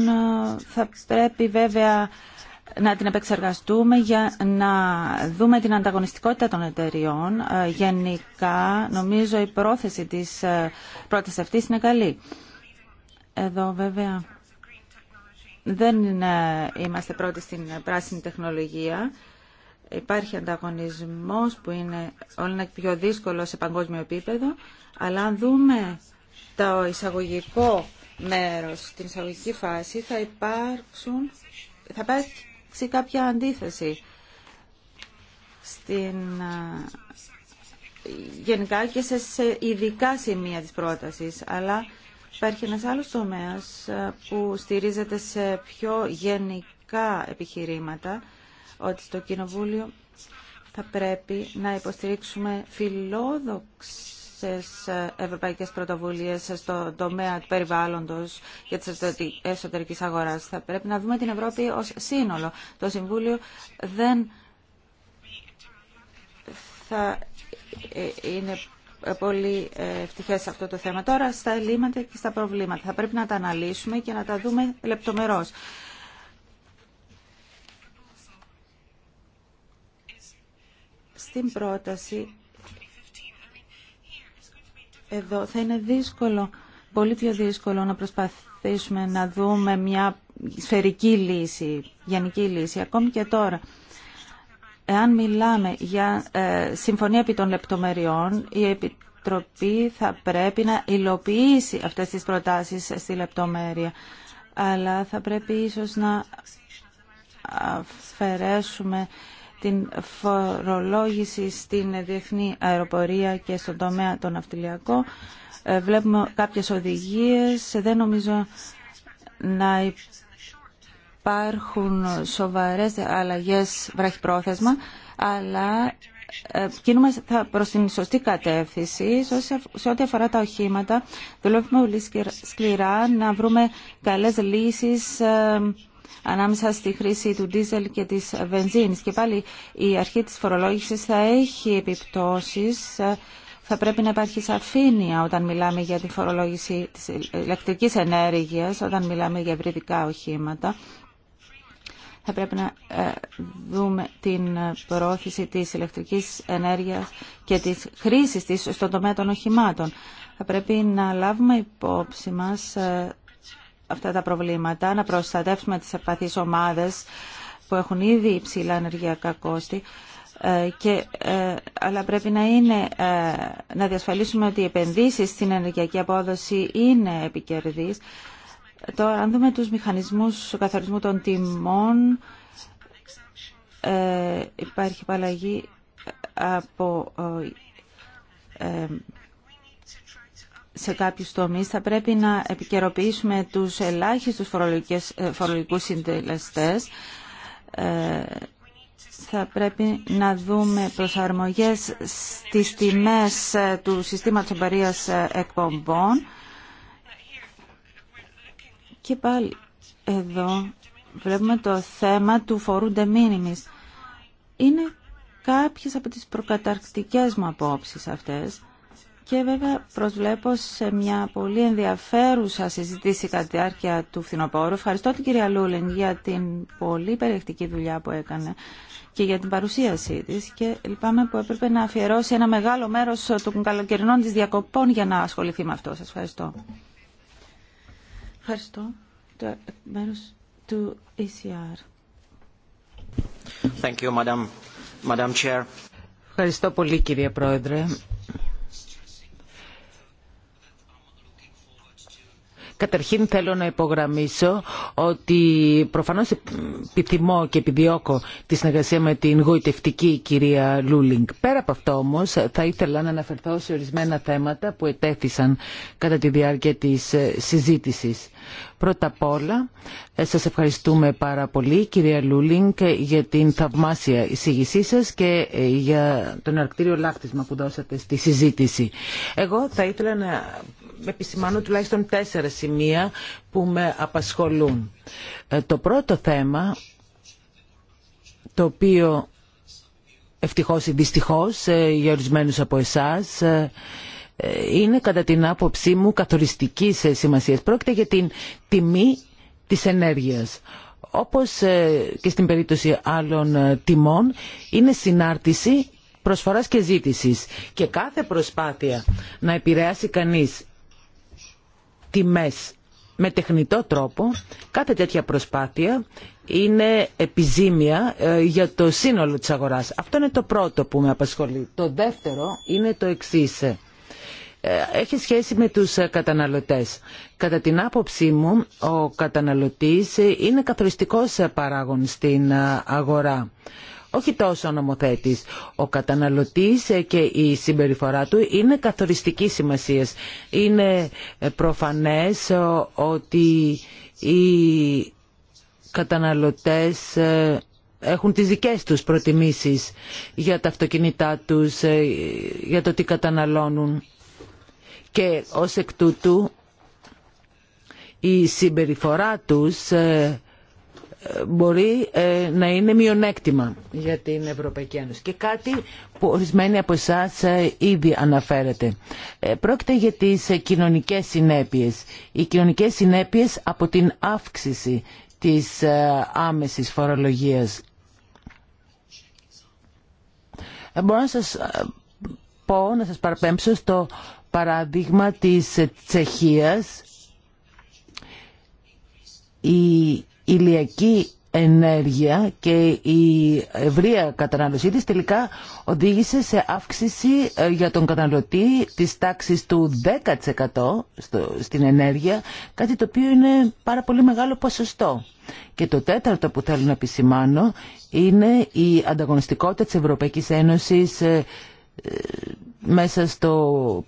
θα πρέπει βέβαια να την επεξεργαστούμε για να δούμε την ανταγωνιστικότητα των εταιριών. Ε, γενικά, νομίζω η πρόθεση της ε, πρότασης αυτής είναι καλή. Εδώ βέβαια δεν ε, είμαστε πρώτοι στην πράσινη τεχνολογία. Υπάρχει ανταγωνισμός που είναι όλο ένα πιο δύσκολο σε παγκόσμιο επίπεδο, αλλά αν δούμε το εισαγωγικό μέρος, την εισαγωγική φάση, θα υπάρξουν θα υπάρξει κάποια αντίθεση στην, γενικά και σε, σε ειδικά σημεία της πρότασης, αλλά υπάρχει ένας άλλος τομέας που στηρίζεται σε πιο γενικά επιχειρήματα, ότι στο Κοινοβούλιο θα πρέπει να υποστηρίξουμε φιλόδοξη σε ε, ευρωπαϊκές πρωτοβουλίες στον τομέα του περιβάλλοντος και της εσωτερική αγοράς. Θα πρέπει να δούμε την Ευρώπη ως σύνολο. Το Συμβούλιο δεν θα ε, είναι πολύ ε, ευτυχές σε αυτό το θέμα. Τώρα στα ελλείμματα και στα προβλήματα. Θα πρέπει να τα αναλύσουμε και να τα δούμε λεπτομερώς. Στην πρόταση εδώ. Θα είναι δύσκολο, πολύ πιο δύσκολο να προσπαθήσουμε να δούμε μια σφαιρική λύση, γενική λύση, ακόμη και τώρα. Εάν μιλάμε για ε, συμφωνία επί των λεπτομεριών, η Επιτροπή θα πρέπει να υλοποιήσει αυτές τις προτάσεις στη λεπτομέρεια. Αλλά θα πρέπει ίσως να αφαιρέσουμε την φορολόγηση στην διεθνή αεροπορία και στον τομέα των ναυτιλιακό. Ε, βλέπουμε κάποιες οδηγίες. Δεν νομίζω να υπάρχουν σοβαρές αλλαγές βραχυπρόθεσμα, αλλά ε, κινούμε προς την σωστή κατεύθυνση σε ό,τι αφορά τα οχήματα. Δουλεύουμε πολύ σκληρά να βρούμε καλές λύσεις ε, ανάμεσα στη χρήση του ντίζελ και της βενζίνης. Και πάλι η αρχή της φορολόγησης θα έχει επιπτώσεις θα πρέπει να υπάρχει σαφήνεια όταν μιλάμε για τη φορολόγηση της ηλεκτρικής ενέργειας, όταν μιλάμε για ευρυδικά οχήματα. Θα πρέπει να ε, δούμε την προώθηση της ηλεκτρικής ενέργειας και της χρήσης της στον τομέα των οχημάτων. Θα πρέπει να λάβουμε υπόψη μας ε, αυτά τα προβλήματα, να προστατεύσουμε τις ευπαθείς ομάδες που έχουν ήδη υψηλά ενεργειακά κόστη, ε, και, ε, αλλά πρέπει να, είναι, ε, να διασφαλίσουμε ότι οι επενδύσεις στην ενεργειακή απόδοση είναι επικερδείς. Τώρα, αν δούμε τους μηχανισμούς καθορισμού των τιμών, ε, υπάρχει απαλλαγή από σε κάποιους τομείς θα πρέπει να επικαιροποιήσουμε τους ελάχιστους ε, φορολογικούς συντελεστές. Ε, θα πρέπει να δούμε προσαρμογές στις τιμές ε, του συστήματος εμπαρίας εκπομπών. Και πάλι εδώ βλέπουμε το θέμα του φορούνται de Είναι κάποιες από τις προκαταρκτικές μου απόψεις αυτές και βέβαια προσβλέπω σε μια πολύ ενδιαφέρουσα συζήτηση κατά τη διάρκεια του φθινοπόρου. Ευχαριστώ την κυρία Λούλιν για την πολύ περιεκτική δουλειά που έκανε και για την παρουσίασή της και λυπάμαι που έπρεπε να αφιερώσει ένα μεγάλο μέρος των καλοκαιρινών της διακοπών για να ασχοληθεί με αυτό. Σας ευχαριστώ. Ευχαριστώ. Το μέρος του ECR. Thank you, Chair. Ευχαριστώ πολύ κύριε Πρόεδρε. Καταρχήν θέλω να υπογραμμίσω ότι προφανώς επιθυμώ και επιδιώκω τη συνεργασία με την γοητευτική κυρία Λούλινγκ. Πέρα από αυτό όμως θα ήθελα να αναφερθώ σε ορισμένα θέματα που ετέθησαν κατά τη διάρκεια της ε, συζήτησης. Πρώτα απ' όλα, ε, σας ευχαριστούμε πάρα πολύ, κυρία Λούλινγκ, για την θαυμάσια εισήγησή σας και ε, για τον αρκτήριο λάκτισμα που δώσατε στη συζήτηση. Εγώ θα ήθελα να επισημάνω τουλάχιστον τέσσερα σημεία που με απασχολούν. Ε, το πρώτο θέμα, το οποίο ευτυχώς ή δυστυχώς ε, για ορισμένους από εσάς, ε, είναι κατά την άποψή μου καθοριστικής σημασίας. Πρόκειται για την τιμή της ενέργειας. Όπως και στην περίπτωση άλλων τιμών, είναι συνάρτηση προσφοράς και ζήτησης. Και κάθε προσπάθεια να επηρεάσει κανείς τιμές. Με τεχνητό τρόπο κάθε τέτοια προσπάθεια είναι επιζήμια ε, για το σύνολο της αγοράς. Αυτό είναι το πρώτο που με απασχολεί. Το δεύτερο είναι το εξής ε, έχει σχέση με τους ε, καταναλωτές. Κατά την άποψή μου, ο καταναλωτής είναι καθοριστικός παράγων στην αγορά όχι τόσο ο νομοθέτης. Ο καταναλωτής ε, και η συμπεριφορά του είναι καθοριστική σημασίας. Είναι ε, προφανές ε, ότι οι καταναλωτές έχουν τις δικές τους προτιμήσεις για τα αυτοκίνητά τους, για το τι καταναλώνουν. Και ως εκ τούτου η συμπεριφορά τους μπορεί ε, να είναι μειονέκτημα για την Ευρωπαϊκή Ένωση. Και κάτι που ορισμένοι από εσά ε, ήδη αναφέρετε. Ε, πρόκειται για τις κοινωνικές συνέπειες. Οι κοινωνικές συνέπειες από την αύξηση της άμεσης φορολογίας. Μπορώ να σας πω, να σας παραπέμψω στο παράδειγμα της Τσεχίας. Η ηλιακή ενέργεια και η ευρεία κατανάλωσή της τελικά οδήγησε σε αύξηση ε, για τον καταναλωτή της τάξης του 10% στην ενέργεια, κάτι το οποίο είναι πάρα πολύ μεγάλο ποσοστό. Και το τέταρτο που θέλω να επισημάνω είναι η ανταγωνιστικότητα της Ευρωπαϊκής Ένωσης ε, ε, μέσα στο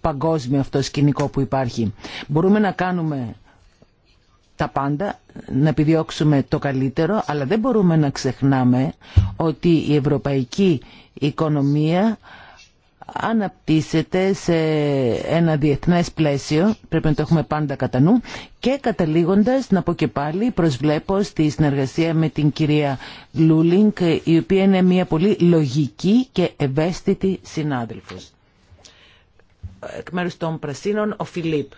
παγκόσμιο αυτό σκηνικό που υπάρχει. Μπορούμε να κάνουμε τα πάντα, να επιδιώξουμε το καλύτερο, αλλά δεν μπορούμε να ξεχνάμε ότι η ευρωπαϊκή οικονομία αναπτύσσεται σε ένα διεθνές πλαίσιο, πρέπει να το έχουμε πάντα κατά νου, και καταλήγοντας, να πω και πάλι, προσβλέπω στη συνεργασία με την κυρία Λούλινγκ, η οποία είναι μια πολύ λογική και ευαίσθητη συνάδελφος. Εκ μέρους των Πρασίνων, ο Φιλίπ.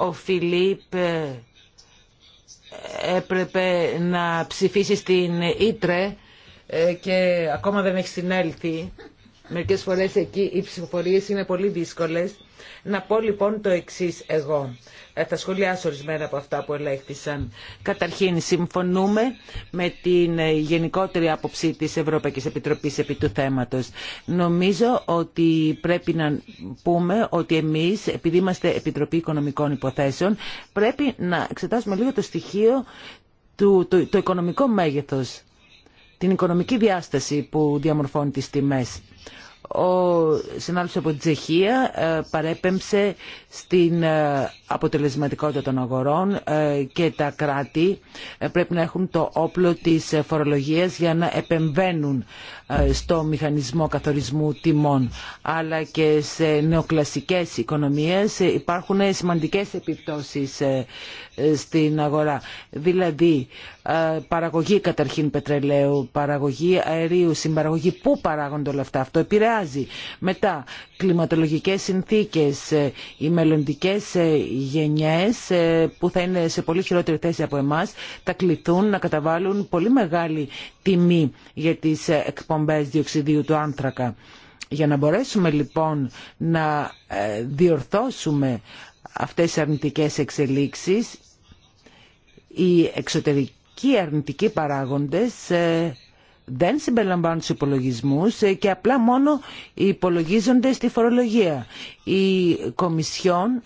ο Φιλίπ ε, έπρεπε να ψηφίσει στην Ήτρε ε, και ακόμα δεν έχει συνέλθει. Μερικέ φορέ εκεί οι ψηφοφορίε είναι πολύ δύσκολε Να πω λοιπόν το εξή εγώ. Ε, θα σχολιάσω ορισμένα από αυτά που ελέγχθησαν. Καταρχήν, συμφωνούμε με την ε, γενικότερη άποψη τη Ευρωπαϊκή Επιτροπής επί του θέματος. Νομίζω ότι πρέπει να πούμε ότι εμεί, επειδή είμαστε Επιτροπή Οικονομικών Υποθέσεων, πρέπει να εξετάσουμε λίγο το στοιχείο του, το, το οικονομικό μέγεθο, την οικονομική διάσταση που διαμορφώνει τις τιμές. Ο συνάδελφος από την Τσεχία ε, παρέπεμψε στην ε, αποτελεσματικότητα των αγορών ε, και τα κράτη πρέπει να έχουν το όπλο της φορολογίας για να επεμβαίνουν ε, στο μηχανισμό καθορισμού τιμών αλλά και σε νεοκλασικές οικονομίες υπάρχουν σημαντικές επιπτώσεις ε, ε, στην αγορά. Δηλαδή παραγωγή καταρχήν πετρελαίου, παραγωγή αερίου, συμπαραγωγή, πού παράγονται όλα αυτά, αυτό επηρεάζει. Μετά κλιματολογικές συνθήκες, ε, οι μελλοντικές ε, γενιές ε, που θα είναι σε πολύ χειρότερη θέση από εμάς θα κληθούν να καταβάλουν πολύ μεγάλη τιμή για τις εκπομπές διοξιδίου του άνθρακα. Για να μπορέσουμε λοιπόν να διορθώσουμε αυτές τις αρνητικές εξελίξεις οι εξωτερικοί αρνητικοί παράγοντες δεν συμπεριλαμβάνουν του υπολογισμού ε, και απλά μόνο υπολογίζονται στη φορολογία. Η Κομισιόν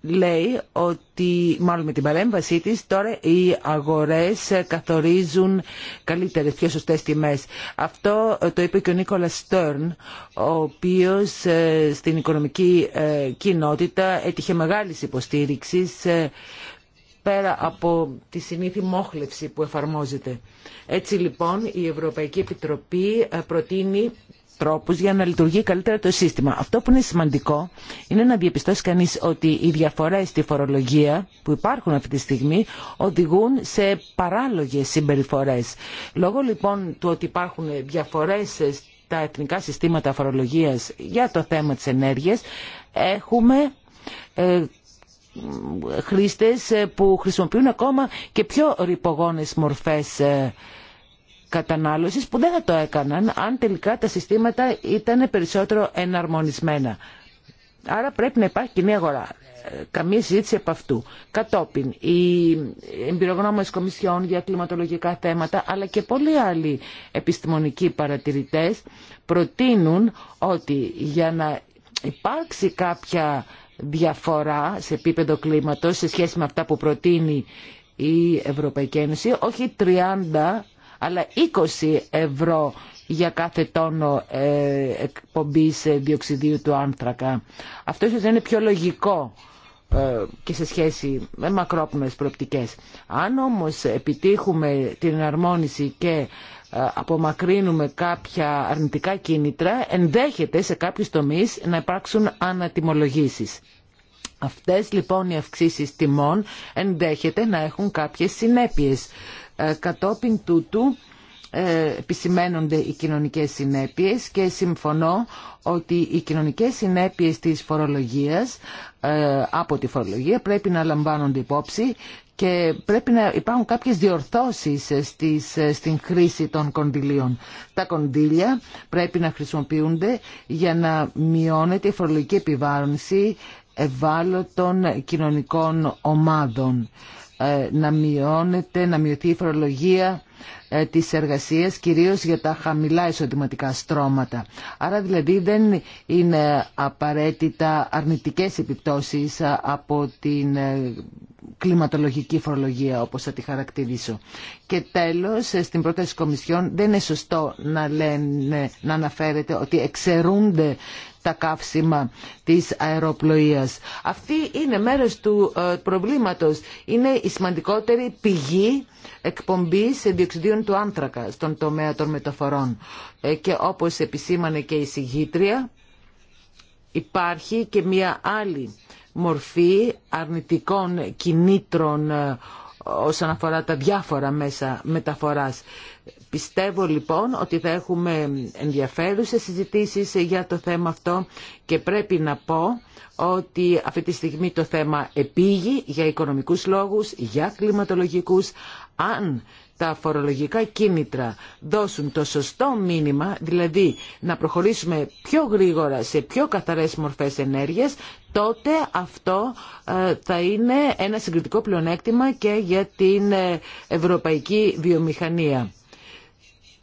λέει ότι μάλλον με την παρέμβασή της τώρα οι αγορές ε, καθορίζουν καλύτερες, πιο σωστές τιμές. Αυτό ε, το είπε και ο Νίκολα Στέρν, ο οποίος στην οικονομική κοινότητα έτυχε μεγάλης υποστήριξης πέρα από τη συνήθη μόχλευση που εφαρμόζεται. Έτσι λοιπόν η Ευρωπαϊκή Επιτροπή ε, προτείνει τρόπους για να λειτουργεί καλύτερα το σύστημα. Αυτό που είναι σημαντικό είναι να διαπιστώσει κανείς ότι οι διαφορές στη φορολογία που υπάρχουν αυτή τη στιγμή οδηγούν σε παράλογες συμπεριφορές. Λόγω λοιπόν του ότι υπάρχουν διαφορές στα εθνικά συστήματα φορολογίας για το θέμα της ενέργειας έχουμε ε, χρήστες ε, που χρησιμοποιούν ακόμα και πιο ρηπογόνες μορφές ε, κατανάλωσης που δεν θα το έκαναν αν τελικά τα συστήματα ήταν περισσότερο εναρμονισμένα. Άρα πρέπει να υπάρχει κοινή αγορά. Ε, καμία συζήτηση από αυτού. Κατόπιν, οι εμπειρογνώμες κομισιών για κλιματολογικά θέματα, αλλά και πολλοί άλλοι επιστημονικοί παρατηρητές προτείνουν ότι για να υπάρξει κάποια διαφορά σε επίπεδο κλίματος σε σχέση με αυτά που προτείνει η Ευρωπαϊκή Ένωση, όχι 30 αλλά 20 ευρώ για κάθε τόνο ε, εκπομπής ε, διοξιδίου του άνθρακα. Αυτό ίσως είναι πιο λογικό ε, και σε σχέση με μακρόπνοες προοπτικές. Αν όμως επιτύχουμε την εναρμόνιση και ε, απομακρύνουμε κάποια αρνητικά κίνητρα, ενδέχεται σε κάποιους τομείς να υπάρξουν ανατιμολογήσεις. Αυτές λοιπόν οι αυξήσεις τιμών ενδέχεται να έχουν κάποιες συνέπειες. Ε, κατόπιν τούτου ε, επισημαίνονται οι κοινωνικές συνέπειες και συμφωνώ ότι οι κοινωνικές συνέπειες της φορολογίας από τη φορολογία πρέπει να λαμβάνονται υπόψη και πρέπει να υπάρχουν κάποιες διορθώσεις ε, στις, ε, στην χρήση των κονδυλίων. Τα κονδύλια πρέπει να χρησιμοποιούνται για να μειώνεται η φορολογική επιβάρυνση ευάλωτων κοινωνικών ομάδων, ε, να μειώνεται, να μειωθεί η φορολογία ε, της εργασίας, κυρίως για τα χαμηλά εισοδηματικά στρώματα. Άρα δηλαδή δεν είναι απαραίτητα αρνητικές επιπτώσεις ε, από την ε, κλιματολογική φορολογία όπως θα τη χαρακτηρίσω. Και τέλος, στην πρόταση της Κομισιόν δεν είναι σωστό να, λένε, να αναφέρεται ότι εξαιρούνται τα καύσιμα της αεροπλοείας. Αυτή είναι μέρος του ε, προβλήματος. Είναι η σημαντικότερη πηγή εκπομπής διοξιδίων του άνθρακα στον τομέα των μεταφορών. Ε, και όπως επισήμανε και η συγγήτρια, υπάρχει και μία άλλη μορφή αρνητικών κινήτρων ε, όσον αφορά τα διάφορα μέσα μεταφοράς. Πιστεύω λοιπόν ότι θα έχουμε ενδιαφέρουσες συζητήσεις για το θέμα αυτό και πρέπει να πω ότι αυτή τη στιγμή το θέμα επήγει για οικονομικούς λόγους, για κλιματολογικούς. Αν τα φορολογικά κίνητρα δώσουν το σωστό μήνυμα, δηλαδή να προχωρήσουμε πιο γρήγορα σε πιο καθαρές μορφές ενέργειας, τότε αυτό ε, θα είναι ένα συγκριτικό πλεονέκτημα και για την ε, ευρωπαϊκή βιομηχανία.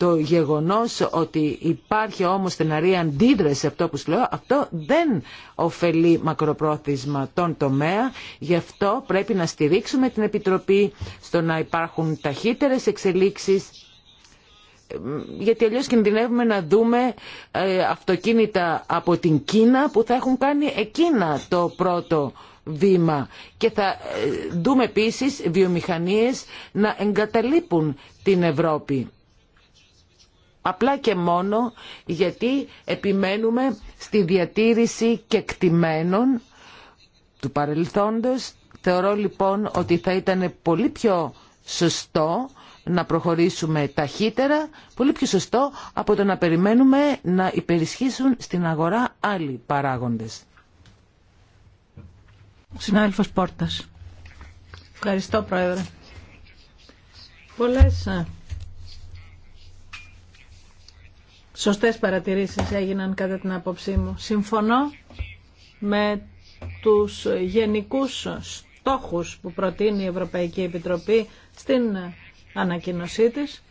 Το γεγονός ότι υπάρχει όμως στεναρή αντίδραση σε αυτό που σου λέω, αυτό δεν ωφελεί μακροπρόθεσμα τον τομέα. Γι' αυτό πρέπει να στηρίξουμε την Επιτροπή στο να υπάρχουν ταχύτερες εξελίξεις γιατί αλλιώς κινδυνεύουμε να δούμε ε, αυτοκίνητα από την Κίνα που θα έχουν κάνει εκείνα το πρώτο βήμα και θα ε, δούμε επίσης βιομηχανίες να εγκαταλείπουν την Ευρώπη. Απλά και μόνο γιατί επιμένουμε στη διατήρηση κεκτημένων του παρελθόντος. Θεωρώ λοιπόν ότι θα ήταν πολύ πιο σωστό να προχωρήσουμε ταχύτερα, πολύ πιο σωστό από το να περιμένουμε να υπερισχύσουν στην αγορά άλλοι παράγοντες. Συνάδελφος Πόρτας. Ευχαριστώ Πρόεδρε. Πολλές Σωστές παρατηρήσεις έγιναν κατά την άποψή μου. Συμφωνώ με τους γενικούς στόχους που προτείνει η Ευρωπαϊκή Επιτροπή στην ανακοίνωσή της,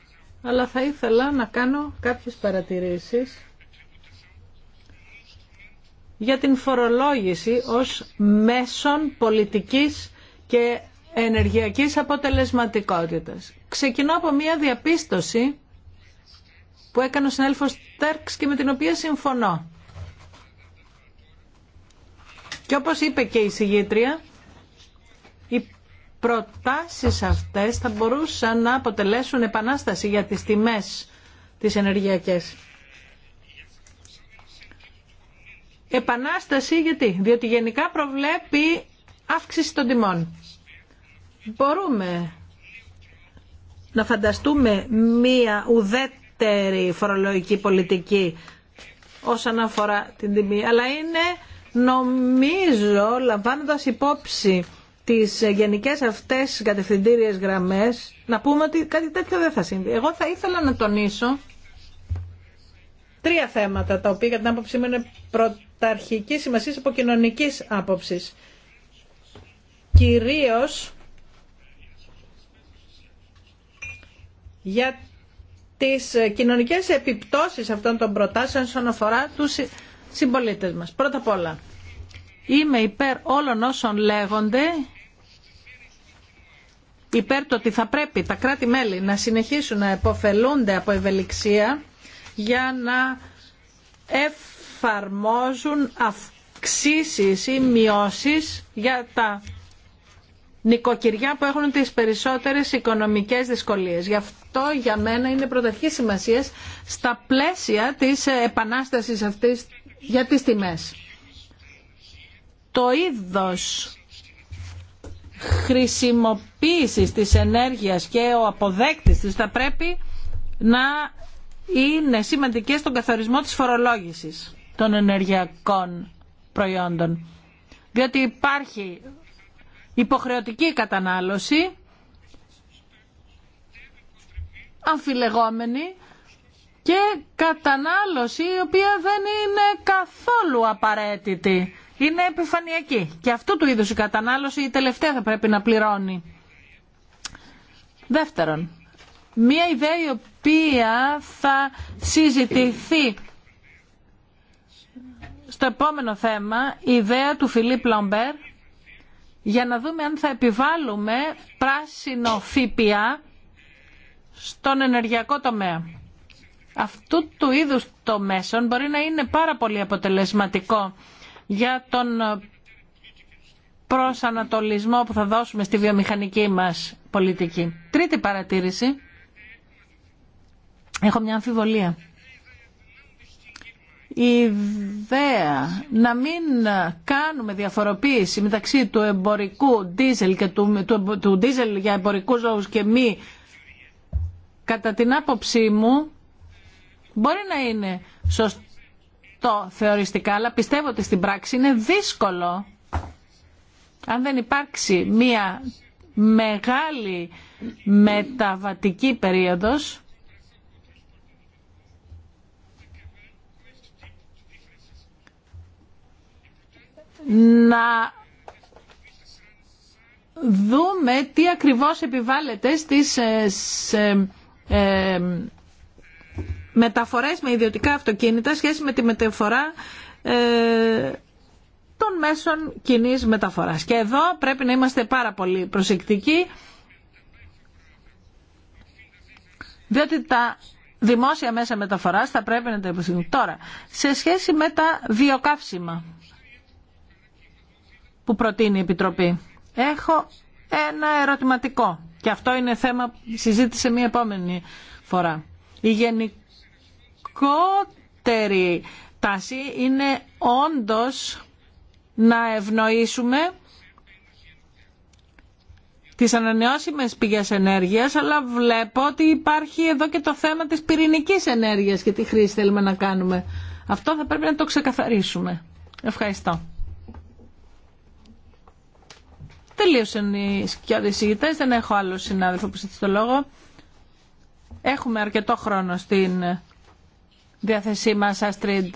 αλλά θα ήθελα να κάνω κάποιες παρατηρήσεις για την φορολόγηση ως μέσον πολιτικής και ενεργειακής αποτελεσματικότητας. Ξεκινώ από μια διαπίστωση που έκανε ο συνέλφο Τέρξ και με την οποία συμφωνώ. Και όπως είπε και η συγγήτρια, οι προτάσεις αυτές θα μπορούσαν να αποτελέσουν επανάσταση για τις τιμές της ενεργειακές. Επανάσταση γιατί, διότι γενικά προβλέπει αύξηση των τιμών. Μπορούμε να φανταστούμε μία ουδέτερη φορολογική πολιτική όσον αφορά την τιμή. Αλλά είναι νομίζω λαμβάνοντας υπόψη τις γενικές αυτές κατευθυντήριες γραμμές να πούμε ότι κάτι τέτοιο δεν θα συμβεί. Εγώ θα ήθελα να τονίσω τρία θέματα τα οποία κατά την άποψή μου είναι πρωταρχική σημασία από κοινωνική άποψη. Κυρίως για τις ε, κοινωνικές επιπτώσεις αυτών των προτάσεων όσον αφορά τους συμπολίτες μας. Πρώτα απ' όλα, είμαι υπέρ όλων όσων λέγονται υπέρ το ότι θα πρέπει τα κράτη-μέλη να συνεχίσουν να επωφελούνται από ευελιξία για να εφαρμόζουν αυξήσεις ή μειώσεις για τα νοικοκυριά που έχουν τις περισσότερες οικονομικές δυσκολίες. Γι' αυτό για μένα είναι πρωταρχή σημασία στα πλαίσια της επανάστασης αυτής για τις τιμές. Το είδος χρησιμοποίησης της ενέργειας και ο αποδέκτης της θα πρέπει να είναι σημαντικές στον καθορισμό της φορολόγησης των ενεργειακών προϊόντων. Διότι υπάρχει υποχρεωτική κατανάλωση, αμφιλεγόμενη και κατανάλωση η οποία δεν είναι καθόλου απαραίτητη. Είναι επιφανειακή. Και αυτού του είδους η κατανάλωση η τελευταία θα πρέπει να πληρώνει. Δεύτερον, μία ιδέα η οποία θα συζητηθεί στο επόμενο θέμα, η ιδέα του Φιλίπ Λαμπέρ, για να δούμε αν θα επιβάλλουμε πράσινο ΦΠΑ στον ενεργειακό τομέα. Αυτού του είδους το μέσον μπορεί να είναι πάρα πολύ αποτελεσματικό για τον προσανατολισμό που θα δώσουμε στη βιομηχανική μας πολιτική. Τρίτη παρατήρηση. Έχω μια αμφιβολία η ιδέα να μην κάνουμε διαφοροποίηση μεταξύ του εμπορικού δίζελ και του, του, για εμπορικούς λόγους και μη κατά την άποψή μου μπορεί να είναι σωστό θεωριστικά αλλά πιστεύω ότι στην πράξη είναι δύσκολο αν δεν υπάρξει μία μεγάλη μεταβατική περίοδος να δούμε τι ακριβώς επιβάλλεται στις ε, ε, μεταφορές με ιδιωτικά αυτοκίνητα σχέση με τη μεταφορά ε, των μέσων κοινή μεταφοράς. Και εδώ πρέπει να είμαστε πάρα πολύ προσεκτικοί διότι τα δημόσια μέσα μεταφοράς θα πρέπει να τα υποστηρίζουν. Τώρα, σε σχέση με τα βιοκαύσιμα που προτείνει η Επιτροπή. Έχω ένα ερωτηματικό και αυτό είναι θέμα συζήτηση συζήτησε μία επόμενη φορά. Η γενικότερη τάση είναι όντως να ευνοήσουμε τις ανανεώσιμες πηγές ενέργειας, αλλά βλέπω ότι υπάρχει εδώ και το θέμα της πυρηνικής ενέργειας και τι χρήση θέλουμε να κάνουμε. Αυτό θα πρέπει να το ξεκαθαρίσουμε. Ευχαριστώ. Τελείωσαν οι σκιώδεις ηγητές, δεν έχω άλλο συνάδελφο που ζητήσει το λόγο. Έχουμε αρκετό χρόνο στην διάθεσή μα Αστρίντ.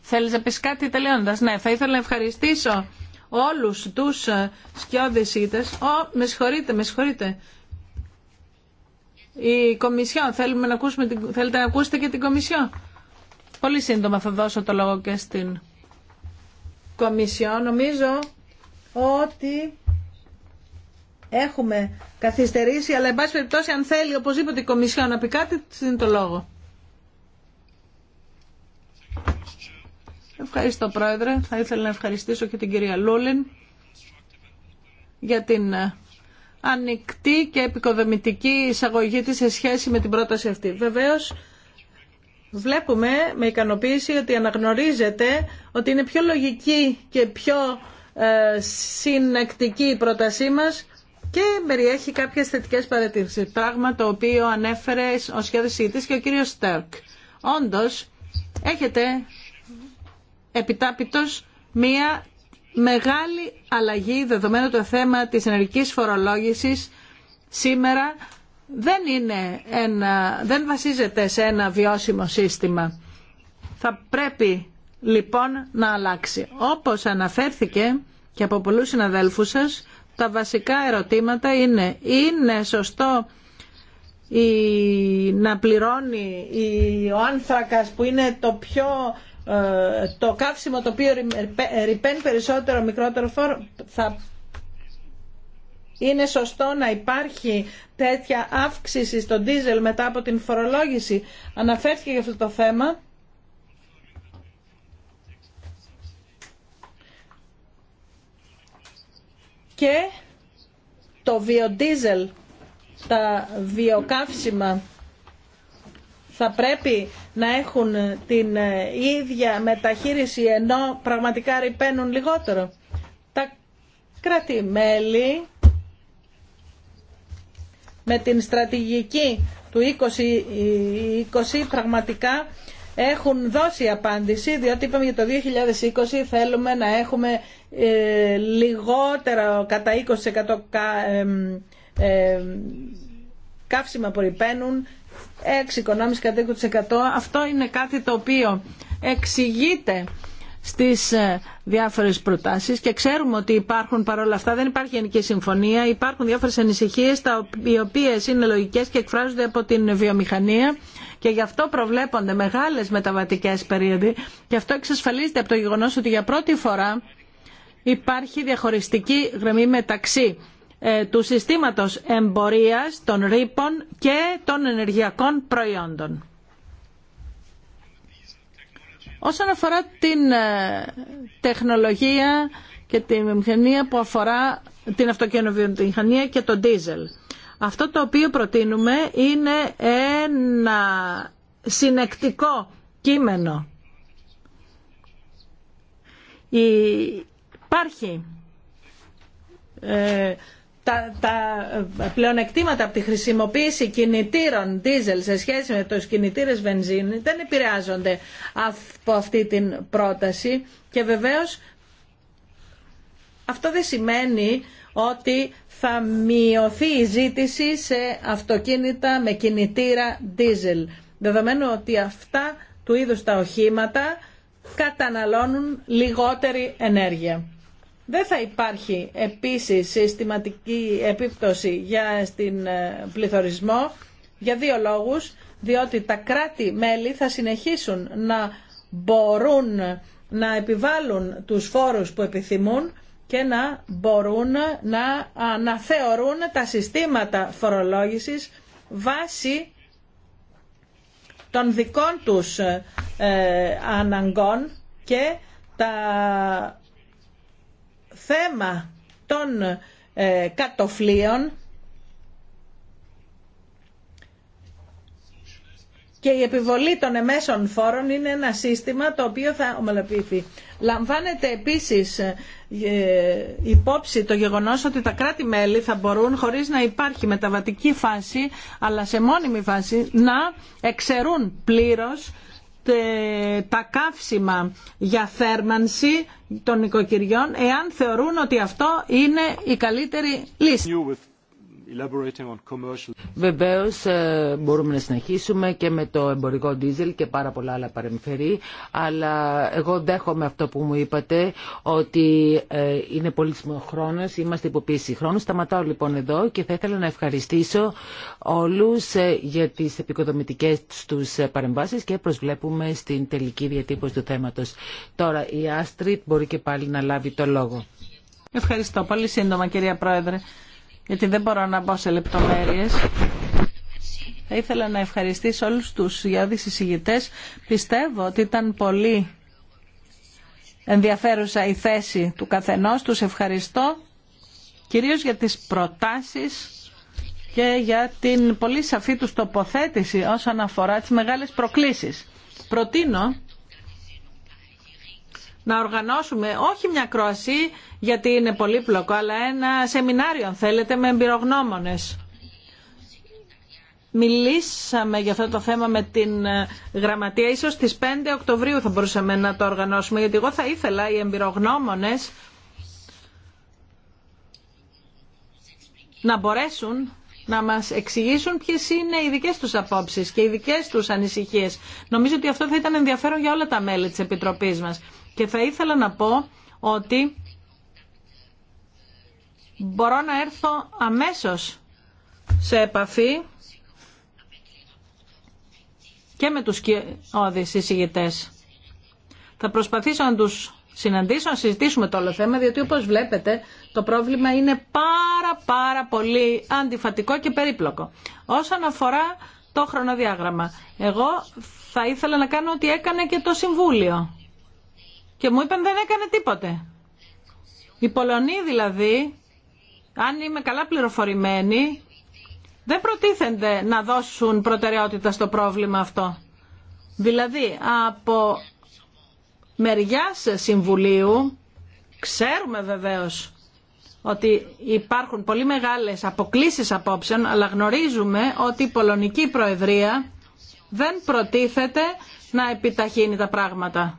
Θέλει να πεις κάτι τελειώνοντα. Ναι, θα ήθελα να ευχαριστήσω όλους τους σκιώδες ηγητές. Ω, με συγχωρείτε, με συγχωρείτε. Η Κομισιόν, θέλουμε να ακούσουμε, θέλετε να ακούσετε και την Κομισιόν. Πολύ σύντομα θα δώσω το λόγο και στην Κομισιόν. Νομίζω ότι έχουμε καθυστερήσει, αλλά εν πάση περιπτώσει αν θέλει οπωσδήποτε η Κομισιόν να πει κάτι, της δίνει το λόγο. Ευχαριστώ Πρόεδρε. Θα ήθελα να ευχαριστήσω και την κυρία Λούλιν για την ε, ανοιχτή και επικοδομητική εισαγωγή της σε σχέση με την πρόταση αυτή. Βεβαίως, βλέπουμε με ικανοποίηση ότι αναγνωρίζεται ότι είναι πιο λογική και πιο ε, συνεκτική η πρότασή μας και περιέχει κάποιες θετικές παρατηρήσεις. Πράγμα το οποίο ανέφερε ο της και ο κύριος Στέρκ. Όντως, έχετε επιτάπητος μία μεγάλη αλλαγή δεδομένου το θέμα της ενεργικής φορολόγησης σήμερα δεν, είναι ένα, δεν βασίζεται σε ένα βιώσιμο σύστημα. Θα πρέπει λοιπόν να αλλάξει. Όπως αναφέρθηκε και από πολλούς συναδέλφους σας, τα βασικά ερωτήματα είναι, είναι σωστό η, να πληρώνει ο άνθρακας που είναι το πιο ε, το καύσιμο το οποίο ρηπαίνει περισσότερο μικρότερο φόρο θα είναι σωστό να υπάρχει τέτοια αύξηση στον διζελ μετά από την φορολόγηση αναφέρθηκε για αυτό το θέμα και το βιοντίζελ, τα βιοκαύσιμα θα πρέπει να έχουν την ε, ίδια μεταχείριση ενώ πραγματικά ρηπαίνουν λιγότερο. Τα κρατημέλη με την στρατηγική του 2020 ε, πραγματικά έχουν δώσει απάντηση, διότι είπαμε για το 2020 θέλουμε να έχουμε ε, λιγότερο κατά 20% κα, ε, ε, καύσιμα που ρηπαίνουν, 6,5% Αυτό είναι κάτι το οποίο εξηγείται στις ε, διάφορες προτάσεις και ξέρουμε ότι υπάρχουν παρόλα αυτά, δεν υπάρχει γενική συμφωνία, υπάρχουν διάφορες ανησυχίες οι οποίες είναι λογικές και εκφράζονται από την βιομηχανία και γι' αυτό προβλέπονται μεγάλες μεταβατικές περίοδοι και αυτό εξασφαλίζεται από το γεγονός ότι για πρώτη φορά υπάρχει διαχωριστική γραμμή μεταξύ ε, του συστήματος εμπορίας των ρήπων και των ενεργειακών προϊόντων. Όσον αφορά την ε, τεχνολογία και τη μηχανία που αφορά την αυτοκίνητοβιομηχανία και τον ντίζελ. Αυτό το οποίο προτείνουμε είναι ένα συνεκτικό κείμενο. Υπάρχει ε, τα, πλεονεκτήματα από τη χρησιμοποίηση κινητήρων δίζελ σε σχέση με τους κινητήρες βενζίνη δεν επηρεάζονται από αυτή την πρόταση και βεβαίως αυτό δεν σημαίνει ότι θα μειωθεί η ζήτηση σε αυτοκίνητα με κινητήρα δίζελ. Δεδομένου ότι αυτά του είδους τα οχήματα καταναλώνουν λιγότερη ενέργεια. Δεν θα υπάρχει επίσης συστηματική επίπτωση για στην ε, πληθωρισμό για δύο λόγους, διότι τα κράτη-μέλη θα συνεχίσουν να μπορούν να επιβάλλουν τους φόρους που επιθυμούν και να μπορούν να αναθεωρούν τα συστήματα φορολόγησης βάσει των δικών τους ε, αναγκών και τα θέμα των ε, κατοφλίων και η επιβολή των εμέσων φόρων είναι ένα σύστημα το οποίο θα ομαλοποιηθεί. Λαμβάνεται επίσης ε, υπόψη το γεγονός ότι τα κράτη-μέλη θα μπορούν χωρίς να υπάρχει μεταβατική φάση αλλά σε μόνιμη φάση να εξαιρούν πλήρως ε, τα καύσιμα για θέρμανση των οικοκυριών εάν θεωρούν ότι αυτό είναι η καλύτερη λύση. Βεβαίω ε, μπορούμε να συνεχίσουμε και με το εμπορικό δίζελ και πάρα πολλά άλλα παρεμφερή αλλά εγώ δέχομαι αυτό που μου είπατε ότι ε, είναι πολύ χρόνο. είμαστε υποποίηση χρόνου. Σταματάω λοιπόν εδώ και θα ήθελα να ευχαριστήσω όλους ε, για τις επικοδομητικές του παρεμβάσεις και προσβλέπουμε στην τελική διατύπωση του θέματο. Τώρα η Άστριτ μπορεί και πάλι να λάβει το λόγο. Ευχαριστώ πολύ σύντομα κυρία Πρόεδρε γιατί δεν μπορώ να μπω σε λεπτομέρειες. Θα ήθελα να ευχαριστήσω όλους τους γιώδεις εισηγητές. Πιστεύω ότι ήταν πολύ ενδιαφέρουσα η θέση του καθενός. Τους ευχαριστώ κυρίως για τις προτάσεις και για την πολύ σαφή τους τοποθέτηση όσον αφορά τις μεγάλες προκλήσεις. Προτείνω να οργανώσουμε όχι μια κρόαση γιατί είναι πολύπλοκο αλλά ένα σεμινάριο αν θέλετε με εμπειρογνώμονες. Μιλήσαμε για αυτό το θέμα με την ε, γραμματεία. Ίσως στις 5 Οκτωβρίου θα μπορούσαμε να το οργανώσουμε γιατί εγώ θα ήθελα οι εμπειρογνώμονες να μπορέσουν να μας εξηγήσουν ποιες είναι οι δικές τους απόψεις και οι δικές τους ανησυχίες. Νομίζω ότι αυτό θα ήταν ενδιαφέρον για όλα τα μέλη της Επιτροπής μας. Και θα ήθελα να πω ότι μπορώ να έρθω αμέσως σε επαφή και με τους κοιόδης εισηγητές. Θα προσπαθήσω να τους συναντήσω, να συζητήσουμε το όλο θέμα, διότι όπως βλέπετε το πρόβλημα είναι πάρα πάρα πολύ αντιφατικό και περίπλοκο. Όσον αφορά το χρονοδιάγραμμα, εγώ θα ήθελα να κάνω ό,τι έκανε και το Συμβούλιο και μου είπαν δεν έκανε τίποτε. Οι Πολωνοί δηλαδή, αν είμαι καλά πληροφορημένοι, δεν προτίθενται να δώσουν προτεραιότητα στο πρόβλημα αυτό. Δηλαδή, από μεριάς Συμβουλίου, ξέρουμε βεβαίως ότι υπάρχουν πολύ μεγάλες αποκλήσεις απόψεων, αλλά γνωρίζουμε ότι η Πολωνική Προεδρία δεν προτίθεται να επιταχύνει τα πράγματα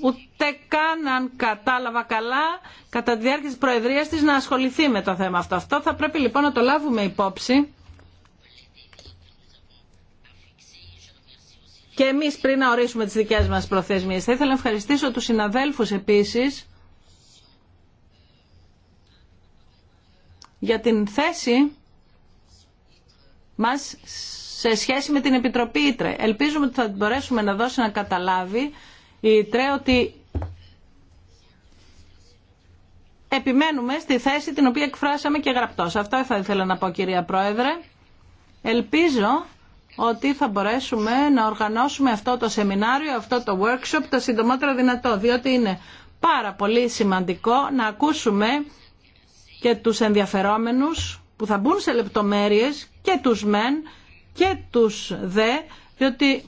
ούτε καν αν κατάλαβα καλά κατά τη διάρκεια της Προεδρίας της να ασχοληθεί με το θέμα αυτό. Αυτό θα πρέπει λοιπόν να το λάβουμε υπόψη. Και εμείς πριν να ορίσουμε τις δικές μας προθεσμίες θα ήθελα να ευχαριστήσω τους συναδέλφους επίσης για την θέση μας σε σχέση με την Επιτροπή Ήτρε. Ελπίζουμε ότι θα μπορέσουμε να δώσει να καταλάβει η ΤΡΕ ότι επιμένουμε στη θέση την οποία εκφράσαμε και γραπτός. Αυτό θα ήθελα να πω κυρία Πρόεδρε. Ελπίζω ότι θα μπορέσουμε να οργανώσουμε αυτό το σεμινάριο, αυτό το workshop το συντομότερο δυνατό, διότι είναι πάρα πολύ σημαντικό να ακούσουμε και τους ενδιαφερόμενους που θα μπουν σε λεπτομέρειες και τους μεν και τους δε, διότι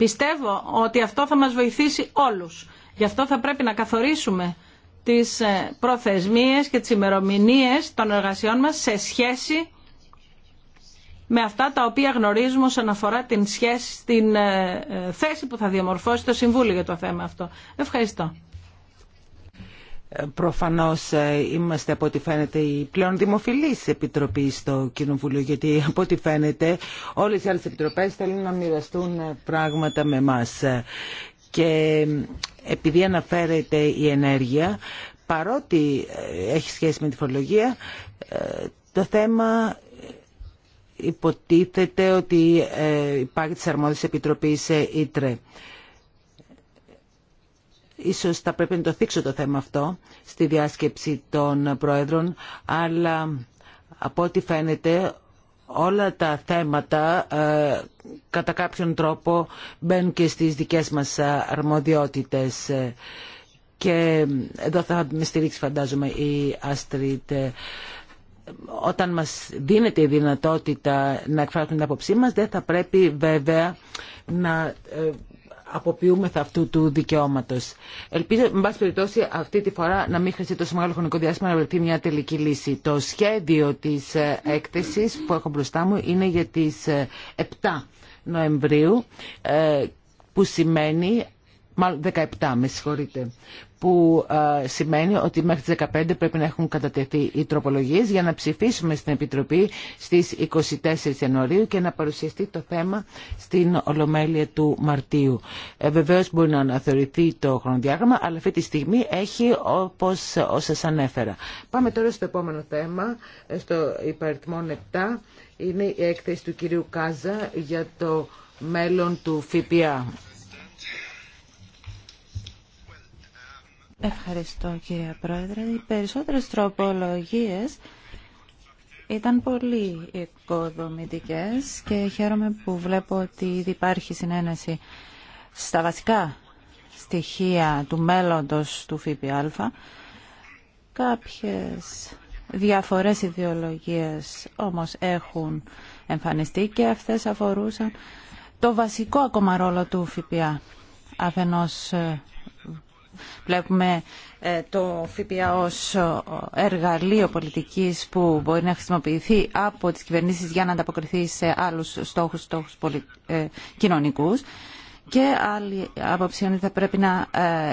Πιστεύω ότι αυτό θα μας βοηθήσει όλους. Γι' αυτό θα πρέπει να καθορίσουμε τις ε, προθεσμίες και τις ημερομηνίε των εργασιών μας σε σχέση με αυτά τα οποία γνωρίζουμε όσον αφορά την, σχέση, την ε, ε, θέση που θα διαμορφώσει το Συμβούλιο για το θέμα αυτό. Ευχαριστώ. Ε, προφανώς ε, είμαστε από ό,τι φαίνεται η πλέον δημοφιλής επιτροπή στο Κοινοβούλιο γιατί από ό,τι φαίνεται όλες οι άλλες επιτροπές θέλουν να μοιραστούν ε, πράγματα με μας. Και επειδή αναφέρεται η ενέργεια, παρότι έχει σχέση με τη φορολογία, το θέμα υποτίθεται ότι υπάρχει της αρμόδιας επιτροπής ΙΤΡΕ. Ίσως θα πρέπει να το θίξω το θέμα αυτό στη διάσκεψη των Πρόεδρων, αλλά από ό,τι φαίνεται όλα τα θέματα ε, κατά κάποιον τρόπο μπαίνουν και στις δικές μας αρμοδιότητες. Και εδώ θα με στηρίξει φαντάζομαι η Άστριτ όταν μας δίνεται η δυνατότητα να εκφράσουμε την άποψή μας δεν θα πρέπει βέβαια να ε, αποποιούμεθα αυτού του δικαιώματο. Ελπίζω, με πάση περιπτώσει, αυτή τη φορά να μην χρειαστεί τόσο μεγάλο χρονικό διάστημα να βρεθεί μια τελική λύση. Το σχέδιο τη ε, έκθεση που έχω μπροστά μου είναι για τι 7 ε, Νοεμβρίου, ε, που σημαίνει. Μάλλον 17, με συγχωρείτε που ε, σημαίνει ότι μέχρι τις 15 πρέπει να έχουν κατατεθεί οι τροπολογίες για να ψηφίσουμε στην Επιτροπή στις 24 Ιανουαρίου και να παρουσιαστεί το θέμα στην Ολομέλεια του Μαρτίου. Ε, βεβαίως μπορεί να αναθεωρηθεί το χρονοδιάγραμμα, αλλά αυτή τη στιγμή έχει όπως όσα ανέφερα. Πάμε τώρα στο επόμενο θέμα, ε, στο υπαριθμό 7, είναι η έκθεση του κυρίου Κάζα για το μέλλον του ΦΠΑ. Ευχαριστώ κύριε Πρόεδρε. Οι περισσότερες τροπολογίες ήταν πολύ οικοδομητικές και χαίρομαι που βλέπω ότι ήδη υπάρχει συνένεση στα βασικά στοιχεία του μέλλοντος του ΦΠΑ. Κάποιες διαφορές ιδεολογίες όμως έχουν εμφανιστεί και αυτές αφορούσαν το βασικό ακόμα ρόλο του ΦΠΑ. Αφενός ε, βλέπουμε ε, το ΦΠΑ ως ε, εργαλείο πολιτικής που μπορεί να χρησιμοποιηθεί από τις κυβερνήσεις για να ανταποκριθεί σε άλλους στόχους, στόχους πολι... Ε, κοινωνικούς. Και άλλη άποψη είναι ότι θα πρέπει να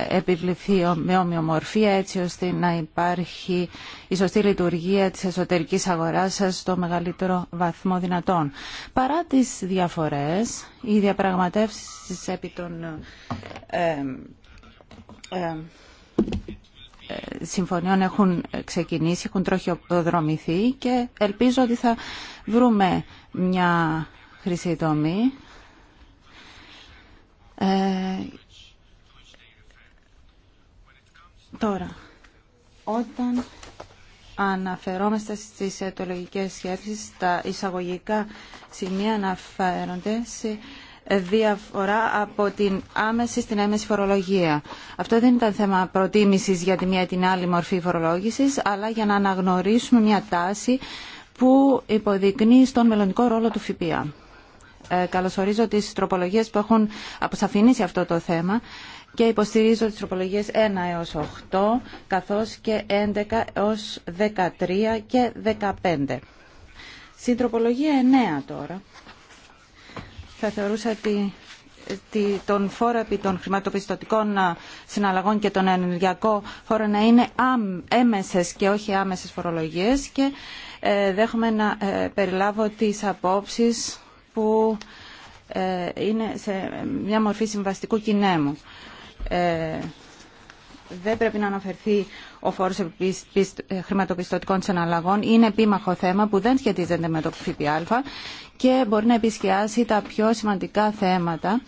επιβληθεί με ομοιομορφία έτσι ώστε να υπάρχει η σωστή λειτουργία της εσωτερικής αγοράς στο μεγαλύτερο βαθμό δυνατόν. Παρά τις διαφορές, οι διαπραγματεύσεις επί των ε, ε, συμφωνιών έχουν ξεκινήσει, έχουν τροχιοδρομηθεί και ελπίζω ότι θα βρούμε μια χρυσή τομή. Ε, τώρα, όταν αναφερόμαστε στις αιτολογικές σχέσεις, τα εισαγωγικά σημεία αναφέρονται σε διαφορά από την άμεση στην έμεση φορολογία. Αυτό δεν ήταν θέμα προτίμησης για τη μία ή την άλλη μορφή φορολόγησης, αλλά για να αναγνωρίσουμε μια τάση που υποδεικνύει στον μελλοντικό ρόλο του ΦΠΑ. Ε, καλωσορίζω τις τροπολογίες που έχουν αποσαφηνίσει αυτό το θέμα και υποστηρίζω τις τροπολογίες 1 έως 8, καθώς και 11 έως 13 και 15. Στην τροπολογία 9 τώρα, θα θεωρούσα ότι τον φόρο επί των χρηματοπιστωτικών συναλλαγών και τον ενεργειακό φόρο να είναι έμεσες και όχι άμεσες φορολογίες και ε, δέχομαι να ε, περιλάβω τις απόψεις που ε, είναι σε μια μορφή συμβαστικού κοινέμου. Δεν πρέπει να αναφερθεί ο φόρο χρηματοπιστωτικών συναλλαγών. Είναι επίμαχο θέμα που δεν σχετίζεται με το ΦΠΑ και μπορεί να επισκιάσει τα πιο σημαντικά θέματα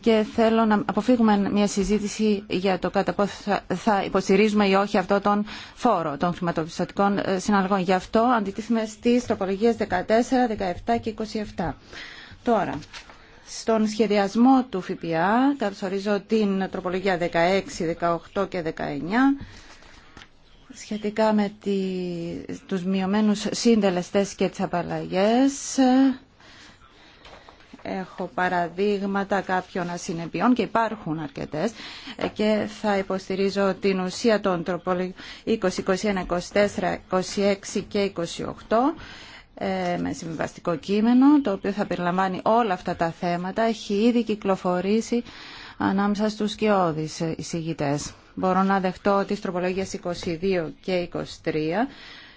και θέλω να αποφύγουμε μια συζήτηση για το κατά πόσο θα υποστηρίζουμε ή όχι αυτό τον φόρο των χρηματοπιστωτικών ε, συναλλαγών. Γι' αυτό αντιτίθεμαι στις τροπολογίες 14, 17 και 27. Τώρα, στον σχεδιασμό του ΦΠΑ καθορίζω την τροπολογία 16, 18 και 19 σχετικά με τη, τους μειωμένους σύντελεστές και τις απαλλαγές έχω παραδείγματα κάποιων ασυνεπιών και υπάρχουν αρκετές και θα υποστηρίζω την ουσία των τροπολογιών 20, 21, 24, 26 και 28 ε, με συμβιβαστικό κείμενο το οποίο θα περιλαμβάνει όλα αυτά τα θέματα έχει ήδη κυκλοφορήσει ανάμεσα στους σκιώδεις εισηγητές. Μπορώ να δεχτώ τις τροπολογίες 22 και 23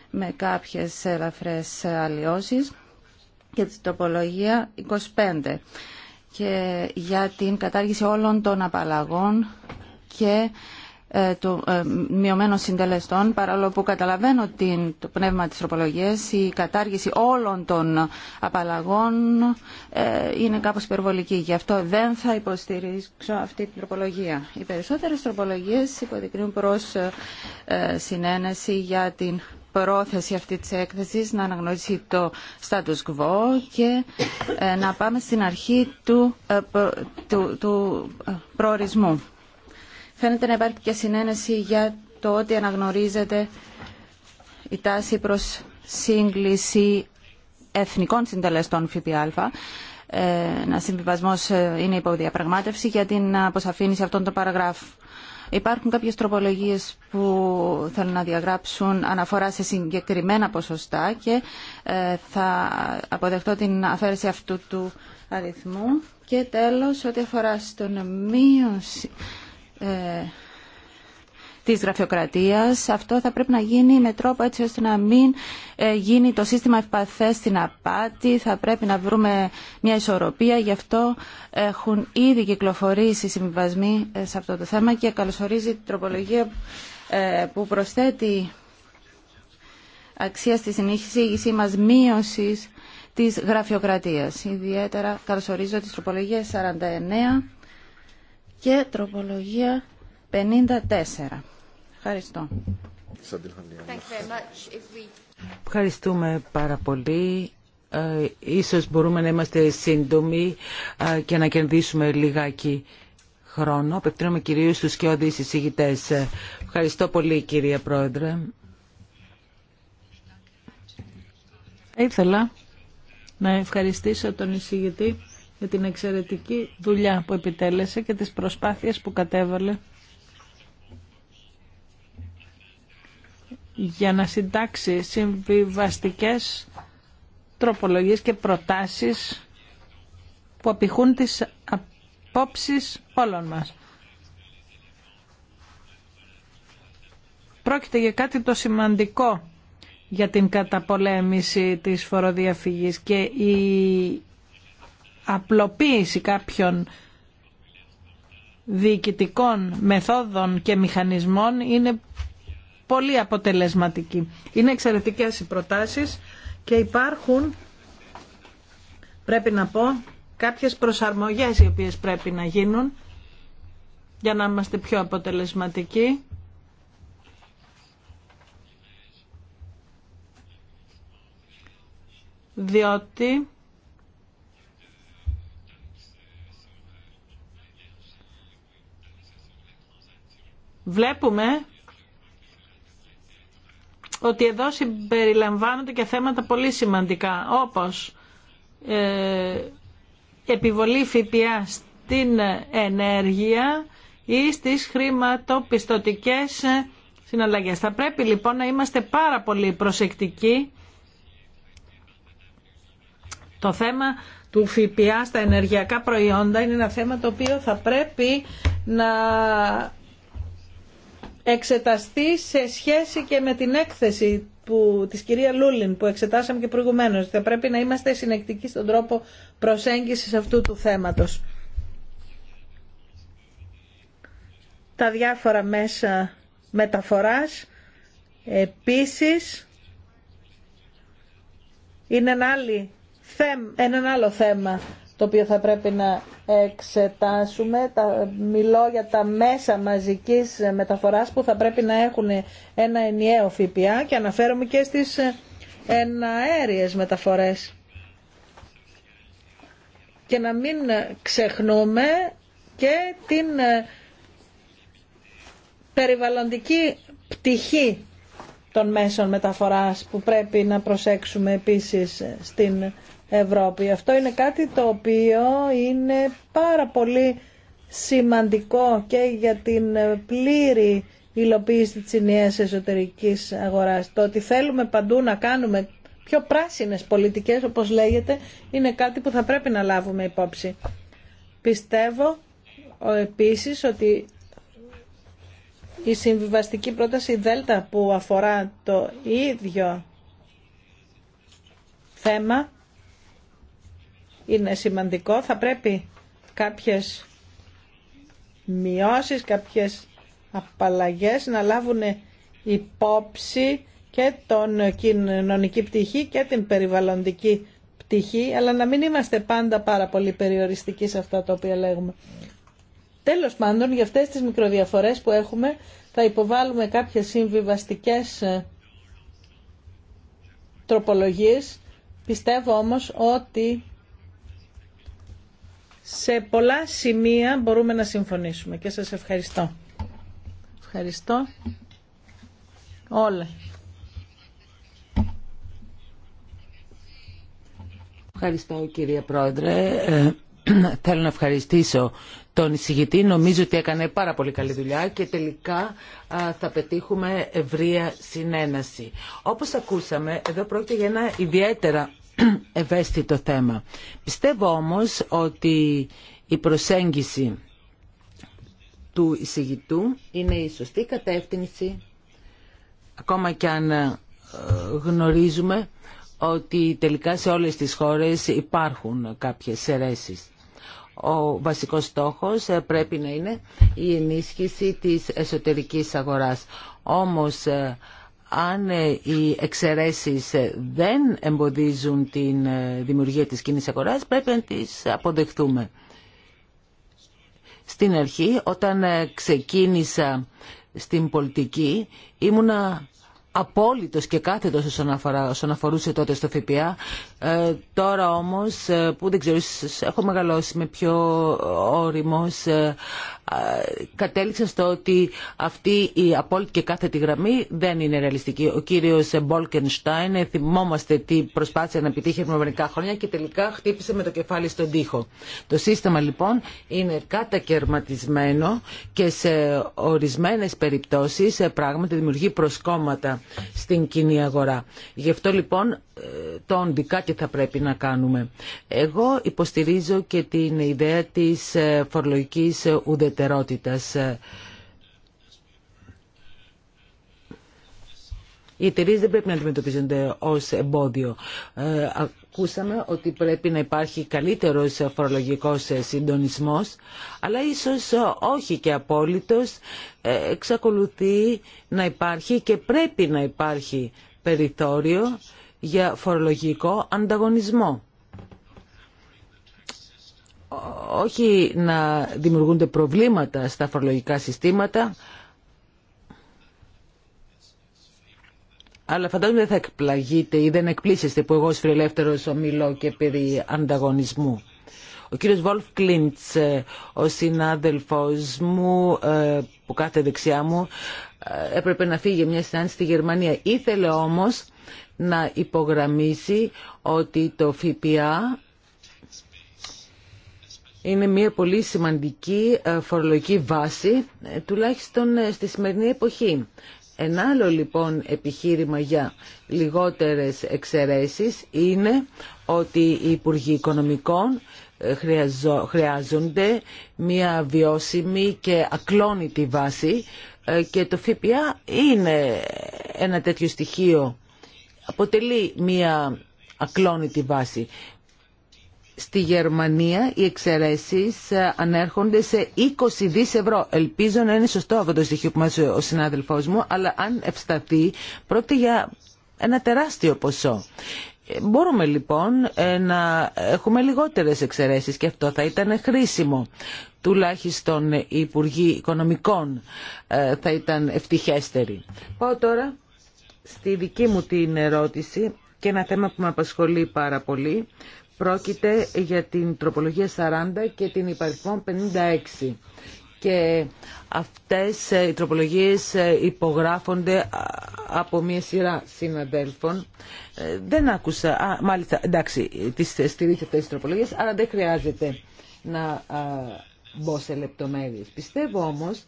με κάποιες ελαφρές αλλοιώσεις και την τοπολογία 25 και για την κατάργηση όλων των απαλλαγών και ε, του ε, μειωμένων συντελεστών, παρόλο που καταλαβαίνω την, το πνεύμα της τροπολογίας, η κατάργηση όλων των απαλλαγών ε, είναι κάπως υπερβολική. Γι' αυτό δεν θα υποστηρίξω αυτή την τροπολογία. Οι περισσότερες τροπολογίες υποδεικνύουν προς συνένεση για την πρόθεση αυτή της έκθεσης να αναγνωρίσει το status quo και ε, να πάμε στην αρχή του, ε, του, του ε, προορισμού. Φαίνεται να υπάρχει και συνένεση για το ότι αναγνωρίζεται η τάση προς σύγκληση εθνικών συντελεστών ΦΠΑ. Ένα συμβιβασμό είναι υποδιαπραγμάτευση για την αποσαφήνιση αυτών των παραγράφων. Υπάρχουν κάποιες τροπολογίες που θέλουν να διαγράψουν αναφορά σε συγκεκριμένα ποσοστά και ε, θα αποδεχτώ την αφαίρεση αυτού του αριθμού. Και τέλος, ό,τι αφορά στον μείωση ε, της γραφειοκρατίας. Αυτό θα πρέπει να γίνει με τρόπο έτσι ώστε να μην ε, γίνει το σύστημα ευπαθές στην απάτη. Θα πρέπει να βρούμε μια ισορροπία. Γι' αυτό έχουν ήδη κυκλοφορήσει συμβιβασμοί ε, σε αυτό το θέμα και καλωσορίζει την τροπολογία ε, που προσθέτει αξία στη συνήθισή μας μείωση της γραφειοκρατίας. Ιδιαίτερα καλωσορίζω τι τροπολογίες 49 και τροπολογία 54. Ευχαριστώ. Ευχαριστούμε πάρα πολύ. Ε, ίσως μπορούμε να είμαστε σύντομοι ε, και να κερδίσουμε λιγάκι χρόνο. Απευθύνομαι κυρίως στους και εισηγητές. Ε, ευχαριστώ πολύ κυρία Πρόεδρε. Ήθελα να ευχαριστήσω τον εισηγητή για την εξαιρετική δουλειά που επιτέλεσε και τις προσπάθειες που κατέβαλε για να συντάξει συμβιβαστικές τροπολογίες και προτάσεις που απηχούν τις απόψεις όλων μας. Πρόκειται για κάτι το σημαντικό για την καταπολέμηση της φοροδιαφυγής και η απλοποίηση κάποιων διοικητικών μεθόδων και μηχανισμών είναι πολύ αποτελεσματική. Είναι εξαιρετικές οι προτάσεις και υπάρχουν, πρέπει να πω, κάποιες προσαρμογές οι οποίες πρέπει να γίνουν για να είμαστε πιο αποτελεσματικοί. διότι βλέπουμε ότι εδώ συμπεριλαμβάνονται και θέματα πολύ σημαντικά, όπως ε, επιβολή ΦΠΑ στην ενέργεια ή στις χρηματοπιστωτικές συναλλαγές. Θα πρέπει λοιπόν να είμαστε πάρα πολύ προσεκτικοί το θέμα του ΦΠΑ στα ενεργειακά προϊόντα είναι ένα θέμα το οποίο θα πρέπει να εξεταστεί σε σχέση και με την έκθεση που, της κυρία Λούλιν που εξετάσαμε και προηγουμένως. Θα πρέπει να είμαστε συνεκτικοί στον τρόπο προσέγγισης αυτού του θέματος. Τα διάφορα μέσα μεταφοράς επίσης είναι ένα, άλλο θέμα το οποίο θα πρέπει να εξετάσουμε. Τα, μιλώ για τα μέσα μαζικής μεταφοράς που θα πρέπει να έχουν ένα ενιαίο ΦΠΑ και αναφέρομαι και στις εναέριες μεταφορές. Και να μην ξεχνούμε και την περιβαλλοντική πτυχή των μέσων μεταφοράς που πρέπει να προσέξουμε επίσης στην Ευρώπη. Αυτό είναι κάτι το οποίο είναι πάρα πολύ σημαντικό και για την πλήρη υλοποίηση της ενιαίας εσωτερικής αγοράς. Το ότι θέλουμε παντού να κάνουμε πιο πράσινες πολιτικές, όπως λέγεται, είναι κάτι που θα πρέπει να λάβουμε υπόψη. Πιστεύω επίσης ότι η συμβιβαστική πρόταση ΔΕΛΤΑ που αφορά το ίδιο θέμα είναι σημαντικό. Θα πρέπει κάποιες μειώσεις, κάποιες απαλλαγές να λάβουν υπόψη και τον κοινωνική πτυχή και την περιβαλλοντική πτυχή, αλλά να μην είμαστε πάντα πάρα πολύ περιοριστικοί σε αυτά τα οποία λέγουμε. Τέλος πάντων, για αυτές τις μικροδιαφορές που έχουμε, θα υποβάλουμε κάποιες συμβιβαστικές ε, τροπολογίες. Πιστεύω όμως ότι σε πολλά σημεία μπορούμε να συμφωνήσουμε και σας ευχαριστώ. Ευχαριστώ. Όλα. Ευχαριστώ κυρία Πρόεδρε. Ε, θέλω να ευχαριστήσω τον εισηγητή. Νομίζω ότι έκανε πάρα πολύ καλή δουλειά και τελικά θα πετύχουμε ευρεία συνέναση. Όπως ακούσαμε, εδώ πρόκειται για ένα ιδιαίτερα ευαίσθητο θέμα. Πιστεύω όμως ότι η προσέγγιση του εισηγητού είναι η σωστή κατεύθυνση ακόμα και αν ε, γνωρίζουμε ότι τελικά σε όλες τις χώρες υπάρχουν κάποιες αιρέσεις. Ο βασικός στόχος ε, πρέπει να είναι η ενίσχυση της εσωτερικής αγοράς. Όμως ε, αν ε, οι εξαιρέσει ε, δεν εμποδίζουν την ε, δημιουργία της κοινή αγοράς, πρέπει να τις αποδεχτούμε. Στην αρχή, όταν ξεκίνησα στην πολιτική, ήμουνα απόλυτος και κάθετος όσον, αφορά, όσον αφορούσε τότε στο ΦΠΑ ε, τώρα όμως ε, που δεν ξέρω, έχω μεγαλώσει με πιο όριμος, ε, κατέληξα στο ότι αυτή η απόλυτη και κάθετη γραμμή δεν είναι ρεαλιστική. Ο κύριος Μπόλκενστάιν, ε, θυμόμαστε τι προσπάθησε να επιτύχει μερικά χρόνια και τελικά χτύπησε με το κεφάλι στον τοίχο. Το σύστημα λοιπόν είναι κατακαιρματισμένο και σε ορισμένες περιπτώσεις πράγματι δημιουργεί προσκόμματα στην κοινή αγορά. Γι' αυτό λοιπόν τον και θα πρέπει να κάνουμε. Εγώ υποστηρίζω και την ιδέα της ε, φορολογικής ε, ουδετερότητας. Οι εταιρείε δεν πρέπει να αντιμετωπίζονται ως εμπόδιο. Ε, ακούσαμε ότι πρέπει να υπάρχει καλύτερος φορολογικός συντονισμός, αλλά ίσως όχι και απόλυτος. Εξακολουθεί να υπάρχει και πρέπει να υπάρχει περιθώριο για φορολογικό ανταγωνισμό. Όχι να δημιουργούνται προβλήματα στα φορολογικά συστήματα, αλλά φαντάζομαι δεν θα εκπλαγείτε ή δεν εκπλήσεστε που εγώ ως φιλελεύθερος ομιλώ και περί ανταγωνισμού. Ο κύριος Βολφ Κλίντς, ε, ο συνάδελφός μου ε, που κάθε δεξιά μου, ε, έπρεπε να φύγει μια συνάντηση στη Γερμανία. Ήθελε όμως να υπογραμμίσει ότι το ΦΠΑ είναι μια πολύ σημαντική ε, φορολογική βάση, ε, τουλάχιστον ε, στη σημερινή εποχή. Ένα άλλο λοιπόν επιχείρημα για λιγότερες εξαιρέσεις είναι ότι οι Υπουργοί Οικονομικών χρειάζονται μια βιώσιμη και ακλόνητη βάση και το ΦΠΑ είναι ένα τέτοιο στοιχείο αποτελεί μία ακλόνητη βάση. Στη Γερμανία οι εξαιρέσει ε, ανέρχονται σε 20 δις ευρώ. Ελπίζω να είναι σωστό αυτό το στοιχείο που μας ε, ο συνάδελφός μου, αλλά αν ευσταθεί πρόκειται για ένα τεράστιο ποσό. Ε, μπορούμε λοιπόν να έχουμε λιγότερες εξαιρέσεις και αυτό θα ήταν χρήσιμο. Τουλάχιστον οι Υπουργοί Οικονομικών θα ήταν ευτυχέστεροι. Πάω τώρα Στη δική μου την ερώτηση και ένα θέμα που με απασχολεί πάρα πολύ πρόκειται για την τροπολογία 40 και την υπαριθμό 56 και αυτές ε, οι τροπολογίες ε, υπογράφονται από μια σειρά συναδέλφων. Ε, δεν άκουσα, μάλιστα, εντάξει, τις στηρίζει αυτές τις τροπολογίες, αλλά δεν χρειάζεται να μπω σε λεπτομέρειες. Πιστεύω όμως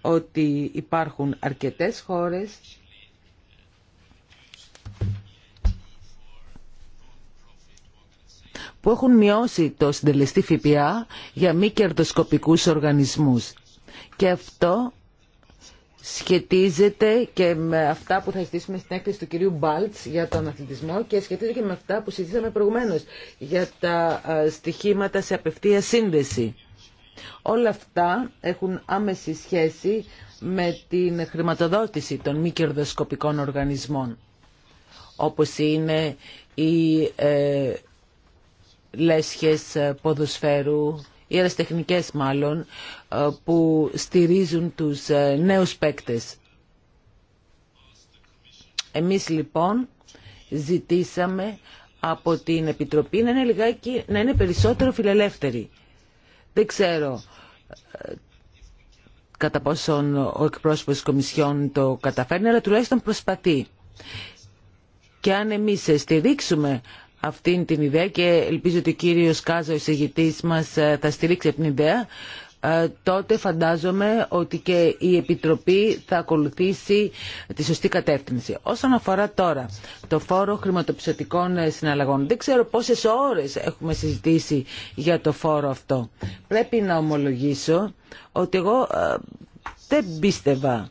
ότι υπάρχουν αρκετές χώρες που έχουν μειώσει το συντελεστή ΦΠΑ για μη κερδοσκοπικούς οργανισμούς. Και αυτό σχετίζεται και με αυτά που θα ζητήσουμε στην έκθεση του κυρίου Μπάλτς για τον αθλητισμό και σχετίζεται και με αυτά που συζητήσαμε προηγουμένως για τα ε, στοιχήματα σε απευθεία σύνδεση. Όλα αυτά έχουν άμεση σχέση με την χρηματοδότηση των μη κερδοσκοπικών οργανισμών όπως είναι η ε, λέσχες ε, ποδοσφαίρου ή αεραστεχνικές μάλλον ε, που στηρίζουν τους ε, νέους παίκτες. Εμείς λοιπόν ζητήσαμε από την Επιτροπή να είναι, λιγάκι, να είναι περισσότερο φιλελεύθερη. Δεν ξέρω κατά πόσον ο εκπρόσωπος της Κομισιόν το καταφέρνει, αλλά τουλάχιστον προσπαθεί. Και αν εμείς στηρίξουμε αυτήν την ιδέα και ελπίζω ότι ο κύριος Κάζο, ο εισηγητής μας, ε, θα στηρίξει την ιδέα, ε, τότε φαντάζομαι ότι και η Επιτροπή θα ακολουθήσει τη σωστή κατεύθυνση. Όσον αφορά τώρα το φόρο χρηματοπιστωτικών ε, συναλλαγών, δεν ξέρω πόσες ώρες έχουμε συζητήσει για το φόρο αυτό. Πρέπει να ομολογήσω ότι εγώ δεν πίστευα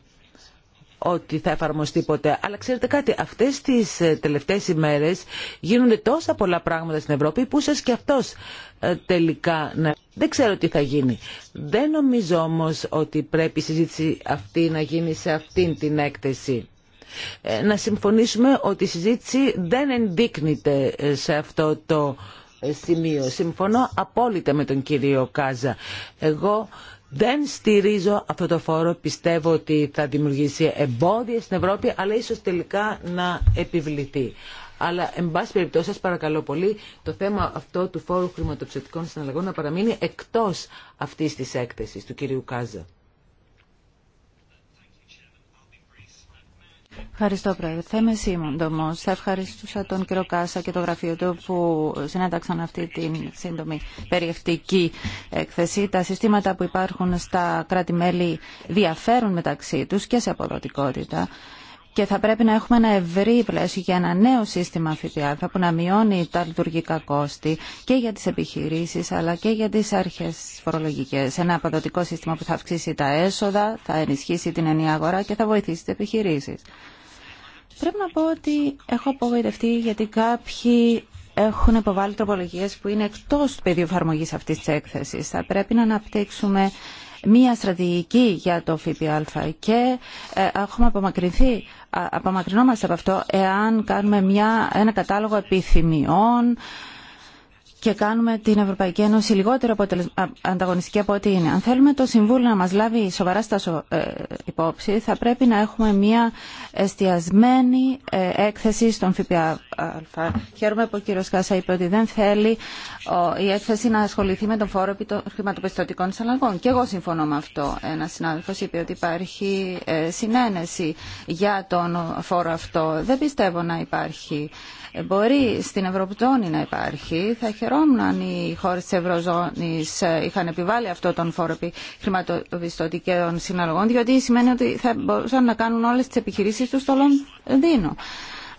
ότι θα εφαρμοστεί ποτέ. Αλλά ξέρετε κάτι, αυτές τις ε, τελευταίες ημέρε γίνονται τόσα πολλά πράγματα στην Ευρώπη που ίσω και αυτός ε, τελικά να... Δεν ξέρω τι θα γίνει. Δεν νομίζω όμως ότι πρέπει η συζήτηση αυτή να γίνει σε αυτήν την έκθεση ε, να συμφωνήσουμε ότι η συζήτηση δεν ενδείκνυται σε αυτό το σημείο. Συμφωνώ απόλυτα με τον κύριο Κάζα. Εγώ δεν στηρίζω αυτό το φόρο, πιστεύω ότι θα δημιουργήσει εμπόδια στην Ευρώπη, αλλά ίσως τελικά να επιβληθεί. Αλλά, εν πάση περιπτώσει, σας παρακαλώ πολύ, το θέμα αυτό του φόρου χρηματοψηφιακών συναλλαγών να παραμείνει εκτός αυτής της έκθεσης του κυρίου Κάζα. Ευχαριστώ, Πρόεδρε. Θα είμαι σύντομο. Θα ευχαριστούσα τον κύριο Κάσα και το γραφείο του που συνέταξαν αυτή την σύντομη περιευτική έκθεση. Τα συστήματα που υπάρχουν στα κράτη-μέλη διαφέρουν μεταξύ του και σε αποδοτικότητα και θα πρέπει να έχουμε ένα ευρύ πλαίσιο για ένα νέο σύστημα ΦΠΑ που να μειώνει τα λειτουργικά κόστη και για τις επιχειρήσεις αλλά και για τις αρχές φορολογικές. Ένα αποδοτικό σύστημα που θα αυξήσει τα έσοδα, θα ενισχύσει την ενιαία αγορά και θα βοηθήσει τις επιχειρήσεις. Πρέπει να πω ότι έχω απογοητευτεί γιατί κάποιοι έχουν υποβάλει τροπολογίε που είναι εκτό του πεδίου εφαρμογής αυτής της έκθεσης. Θα πρέπει να αναπτύξουμε μία στρατηγική για το ΦΠΑ και ε, έχουμε απομακρυνθεί απομακρυνόμαστε από αυτό εάν κάνουμε μια, ένα κατάλογο επιθυμιών, και κάνουμε την Ευρωπαϊκή Ένωση λιγότερο ανταγωνιστική από ό,τι είναι. Αν θέλουμε το Συμβούλιο να μας λάβει σοβαρά στα ε, υπόψη, θα πρέπει να έχουμε μια εστιασμένη ε, έκθεση στον ΦΠΑ. Χαίρομαι που ο κύριος Κάσα είπε ότι δεν θέλει η έκθεση να ασχοληθεί με τον φόρο επί των χρηματοπιστωτικών συναλλαγών. Και εγώ συμφωνώ με αυτό. ένα συνάδελφο είπε ότι υπάρχει ε, συνένεση για τον φόρο αυτό. Δεν πιστεύω να υπάρχει. Μπορεί στην Ευρωπτώνη να υπάρχει. Θα αν οι χώρε τη Ευρωζώνη ε, είχαν επιβάλει αυτό τον φόρο χρηματοπιστωτικών συναλλογών διότι σημαίνει ότι θα μπορούσαν να κάνουν όλε τι επιχειρήσει του στο Λονδίνο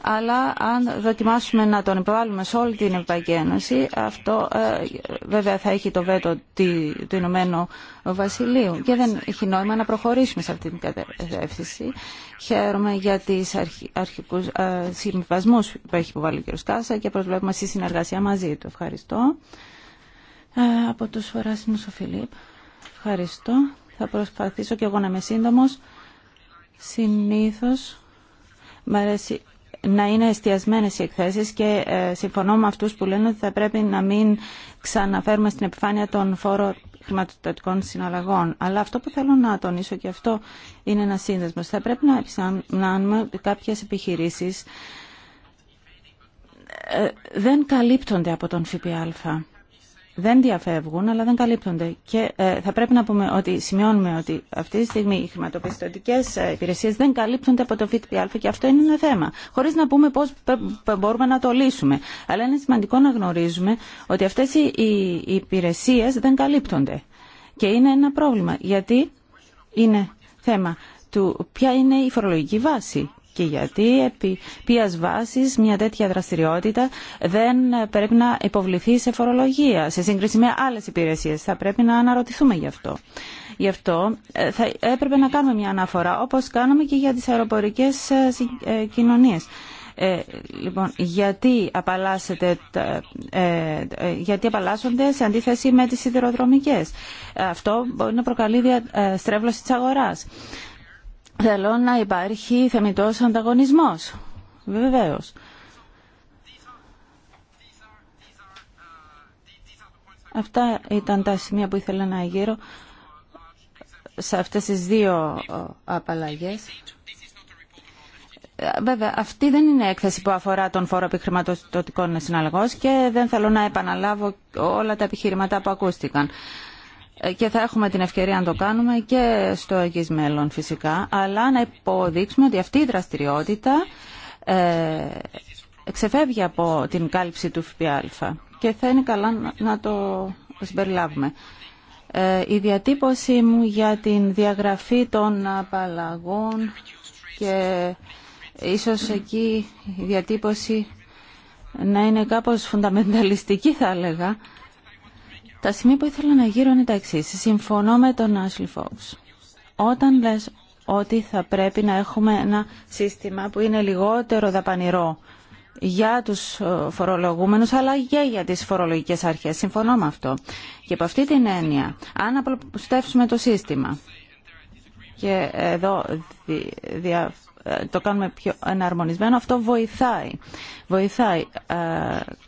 αλλά αν δοκιμάσουμε να τον επιβάλλουμε σε όλη την Ευρωπαϊκή Ένωση, αυτό ε, βέβαια θα έχει το βέτο του Ηνωμένου Βασιλείου και δεν έχει νόημα να προχωρήσουμε σε αυτή την κατεύθυνση. Χαίρομαι για τις αρχικούς ε, συμβιβασμούς που έχει υποβάλει ο κ. Κάσα και προσβλέπουμε στη συνεργασία μαζί του. Ευχαριστώ. Ε, από τους φοράσινους ο Φιλίπ. Ευχαριστώ. Θα προσπαθήσω και εγώ να είμαι σύντομος. Συνήθως αρέσει να είναι εστιασμένες οι εκθέσεις και ε, συμφωνώ με αυτούς που λένε ότι θα πρέπει να μην ξαναφέρουμε στην επιφάνεια τον φόρο χρηματοδοτικών συναλλαγών. Αλλά αυτό που θέλω να τονίσω και αυτό είναι ένα σύνδεσμο. Θα πρέπει να επισημάνουμε ότι κάποιες επιχειρήσεις ε, δεν καλύπτονται από τον ΦΠΑ δεν διαφεύγουν αλλά δεν καλύπτονται. Και ε, θα πρέπει να πούμε ότι σημειώνουμε ότι αυτή τη στιγμή οι χρηματοπιστωτικέ ε, υπηρεσίε δεν καλύπτονται από το ΦΠΑ και αυτό είναι ένα θέμα. Χωρί να πούμε πώ μπορούμε να το λύσουμε. Αλλά είναι σημαντικό να γνωρίζουμε ότι αυτέ οι, οι, οι υπηρεσίε δεν καλύπτονται. Και είναι ένα πρόβλημα γιατί είναι θέμα του ποια είναι η φορολογική βάση. Και γιατί επί ποιας βάσης μια τέτοια δραστηριότητα δεν πρέπει να υποβληθεί σε φορολογία σε σύγκριση με άλλες υπηρεσίες. Θα πρέπει να αναρωτηθούμε γι' αυτό. Γι' αυτό ε, θα έπρεπε να κάνουμε μια αναφορά όπως κάνουμε και για τις αεροπορικές ε, ε, κοινωνίες. λοιπόν, γιατί, απαλλάσσεται, γιατί απαλλάσσονται σε αντίθεση με τις σιδηροδρομικές. Αυτό μπορεί να προκαλεί δια, στρέβλωση της αγοράς. Θέλω να υπάρχει θεμητός ανταγωνισμός. Βεβαίως. Αυτά ήταν τα σημεία που ήθελα να γύρω σε αυτές τις δύο απαλλαγές. Ε, βέβαια, αυτή δεν είναι έκθεση που αφορά τον φόρο επιχρηματοδοτικών συναλλαγών και δεν θέλω να επαναλάβω όλα τα επιχειρηματά που ακούστηκαν και θα έχουμε την ευκαιρία να το κάνουμε και στο εκείς μέλλον φυσικά, αλλά να υποδείξουμε ότι αυτή η δραστηριότητα ε, ξεφεύγει από την κάλυψη του ΦΠΑ και θα είναι καλά να το συμπεριλάβουμε. Ε, η διατύπωση μου για την διαγραφή των απαλλαγών και ίσως εκεί η διατύπωση να είναι κάπως φουνταμενταλιστική θα έλεγα, τα σημεία που ήθελα να γύρω είναι τα εξή. Συμφωνώ με τον Άσλι Φόξ. Όταν λες ότι θα πρέπει να έχουμε ένα σύστημα που είναι λιγότερο δαπανηρό για τους ε, φορολογούμενους αλλά και για τις φορολογικές αρχές. Συμφωνώ με αυτό. Και από αυτή την έννοια, αν απλουστεύσουμε το σύστημα και εδώ δι- το κάνουμε πιο εναρμονισμένο, αυτό βοηθάει. βοηθάει. Ε,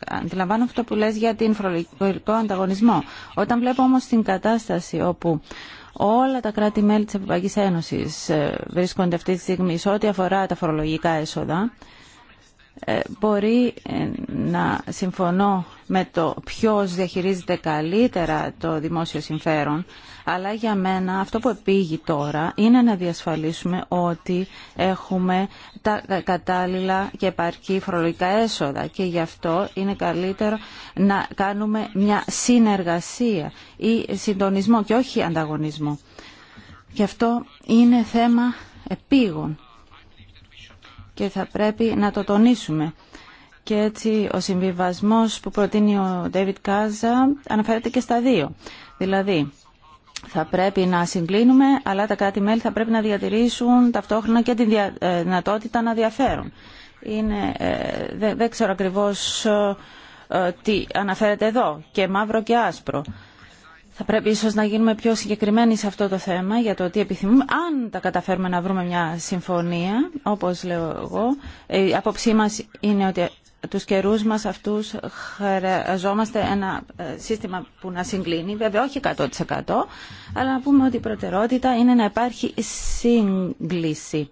αντιλαμβάνω αυτό που λες για την φορολογικό ανταγωνισμό. Όταν βλέπω όμως την κατάσταση όπου όλα τα κράτη-μέλη της Ευρωπαϊκής Ένωσης ε, βρίσκονται αυτή τη στιγμή σε ό,τι αφορά τα φορολογικά έσοδα, ε, μπορεί ε, να συμφωνώ με το ποιος διαχειρίζεται καλύτερα το δημόσιο συμφέρον, αλλά για μένα αυτό που επήγει τώρα είναι να διασφαλίσουμε ότι έχουμε τα κατάλληλα και επαρκή φορολογικά έσοδα και γι' αυτό είναι καλύτερο να κάνουμε μια συνεργασία ή συντονισμό και όχι ανταγωνισμό. Και αυτό είναι θέμα επίγον και θα πρέπει να το τονίσουμε. Και έτσι ο συμβιβασμός που προτείνει ο David Κάζα αναφέρεται και στα δύο. Δηλαδή, θα πρέπει να συγκλίνουμε, αλλά τα κράτη-μέλη θα πρέπει να διατηρήσουν ταυτόχρονα και τη ε, δυνατότητα να διαφέρουν. Είναι, ε, δεν, δεν ξέρω ακριβώς ε, τι αναφέρεται εδώ, και μαύρο και άσπρο. Θα πρέπει ίσως να γίνουμε πιο συγκεκριμένοι σε αυτό το θέμα για το τι επιθυμούμε. Αν τα καταφέρουμε να βρούμε μια συμφωνία, όπως λέω εγώ, η άποψή μας είναι ότι τους καιρούς μας αυτούς χρειαζόμαστε ένα ε, σύστημα που να συγκλίνει, βέβαια όχι 100% αλλά να πούμε ότι η προτεραιότητα είναι να υπάρχει σύγκληση.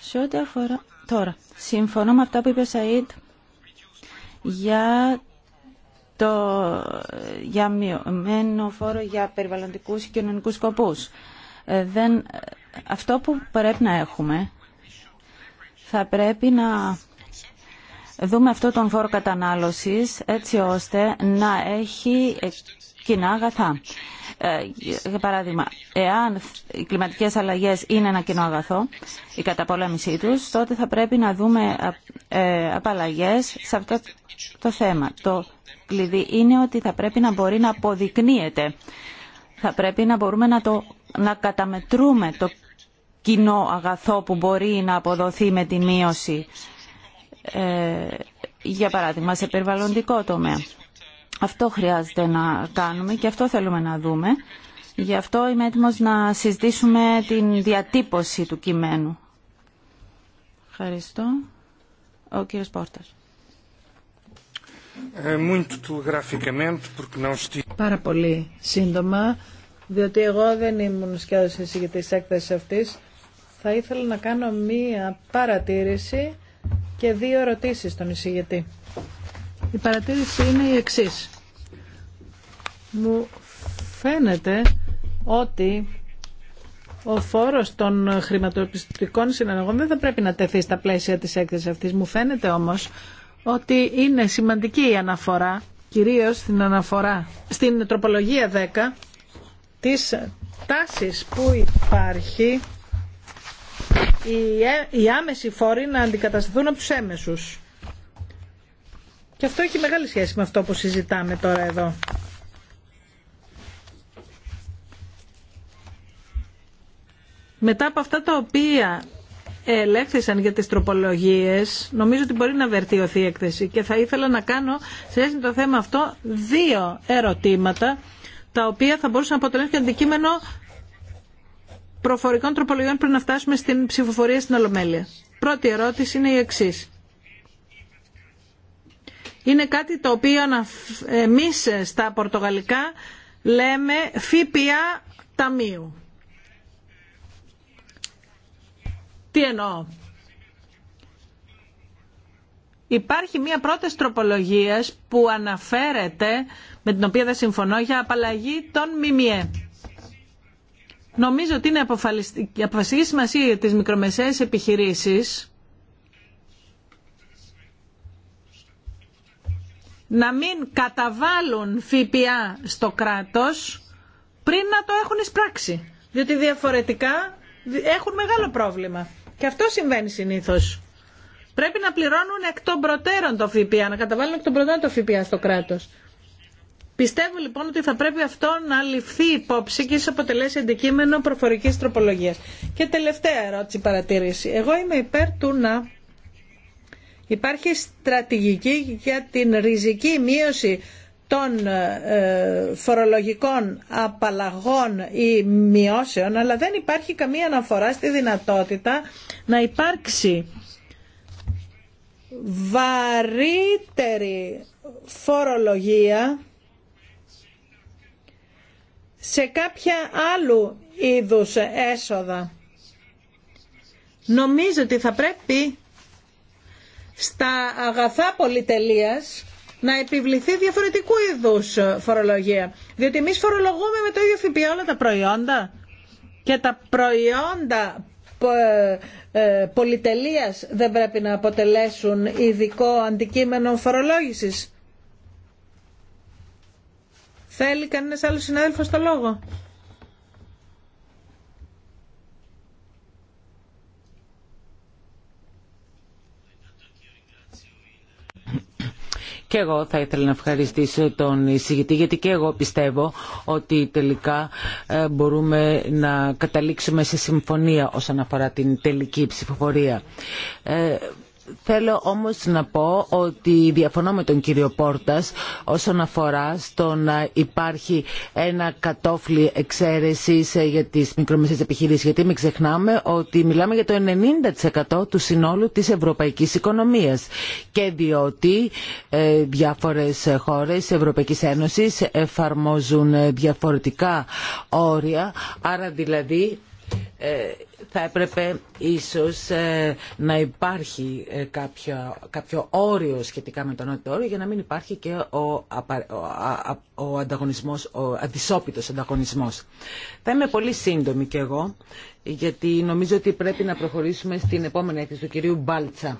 Σε ό,τι αφορά τώρα, συμφωνώ με αυτά που είπε ο Σαΐτ για το, για μειωμένο φόρο για περιβαλλοντικούς και κοινωνικούς σκοπούς. Ε, δεν, αυτό που πρέπει να έχουμε θα πρέπει να δούμε αυτό τον φόρο κατανάλωσης έτσι ώστε να έχει κοινά αγαθά. Ε, για παράδειγμα, εάν οι κλιματικές αλλαγές είναι ένα κοινό αγαθό, η καταπολέμησή τους, τότε θα πρέπει να δούμε ε, απαλλαγές σε αυτό το θέμα. Το κλειδί είναι ότι θα πρέπει να μπορεί να αποδεικνύεται. Θα πρέπει να μπορούμε να, το, να καταμετρούμε το κοινό αγαθό που μπορεί να αποδοθεί με τη μείωση, ε, για παράδειγμα, σε περιβαλλοντικό τομέα. Αυτό χρειάζεται να κάνουμε και αυτό θέλουμε να δούμε. Γι' αυτό είμαι έτοιμος να συζητήσουμε την διατύπωση του κειμένου. Ευχαριστώ. Ο κύριος Πόρτας. Ε, Πάρα πολύ σύντομα, διότι εγώ δεν ήμουν σκιάδος τις έκθεσης αυτής. Θα ήθελα να κάνω μία παρατήρηση και δύο ερωτήσεις στον εισηγητή. Η παρατήρηση είναι η εξής. Μου φαίνεται ότι ο φόρος των χρηματοπιστωτικών συναλλαγών δεν θα πρέπει να τεθεί στα πλαίσια της έκθεσης αυτής. Μου φαίνεται όμως ότι είναι σημαντική η αναφορά, κυρίως στην αναφορά στην τροπολογία 10 της τάσης που υπάρχει οι ε, άμεσοι φόροι να αντικατασταθούν από τους έμεσους. Και αυτό έχει μεγάλη σχέση με αυτό που συζητάμε τώρα εδώ. Μετά από αυτά τα οποία ελέγχθησαν για τις τροπολογίες, νομίζω ότι μπορεί να βελτιωθεί η έκθεση και θα ήθελα να κάνω σε σχέση με το θέμα αυτό δύο ερωτήματα τα οποία θα μπορούσαν να αποτελέσουν και αντικείμενο προφορικών τροπολογιών πριν να φτάσουμε στην ψηφοφορία στην Ολομέλεια. Πρώτη ερώτηση είναι η εξή. Είναι κάτι το οποίο εμείς στα πορτογαλικά λέμε ΦΠΑ ταμείου. Τι εννοώ. Υπάρχει μία πρώτη τροπολογία που αναφέρεται, με την οποία δεν συμφωνώ, για απαλλαγή των ΜΜΕ. Νομίζω ότι είναι αποφασιστική σημασία για τις επιχειρήσεις να μην καταβάλουν ΦΠΑ στο κράτος πριν να το έχουν εισπράξει. Διότι διαφορετικά έχουν μεγάλο πρόβλημα. Και αυτό συμβαίνει συνήθως. Πρέπει να πληρώνουν εκ των προτέρων το ΦΠΑ, να καταβάλουν εκ των προτέρων το ΦΠΑ στο κράτος. Πιστεύω λοιπόν ότι θα πρέπει αυτό να ληφθεί υπόψη και σε αποτελέσει αντικείμενο προφορικής τροπολογίας. Και τελευταία ερώτηση παρατήρηση. Εγώ είμαι υπέρ του να Υπάρχει στρατηγική για την ριζική μείωση των ε, φορολογικών απαλλαγών ή μειώσεων, αλλά δεν υπάρχει καμία αναφορά στη δυνατότητα να υπάρξει βαρύτερη φορολογία σε κάποια άλλου είδους έσοδα. Νομίζω ότι θα πρέπει στα αγαθά πολυτελείας να επιβληθεί διαφορετικού είδους φορολογία. Διότι εμείς φορολογούμε με το ίδιο ΦΠΑ όλα τα προϊόντα και τα προϊόντα ε, ε, πολυτελείας δεν πρέπει να αποτελέσουν ειδικό αντικείμενο φορολόγησης. Θέλει κανένας άλλος συνάδελφος το λόγο. Και εγώ θα ήθελα να ευχαριστήσω τον εισηγητή γιατί και εγώ πιστεύω ότι τελικά ε, μπορούμε να καταλήξουμε σε συμφωνία όσον αφορά την τελική ψηφοφορία. Ε, Θέλω όμως να πω ότι διαφωνώ με τον κύριο Πόρτας όσον αφορά στο να υπάρχει ένα κατόφλι εξαίρεσης ε, για τις μικρομεσαίες επιχειρήσεις γιατί μην ξεχνάμε ότι μιλάμε για το 90% του συνόλου της ευρωπαϊκής οικονομίας και διότι ε, διάφορες χώρες της Ευρωπαϊκής Ένωσης εφαρμόζουν ε, διαφορετικά όρια άρα δηλαδή ε, θα έπρεπε ίσως ε, να υπάρχει ε, κάποιο, κάποιο όριο σχετικά με τον νότιο όριο για να μην υπάρχει και ο, ο, ο ανταγωνισμός, ο αντισόπιτος ανταγωνισμός. Θα είμαι πολύ σύντομη κι εγώ γιατί νομίζω ότι πρέπει να προχωρήσουμε στην επόμενη έκθεση του κυρίου Μπάλτσα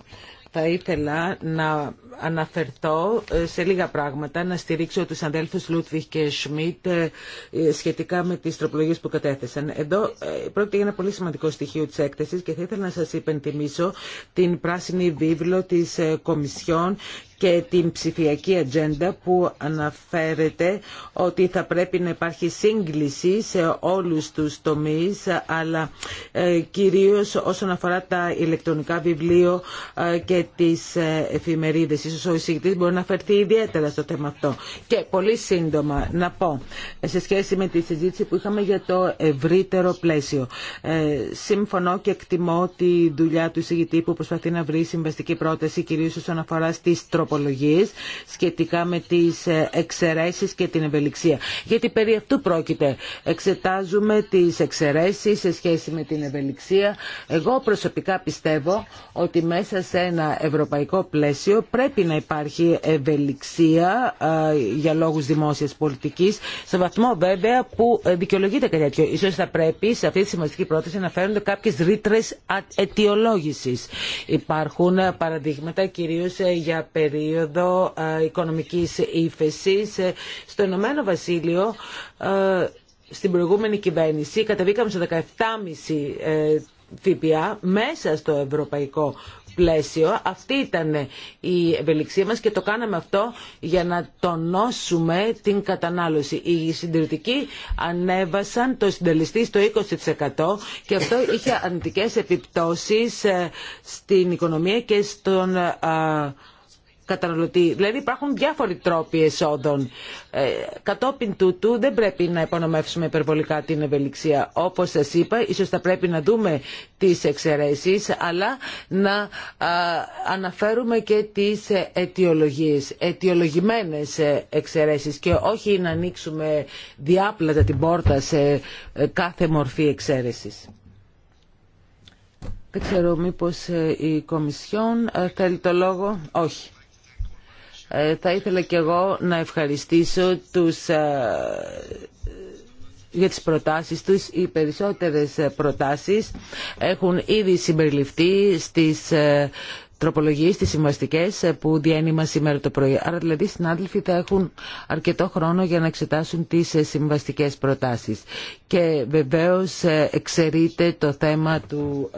θα ήθελα να αναφερθώ ε, σε λίγα πράγματα, να στηρίξω τους αδέλφους Λούτβιχ και Σμιτ ε, σχετικά με τις τροπολογίες που κατέθεσαν. Εδώ ε, πρόκειται για ένα πολύ σημαντικό στοιχείο της έκθεσης και θα ήθελα να σας υπενθυμίσω την πράσινη βίβλο της Κομισιόν και την ψηφιακή ατζέντα που αναφέρεται ότι θα πρέπει να υπάρχει σύγκληση σε όλους τους τομείς αλλά ε, κυρίως όσον αφορά τα ηλεκτρονικά βιβλίο ε, και τις ε, εφημερίδες. Ίσως ο εισηγητής μπορεί να αφαιρθεί ιδιαίτερα στο θέμα αυτό. Και πολύ σύντομα να πω σε σχέση με τη συζήτηση που είχαμε για το ευρύτερο πλαίσιο. Συμφωνώ και εκτιμώ τη δουλειά του εισηγητή που προσπαθεί να βρει συμβαστική πρόταση κυρίως όσον αφορά στις τροπές σχετικά με τις ε, εξαιρέσει και την ευελιξία. Γιατί περί αυτού πρόκειται. Εξετάζουμε τις εξαιρέσει σε σχέση με την ευελιξία. Εγώ προσωπικά πιστεύω ότι μέσα σε ένα ευρωπαϊκό πλαίσιο πρέπει να υπάρχει ευελιξία ε, για λόγου δημόσια πολιτική. σε βαθμό βέβαια που ε, δικαιολογείται κάτι τέτοιο. Ίσως θα πρέπει σε αυτή τη σημαντική πρόταση να φέρονται κάποιε ρήτρε αιτιολόγηση. Υπάρχουν παραδείγματα κυρίως για περίοδο ε, οικονομικής ύφεσης. Ε, στο Ηνωμένο Βασίλειο ε, στην προηγούμενη κυβέρνηση καταβήκαμε στο 17,5 ΦΠΑ μέσα στο ευρωπαϊκό πλαίσιο. Αυτή ήταν η ευελιξία μας και το κάναμε αυτό για να τονώσουμε την κατανάλωση. Οι συντηρητικοί ανέβασαν το συντελεστή στο 20% και αυτό είχε αντικές επιπτώσεις στην οικονομία και στον καταναλωτή. Δηλαδή υπάρχουν διάφοροι τρόποι εσόδων. Ε, κατόπιν τούτου δεν πρέπει να υπονομεύσουμε υπερβολικά την ευελιξία. Όπως σας είπα, ίσως θα πρέπει να δούμε τις εξαιρέσεις, αλλά να αναφέρουμε και τις αιτιολογίες, αιτιολογημένες εξαιρέσεις και όχι να ανοίξουμε διάπλατα την πόρτα σε ε, κάθε μορφή εξαίρεσης. Δεν ξέρω μήπως ε, η Κομισιόν ε, θέλει το λόγο. Όχι. Ε, θα ήθελα και εγώ να ευχαριστήσω τους, ε, για τις προτάσεις τους. Οι περισσότερες προτάσεις έχουν ήδη συμπεριληφθεί στις ε, τροπολογίες, στις συμβαστικές που διένυμα σήμερα το πρωί. Άρα δηλαδή οι συνάδελφοι θα έχουν αρκετό χρόνο για να εξετάσουν τις συμβαστικές προτάσεις. Και βεβαίως εξαιρείται το θέμα του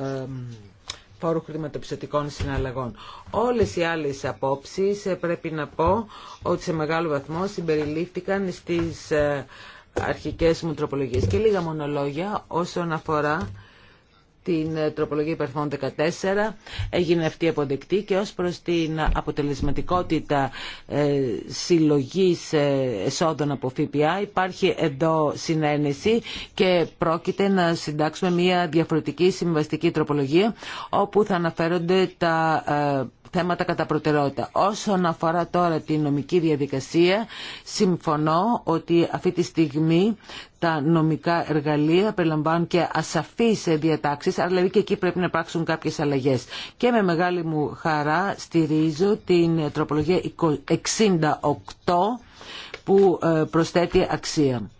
φόρου χρηματοπιστωτικών συναλλαγών. Όλες οι άλλες απόψεις ε, πρέπει να πω ότι σε μεγάλο βαθμό συμπεριλήφθηκαν στις ε, αρχικές μου τροπολογίες. Και λίγα μονολόγια όσον αφορά την ε, τροπολογία υπερθών 14 έγινε αυτή αποδεκτή και ως προς την αποτελεσματικότητα ε, συλλογής ε, εσόδων από ΦΠΑ υπάρχει εδώ συνένεση και πρόκειται να συντάξουμε μια διαφορετική συμβαστική τροπολογία όπου θα αναφέρονται τα θέματα κατά προτεραιότητα. Όσον αφορά τώρα τη νομική διαδικασία, συμφωνώ ότι αυτή τη στιγμή τα νομικά εργαλεία περιλαμβάνουν και ασαφείς διατάξεις, αλλά δηλαδή και εκεί πρέπει να υπάρξουν κάποιες αλλαγές. Και με μεγάλη μου χαρά στηρίζω την τροπολογία 68 που ε, προσθέτει αξία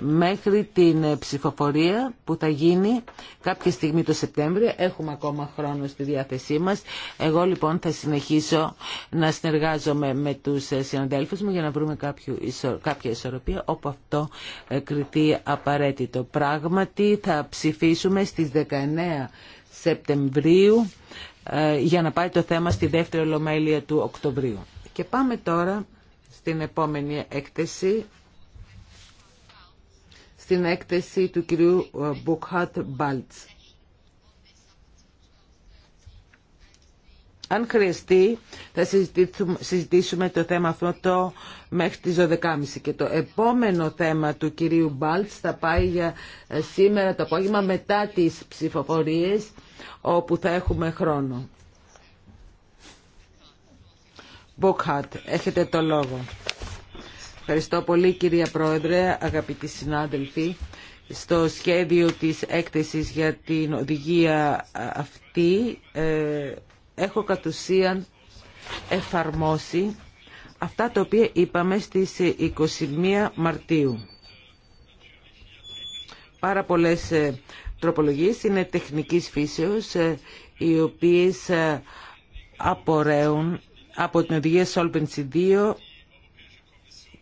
μέχρι την ε, ψηφοφορία που θα γίνει κάποια στιγμή το Σεπτέμβριο. Έχουμε ακόμα χρόνο στη διάθεσή μας. Εγώ λοιπόν θα συνεχίσω να συνεργάζομαι με τους ε, συναντέλφους μου για να βρούμε κάποια ισορροπία όπου αυτό ε, κριθεί απαραίτητο. Πράγματι θα ψηφίσουμε στις 19 Σεπτεμβρίου για να πάει το θέμα στη δεύτερη ολομέλεια του Οκτωβρίου. Και πάμε τώρα στην επόμενη έκθεση στην έκθεση του κυρίου Μπουκχάτ ε, Μπάλτς. Αν χρειαστεί θα συζητήσουμε το θέμα αυτό μέχρι τις 12.30 και το επόμενο θέμα του κυρίου Μπάλτς θα πάει για ε, σήμερα το απόγευμα μετά τις ψηφοφορίες όπου θα έχουμε χρόνο. Μπουκχάτ, έχετε το λόγο. Ευχαριστώ πολύ κυρία Πρόεδρε, αγαπητοί συνάδελφοι. Στο σχέδιο της έκθεσης για την οδηγία αυτή ε, έχω κατ' ουσίαν εφαρμόσει αυτά τα οποία είπαμε στις 21 Μαρτίου. Πάρα πολλές ε, τροπολογίες είναι τεχνικής φύσεως, ε, οι οποίες απορρέουν από την οδηγία Solvency 2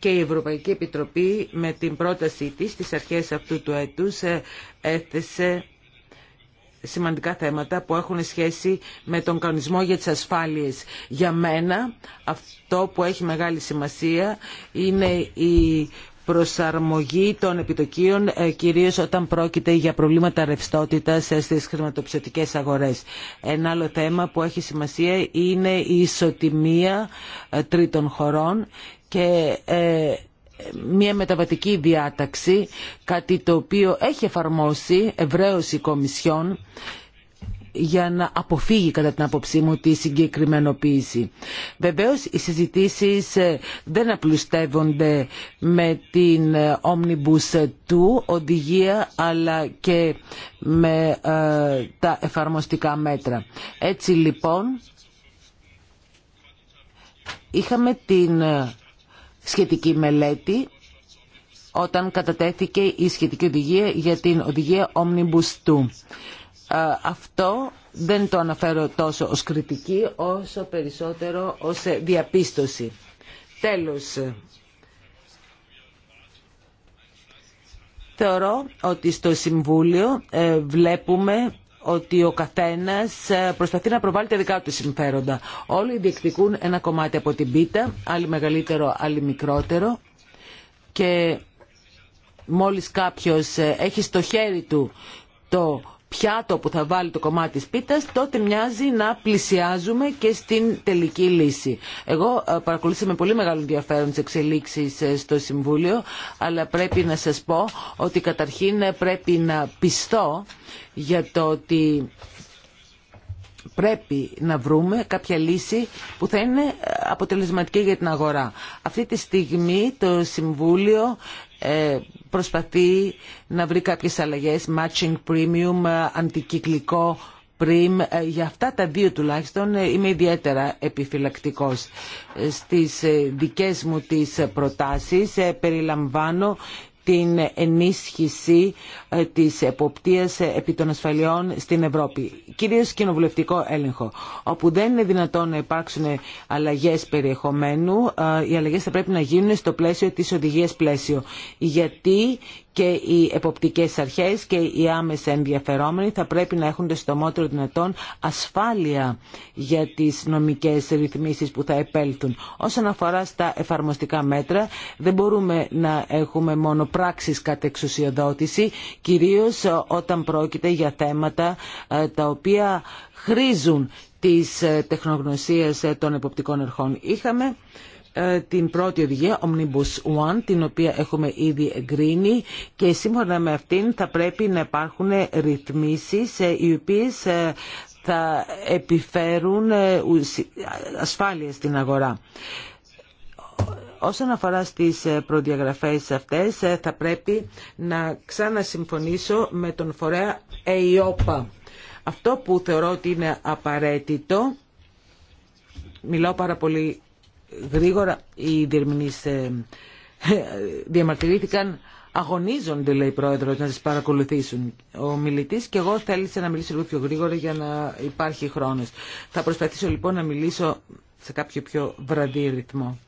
και η Ευρωπαϊκή Επιτροπή με την πρότασή της στις αρχές αυτού του έτους ε, έθεσε σημαντικά θέματα που έχουν σχέση με τον κανονισμό για τις ασφάλειες. Για μένα αυτό που έχει μεγάλη σημασία είναι η προσαρμογή των επιτοκίων ε, κυρίως όταν πρόκειται για προβλήματα ρευστότητας ε, στις χρηματοπιστωτικές αγορές. Ένα άλλο θέμα που έχει σημασία είναι η ισοτιμία τρίτων χωρών και ε, μια μεταβατική διάταξη, κάτι το οποίο έχει εφαρμόσει ευρέως η Κομισιόν για να αποφύγει κατά την άποψή μου τη συγκεκριμενοποίηση. Βεβαίως οι συζητήσεις ε, δεν απλουστεύονται με την ε, Omnibus του οδηγία αλλά και με τα εφαρμοστικά μέτρα. Έτσι λοιπόν είχαμε την σχετική μελέτη όταν κατατέθηκε η σχετική οδηγία για την οδηγία Omnibus 2. Ε, αυτό δεν το αναφέρω τόσο ως κριτική, όσο περισσότερο ως διαπίστωση. Τέλος, θεωρώ ότι στο Συμβούλιο ε, βλέπουμε ότι ο καθένα ε, προσπαθεί να προβάλλει τα δικά του συμφέροντα. Όλοι διεκδικούν ένα κομμάτι από την πίτα, άλλοι μεγαλύτερο, άλλη μικρότερο και μόλις κάποιος ε, έχει στο χέρι του το πιάτο που θα βάλει το κομμάτι της πίτας, τότε μοιάζει να πλησιάζουμε και στην τελική λύση. Εγώ ε, παρακολούθησα με πολύ μεγάλο ενδιαφέρον τις εξελίξεις ε, στο Συμβούλιο, αλλά πρέπει να σας πω ότι καταρχήν ε, πρέπει να πιστώ για το ότι πρέπει να βρούμε κάποια λύση που θα είναι αποτελεσματική για την αγορά. Αυτή τη στιγμή το Συμβούλιο ε, προσπαθεί να βρει κάποιες αλλαγές, matching premium, ε, αντικυκλικό ε, για αυτά τα δύο τουλάχιστον είμαι ιδιαίτερα επιφυλακτικός. Στις δικές μου τις προτάσεις περιλαμβάνω την ενίσχυση ε, της εποπτείας ε, επί των ασφαλιών στην Ευρώπη. Κυρίως κοινοβουλευτικό έλεγχο, όπου δεν είναι δυνατόν να υπάρξουν αλλαγές περιεχομένου, ε, οι αλλαγές θα πρέπει να γίνουν στο πλαίσιο της οδηγίας πλαίσιο. Γιατί και οι εποπτικές αρχές και οι άμεσα ενδιαφερόμενοι θα πρέπει να έχουν το στομότερο δυνατόν ασφάλεια για τις νομικές ρυθμίσεις που θα επέλθουν. Όσον αφορά στα εφαρμοστικά μέτρα δεν μπορούμε να έχουμε μόνο πράξεις κατ' εξουσιοδότηση κυρίως όταν πρόκειται για θέματα ε, τα οποία χρίζουν της ε, τεχνογνωσίας ε, των εποπτικών αρχών. Είχαμε ε, την πρώτη οδηγία, Omnibus One, την οποία έχουμε ήδη εγκρίνει και σύμφωνα με αυτήν θα πρέπει να υπάρχουν ρυθμίσεις ε, οι οποίες ε, θα επιφέρουν ασφάλεια στην αγορά. Όσον αφορά στις προδιαγραφές αυτές, θα πρέπει να ξανασυμφωνήσω με τον φορέα ΕΙΟΠΑ. Αυτό που θεωρώ ότι είναι απαραίτητο, μιλάω πάρα πολύ γρήγορα οι διερμηνείς ε, διαμαρτυρήθηκαν αγωνίζονται, λέει η πρόεδρο, να σα παρακολουθήσουν. Ο μιλητής και εγώ θέλησα να μιλήσω λίγο πιο γρήγορα για να υπάρχει χρόνος. Θα προσπαθήσω λοιπόν να μιλήσω σε κάποιο πιο βραδύ ρυθμό.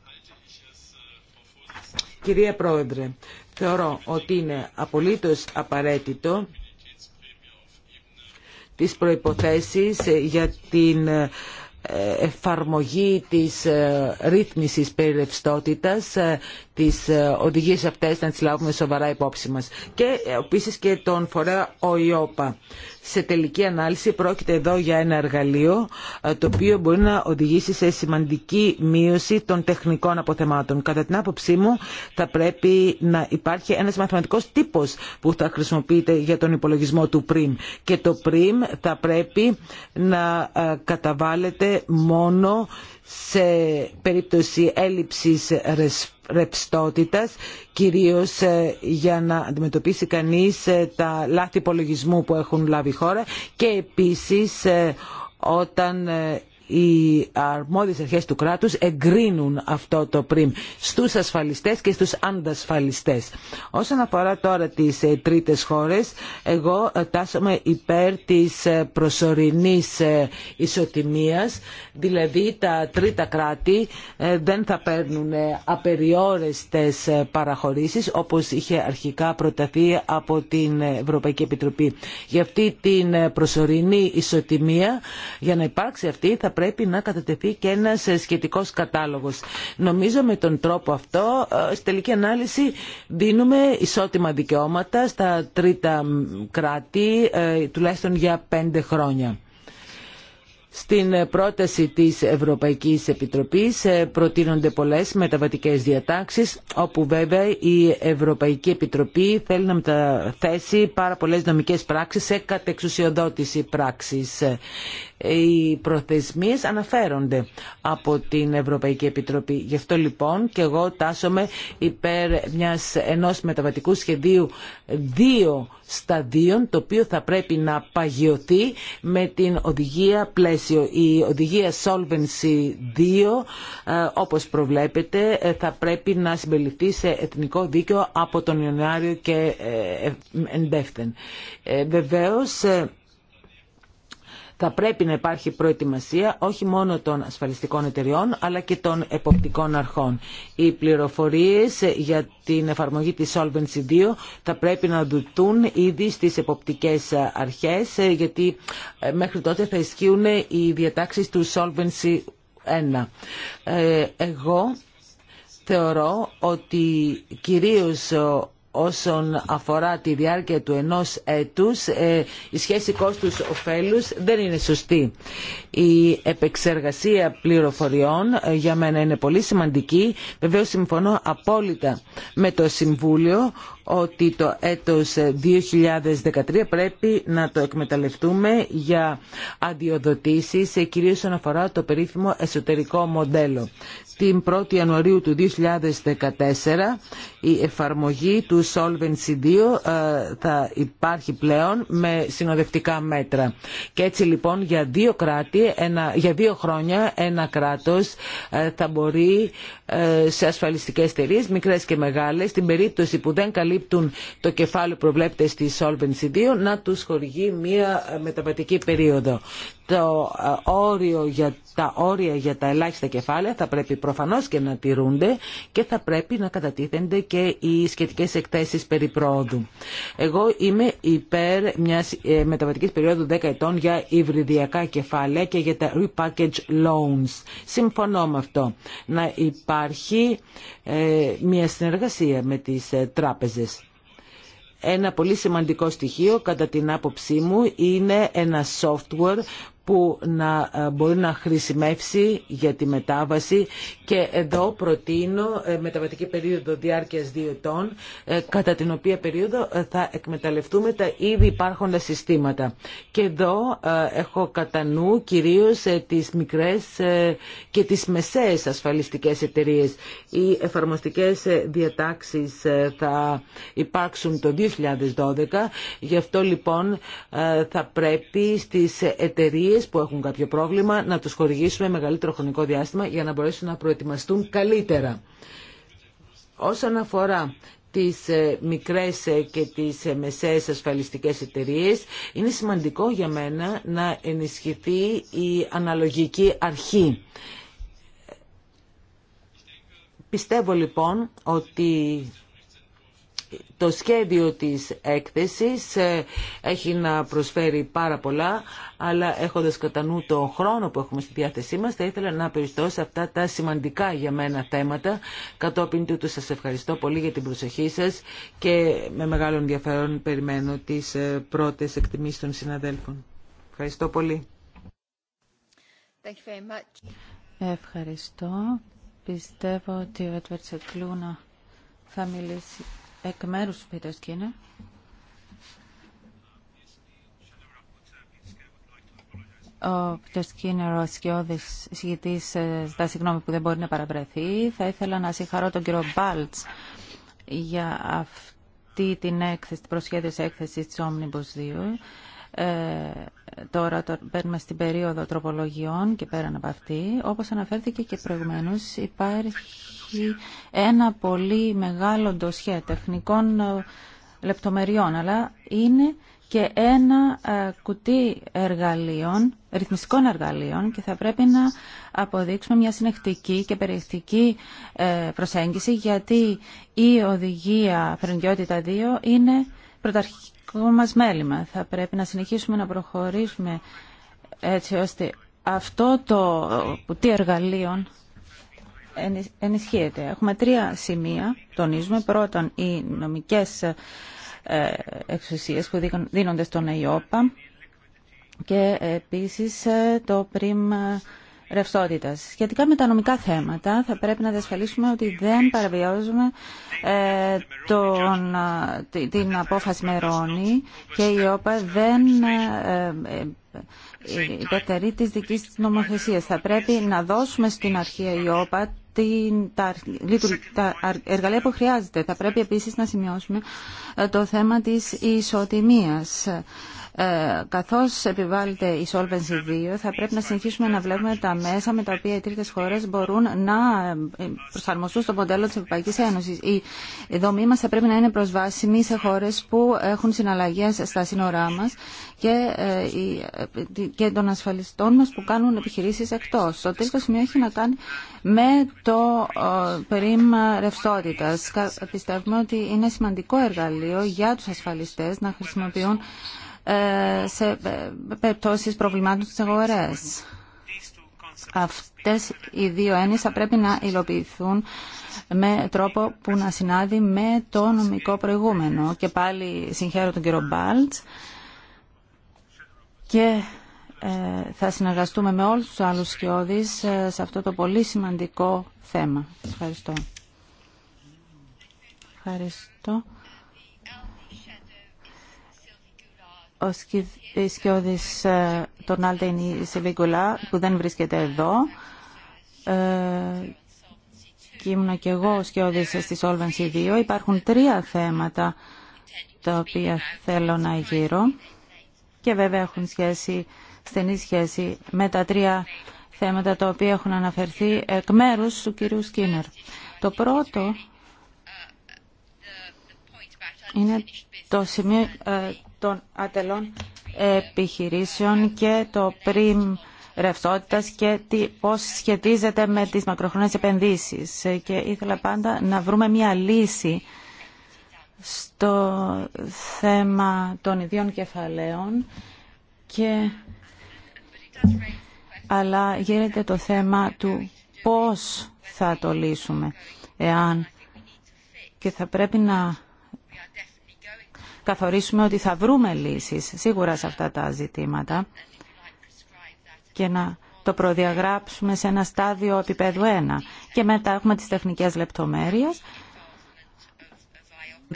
Κυρία Πρόεδρε, θεωρώ ότι είναι απολύτως απαραίτητο τις προϋποθέσεις για την εφαρμογή της ε, ρύθμισης περιρευστότητας ε, τις ε, οδηγίες αυτέ να τι λάβουμε σοβαρά υπόψη μα. Και ε, επίση και τον φορέα ΟΙΟΠΑ. Σε τελική ανάλυση πρόκειται εδώ για ένα εργαλείο ε, το οποίο μπορεί να οδηγήσει σε σημαντική μείωση των τεχνικών αποθεμάτων. Κατά την άποψή μου θα πρέπει να υπάρχει ένας μαθηματικός τύπος που θα χρησιμοποιείται για τον υπολογισμό του πριμ. Και το πριμ θα πρέπει να καταβάλλεται μόνο σε περίπτωση έλλειψης ρευστότητας, κυρίως ε, για να αντιμετωπίσει κανείς ε, τα λάθη υπολογισμού που έχουν λάβει χώρα και επίσης ε, όταν οι αρμόδιες αρχές του κράτους εγκρίνουν αυτό το πριμ στους ασφαλιστές και στους αντασφαλιστές. Όσον αφορά τώρα τις ε, τρίτες χώρες, εγώ ε, τάσομαι υπέρ της ε, προσωρινής ισοτιμίας, δηλαδή τα τρίτα κράτη δεν θα παίρνουν απεριόριστες παραχωρήσεις όπως είχε αρχικά προταθεί από την Ευρωπαϊκή Επιτροπή. Για αυτή την προσωρινή ισοτιμία, για να υπάρξει αυτή θα πρέπει να κατατεθεί και ένας ε, σχετικός κατάλογος. Νομίζω με τον τρόπο αυτό, ε, στη τελική ανάλυση, δίνουμε ισότιμα δικαιώματα στα τρίτα κράτη, ε, τουλάχιστον για πέντε χρόνια. Στην πρόταση της Ευρωπαϊκής Επιτροπής προτείνονται πολλές μεταβατικές διατάξεις, όπου βέβαια η Ευρωπαϊκή Επιτροπή θέλει να μεταθέσει πάρα πολλές νομικές πράξεις σε κατεξουσιοδότηση πράξης οι προθεσμίες αναφέρονται από την Ευρωπαϊκή Επιτροπή. Γι' αυτό λοιπόν και εγώ τάσομαι υπέρ μιας, ενός μεταβατικού σχεδίου δύο σταδίων το οποίο θα πρέπει να παγιωθεί με την οδηγία πλαίσιο. Η οδηγία Solvency 2 όπως προβλέπετε θα πρέπει να συμπεριληφθεί σε εθνικό δίκαιο από τον Ιανουάριο και εντεύθεν. Βεβαίως θα πρέπει να υπάρχει προετοιμασία όχι μόνο των ασφαλιστικών εταιριών αλλά και των εποπτικών αρχών. Οι πληροφορίες για την εφαρμογή της Solvency 2 θα πρέπει να δουτούν ήδη στις εποπτικές αρχές γιατί ε, μέχρι τότε θα ισχύουν οι διατάξεις του Solvency 1. Ε, εγώ θεωρώ ότι κυρίως όσον αφορά τη διάρκεια του ενός έτους ε, η σχέση κόστους κόστους-οφέλους δεν είναι σωστή. Η επεξεργασία πληροφοριών ε, για μένα είναι πολύ σημαντική. Βεβαίως συμφωνώ απόλυτα με το Συμβούλιο ότι το έτος 2013 πρέπει να το εκμεταλλευτούμε για αντιοδοτήσεις, ε, κυρίως όσον αφορά το περίφημο εσωτερικό μοντέλο. Την 1η Ιανουαρίου του 2014 η εφαρμογή του Solvency 2 ε, θα υπάρχει πλέον με συνοδευτικά μέτρα. Και έτσι λοιπόν για δύο, κράτη, ένα, για δύο χρόνια ένα κράτος ε, θα μπορεί ε, σε ασφαλιστικές εταιρείε, μικρές και μεγάλες, στην περίπτωση που δεν καλύπτουν το κεφάλαιο προβλέπεται στη Solvency 2, να τους χορηγεί μία ε, μεταβατική περίοδο το ε, όριο για, τα όρια για τα ελάχιστα κεφάλαια θα πρέπει προφανώς και να τηρούνται και θα πρέπει να κατατίθενται και οι σχετικές εκτέσεις περί πρόοδου. Εγώ είμαι υπέρ μιας ε, μεταβατικής περίοδου 10 ετών για υβριδιακά κεφάλαια και για τα repackage loans. Συμφωνώ με αυτό. Να υπάρχει ε, μια συνεργασία με τις τράπεζες. Ένα πολύ σημαντικό στοιχείο κατά την άποψή μου είναι ένα software που να ε, μπορεί να χρησιμεύσει για τη μετάβαση και εδώ προτείνω ε, μεταβατική περίοδο διάρκειας δύο ετών ε, κατά την οποία περίοδο θα εκμεταλλευτούμε τα ήδη υπάρχοντα συστήματα. Και εδώ έχω κατά νου κυρίως τις μικρές και τις μεσαίες ασφαλιστικές εταιρείες. Οι εφαρμοστικές διατάξεις θα υπάρξουν το 2012, γι' αυτό λοιπόν θα πρέπει στις εταιρείε που έχουν κάποιο πρόβλημα να του χορηγήσουμε μεγαλύτερο χρονικό διάστημα για να μπορέσουν να προετοιμαστούν καλύτερα. Όσον αφορά τις ε, μικρές ε, και τις ε, μεσαίες ασφαλιστικές εταιρείες, είναι σημαντικό για μένα να ενισχυθεί η αναλογική αρχή. Πιστεύω λοιπόν ότι το σχέδιο της έκθεσης ε, έχει να προσφέρει πάρα πολλά, αλλά έχοντας κατά νου τον χρόνο που έχουμε στη διάθεσή μας, θα ήθελα να περιστώ σε αυτά τα σημαντικά για μένα θέματα. Κατόπιν τούτου σας ευχαριστώ πολύ για την προσοχή σας και με μεγάλο ενδιαφέρον περιμένω τις ε, πρώτες εκτιμήσεις των συναδέλφων. Ευχαριστώ πολύ. Ευχαριστώ. Πιστεύω ότι ο Έτβερτ θα μιλήσει εκ μέρους του Πίτερ Σκίνερ. Ο Πίτερ Σκίνερ, ο ασκιώδης εισηγητής, ε, ζητά συγγνώμη που δεν μπορεί να παραβρεθεί. Θα ήθελα να συγχαρώ τον κύριο Μπάλτς για αυτή την έκθεση, την προσχέδιο έκθεση της Omnibus 2 τώρα το, μπαίνουμε στην περίοδο τροπολογιών και πέραν από αυτή. Όπως αναφέρθηκε και προηγουμένως υπάρχει ένα πολύ μεγάλο ντοσχέ τεχνικών ε, λεπτομεριών, αλλά είναι και ένα ε, κουτί εργαλείων, ρυθμιστικών εργαλείων και θα πρέπει να αποδείξουμε μια συνεχτική και περιεκτική ε, προσέγγιση γιατί η οδηγία Φρενγκιότητα 2 είναι πρωταρχικό μας μέλημα. Θα πρέπει να συνεχίσουμε να προχωρήσουμε έτσι ώστε αυτό το τι εργαλείων ενισχύεται. Έχουμε τρία σημεία, τονίζουμε. Πρώτον, οι νομικές ε, εξουσίες που δίνονται στον ΕΙΟΠΑ και επίσης ε, το πρίμα Σχετικά με τα νομικά θέματα θα πρέπει να διασφαλίσουμε ότι δεν παραβιάζουμε ε, τον, την απόφαση Μερώνη και η ΟΠΑ δεν ε, ε, υπερτερεί τη δικής της νομοθεσίας. Θα πρέπει να δώσουμε στην αρχή η ΟΠΑ τα, εργαλεία που χρειάζεται. Θα πρέπει επίσης να σημειώσουμε το θέμα της ισοτιμίας. Ε, καθώς επιβάλλεται η Solvency 2 θα πρέπει να συνεχίσουμε να βλέπουμε τα μέσα με τα οποία οι τρίτες χώρες μπορούν να ε, προσαρμοστούν στο μοντέλο της Ευρωπαϊκής Ένωσης. Η δομή μας θα πρέπει να είναι προσβάσιμη σε χώρες που έχουν συναλλαγές στα σύνορά μας και, ε, και των ασφαλιστών μας που κάνουν επιχειρήσεις εκτός. Το τρίτο σημείο έχει να κάνει με το περίμα ρευστότητα. Πιστεύουμε ότι είναι σημαντικό εργαλείο για τους ασφαλιστές να χρησιμοποιούν ε, σε ε, περιπτώσει προβλημάτων στις αγορές. Αυτές οι δύο έννοιε θα πρέπει να υλοποιηθούν με τρόπο που να συνάδει με το νομικό προηγούμενο. Και πάλι συγχαίρω τον κύριο Μπάλτ και ε, θα συνεργαστούμε με όλους τους άλλους σκιώδεις σε αυτό το πολύ σημαντικό θέμα. Ευχαριστώ. Ευχαριστώ. Ο σκιώδης ε, των Άλτε είναι η Σεβίγκουλα που δεν βρίσκεται εδώ ε, και ήμουν και εγώ σκιώδης στη Solvency 2. Υπάρχουν τρία θέματα τα οποία θέλω να γύρω και βέβαια έχουν σχέση, στενή σχέση με τα τρία θέματα τα οποία έχουν αναφερθεί εκ μέρους του κυρίου Σκίνερ. Το πρώτο uh, uh, είναι το σημείο ε, των ατελών επιχειρήσεων και το πριμ ρευστότητας και τι, πώς σχετίζεται με τις μακροχρόνιες επενδύσεις. Και ήθελα πάντα να βρούμε μια λύση στο θέμα των ιδίων κεφαλαίων και αλλά γίνεται το θέμα του πώς θα το λύσουμε εάν και θα πρέπει να καθορίσουμε ότι θα βρούμε λύσεις σίγουρα σε αυτά τα ζητήματα και να το προδιαγράψουμε σε ένα στάδιο επίπεδου 1. Και μετά έχουμε τις τεχνικές λεπτομέρειες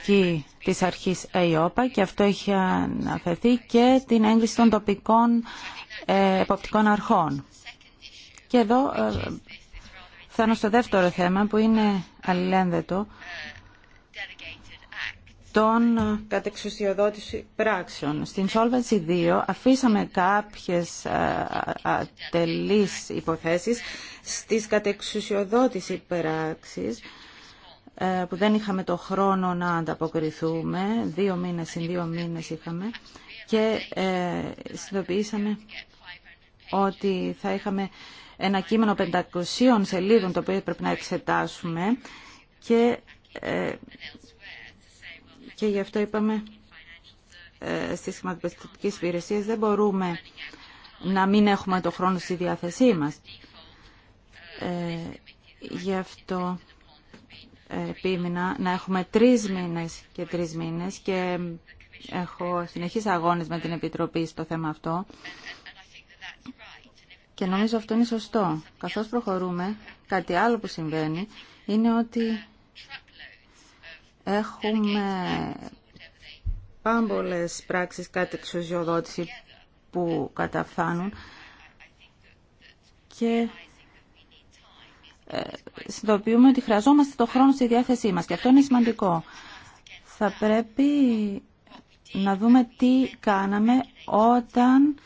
και της αρχής ΕΙΟΠΑ και αυτό έχει αναφερθεί και την έγκριση των τοπικών ε, εποπτικών αρχών. Και εδώ ε, φτάνω στο δεύτερο θέμα που είναι αλληλένδετο των ε, κατεξουσιοδότηση πράξεων. Στην Solvency 2 αφήσαμε κάποιες ε, ατελείς υποθέσεις στις κατεξουσιοδότηση πράξεις ε, που δεν είχαμε το χρόνο να ανταποκριθούμε, δύο μήνες συν δύο μήνες είχαμε και ε, συνειδητοποιήσαμε ότι θα είχαμε ένα κείμενο 500 σελίδων το οποίο πρέπει να εξετάσουμε και και γι' αυτό είπαμε ε, στις χρηματοπιστωτικές υπηρεσίες δεν μπορούμε να μην έχουμε το χρόνο στη διάθεσή μας. Ε, γι' αυτό ε, επίμεινα να έχουμε τρεις μήνες και τρεις μήνες και έχω συνεχείς αγώνες με την Επιτροπή στο θέμα αυτό και νομίζω αυτό είναι σωστό. Καθώς προχωρούμε, κάτι άλλο που συμβαίνει είναι ότι Έχουμε πάμπολες πράξεις κάτι εξουσιοδότηση που καταφάνουν και ε, συνειδητοποιούμε ότι χρειαζόμαστε το χρόνο στη διάθεσή μας και αυτό είναι σημαντικό. Θα πρέπει να δούμε τι κάναμε όταν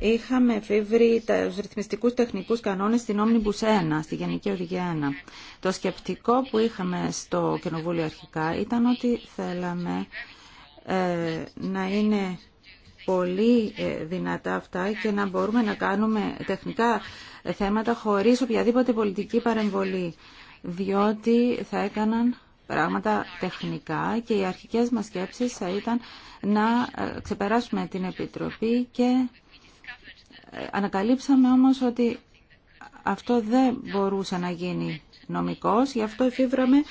είχαμε εφεύρει του ρυθμιστικού τεχνικού κανόνε στην Omnibus 1, στη Γενική Οδηγία 1. Το σκεπτικό που είχαμε στο Κοινοβούλιο αρχικά ήταν ότι θέλαμε ε, να είναι πολύ ε, δυνατά αυτά και να μπορούμε να κάνουμε τεχνικά θέματα χωρίς οποιαδήποτε πολιτική παρεμβολή, διότι θα έκαναν πράγματα τεχνικά και οι αρχικές μας σκέψεις θα ήταν να ε, ξεπεράσουμε την Επιτροπή και Ανακαλύψαμε όμως ότι αυτό δεν μπορούσε να γίνει νομικός, γι' αυτό εφήβραμε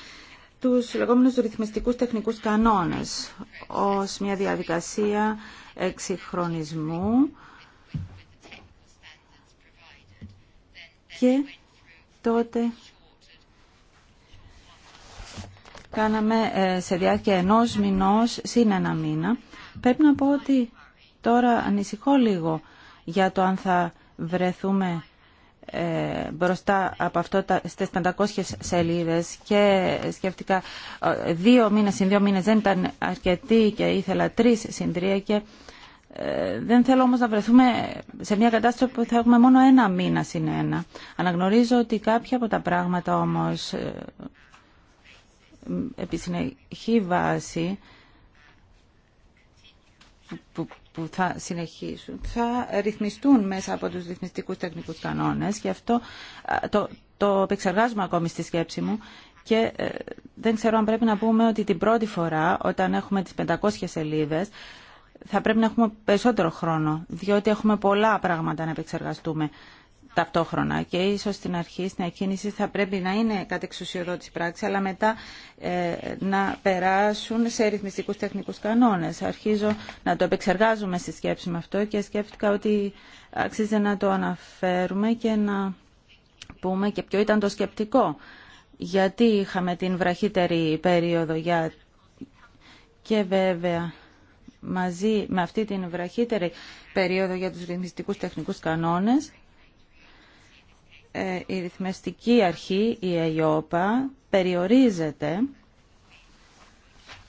τους λεγόμενους ρυθμιστικούς τεχνικούς κανόνες ως μια διαδικασία εξυγχρονισμού και τότε κάναμε ε, σε διάρκεια ενός μηνός συν ένα μήνα. Πρέπει να πω ότι τώρα ανησυχώ λίγο για το αν θα βρεθούμε ε, μπροστά από αυτό στις 500 σελίδες και σκέφτηκα ε, δύο μήνες συν δύο μήνες δεν ήταν αρκετή και ήθελα τρεις συν τρία και ε, δεν θέλω όμως να βρεθούμε σε μια κατάσταση που θα έχουμε μόνο ένα μήνα συν ένα. Αναγνωρίζω ότι κάποια από τα πράγματα όμως επί συνεχή βάση που που θα συνεχίσουν θα ρυθμιστούν μέσα από τους ρυθμιστικούς τεχνικούς κανόνες και αυτό το, το ακόμη στη σκέψη μου και ε, δεν ξέρω αν πρέπει να πούμε ότι την πρώτη φορά όταν έχουμε τις 500 σελίδες θα πρέπει να έχουμε περισσότερο χρόνο διότι έχουμε πολλά πράγματα να επεξεργαστούμε ταυτόχρονα και ίσως στην αρχή, στην εκκίνηση θα πρέπει να είναι κατεξουσιοδότηση πράξη αλλά μετά ε, να περάσουν σε ρυθμιστικούς τεχνικούς κανόνες. Αρχίζω να το επεξεργάζομαι στη σκέψη με αυτό και σκέφτηκα ότι αξίζει να το αναφέρουμε και να πούμε και ποιο ήταν το σκεπτικό. Γιατί είχαμε την βραχύτερη περίοδο για... και βέβαια μαζί με αυτή την βραχύτερη περίοδο για τους ρυθμιστικούς τεχνικούς κανόνες ε, η ρυθμιστική αρχή, η ΕΙΟΠΑ, περιορίζεται,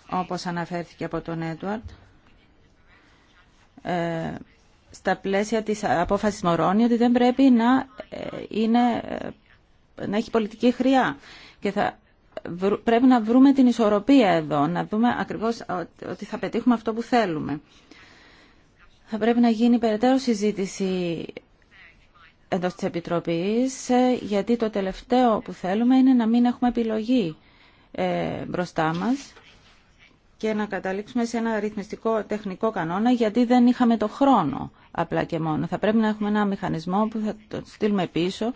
όπως αναφέρθηκε από τον Έντουαρτ, ε, στα πλαίσια της απόφασης Μωρώνη ότι δεν πρέπει να, ε, είναι, να έχει πολιτική χρειά. Και θα πρέπει να βρούμε την ισορροπία εδώ, να δούμε ακριβώς ότι θα πετύχουμε αυτό που θέλουμε. Θα πρέπει να γίνει περαιτέρω συζήτηση εντός της Επιτροπής, ε, γιατί το τελευταίο που θέλουμε είναι να μην έχουμε επιλογή ε, μπροστά μας και να καταλήξουμε σε ένα ρυθμιστικό τεχνικό κανόνα γιατί δεν είχαμε το χρόνο απλά και μόνο. Θα πρέπει να έχουμε ένα μηχανισμό που θα το στείλουμε πίσω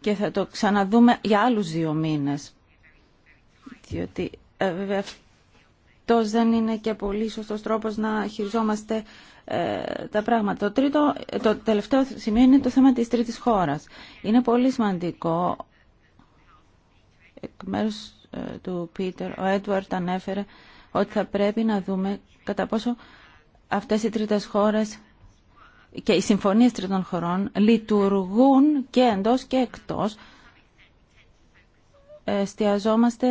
και θα το ξαναδούμε για άλλους δύο μήνες. Διότι ε, βέβαια δεν είναι και πολύ σωστός τρόπος να χειριζόμαστε ε, τα πράγματα. Το, τρίτο, το τελευταίο σημείο είναι το θέμα της τρίτης χώρας. Είναι πολύ σημαντικό, εκ μέρους ε, του Πίτερ, ο Έντουαρτ ανέφερε ότι θα πρέπει να δούμε κατά πόσο αυτές οι τρίτες χώρες και οι συμφωνίες τρίτων χωρών λειτουργούν και εντός και εκτός. Εστιαζόμαστε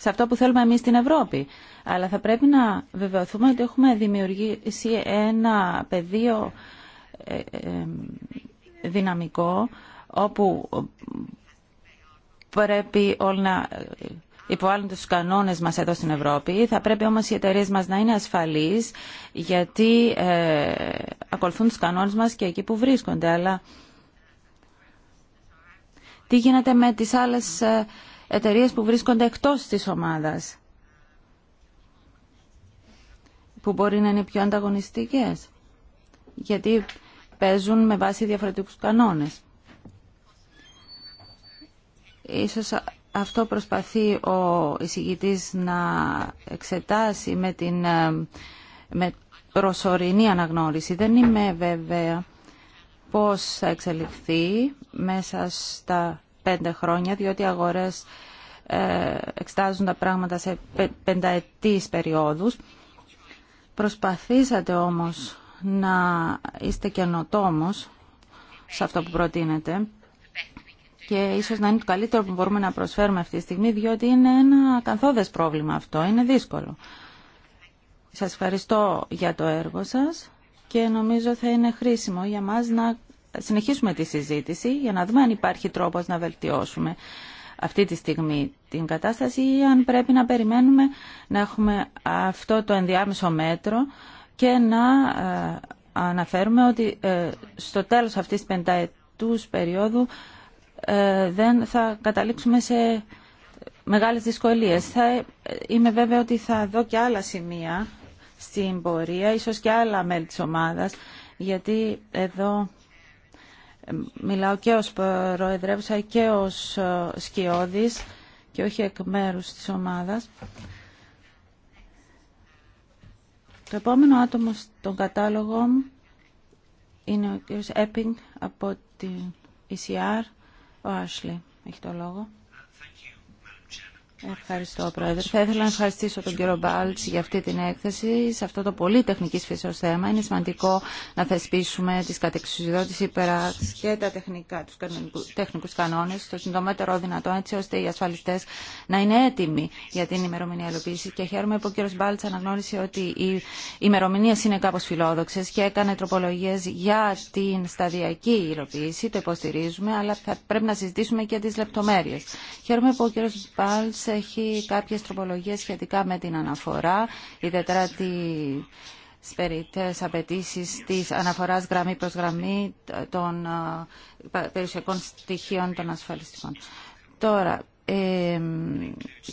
σε αυτό που θέλουμε εμείς στην Ευρώπη. Αλλά θα πρέπει να βεβαιωθούμε ότι έχουμε δημιουργήσει ένα πεδίο ε, ε, δυναμικό όπου πρέπει όλοι να Υποάλλουν τους κανόνες μας εδώ στην Ευρώπη. Θα πρέπει όμως οι εταιρείε μας να είναι ασφαλείς γιατί ε, ακολουθούν τους κανόνες μας και εκεί που βρίσκονται. Αλλά τι γίνεται με τις άλλες εταιρείες που βρίσκονται εκτός της ομάδας που μπορεί να είναι πιο ανταγωνιστικές γιατί παίζουν με βάση διαφορετικούς κανόνες. Ίσως αυτό προσπαθεί ο εισηγητής να εξετάσει με την ε, με προσωρινή αναγνώριση. Δεν είμαι βέβαια πώς θα εξελιχθεί μέσα στα πέντε χρόνια, διότι οι αγορές ε, εξτάζουν τα πράγματα σε πενταετής περιόδους. Προσπαθήσατε όμως να είστε καινοτόμο σε αυτό που προτείνετε και ίσως να είναι το καλύτερο που μπορούμε να προσφέρουμε αυτή τη στιγμή, διότι είναι ένα καθόδες πρόβλημα αυτό, είναι δύσκολο. Σας ευχαριστώ για το έργο σας και νομίζω θα είναι χρήσιμο για μας να συνεχίσουμε τη συζήτηση για να δούμε αν υπάρχει τρόπος να βελτιώσουμε αυτή τη στιγμή την κατάσταση ή αν πρέπει να περιμένουμε να έχουμε αυτό το ενδιάμεσο μέτρο και να ε, αναφέρουμε ότι ε, στο τέλος αυτής της πενταετούς περίοδου ε, δεν θα καταλήξουμε σε μεγάλες δυσκολίες. Θα, είμαι βέβαια ότι θα δω και άλλα σημεία στην πορεία, ίσως και άλλα μέλη της ομάδας, γιατί εδώ Μιλάω και ως προεδρεύουσα και ως ε, σκιώδης και όχι εκ μέρους της ομάδας. Το επόμενο άτομο στον κατάλογο είναι ο κ. Έπινγκ από την ECR, ο Άσλι. Έχει το λόγο. Ευχαριστώ, Πρόεδρε. Θα ήθελα να ευχαριστήσω τον κύριο Μπάλτ για αυτή την έκθεση. Σε αυτό το πολύ τεχνική φύσεω θέμα είναι σημαντικό να θεσπίσουμε τι κατεξουσιοδότηση υπεράξει και τα τεχνικά, του τεχνικού κανόνε, το συντομότερο δυνατό, έτσι ώστε οι ασφαλιστέ να είναι έτοιμοι για την ημερομηνία υλοποίηση. Και χαίρομαι που ο κύριο Μπάλτ αναγνώρισε ότι οι ημερομηνίε είναι κάπω φιλόδοξε και έκανε τροπολογίε για την σταδιακή υλοποίηση. Το υποστηρίζουμε, αλλά πρέπει να συζητήσουμε και τι λεπτομέρειε. Χαίρομαι που ο κύριο έχει κάποιες τροπολογίες σχετικά με την αναφορά, ιδιαίτερα τι σπεριτες απαιτήσει της αναφοράς γραμμή προς γραμμή των ε, περιουσιακών στοιχείων των ασφαλιστικών. Τώρα, ε,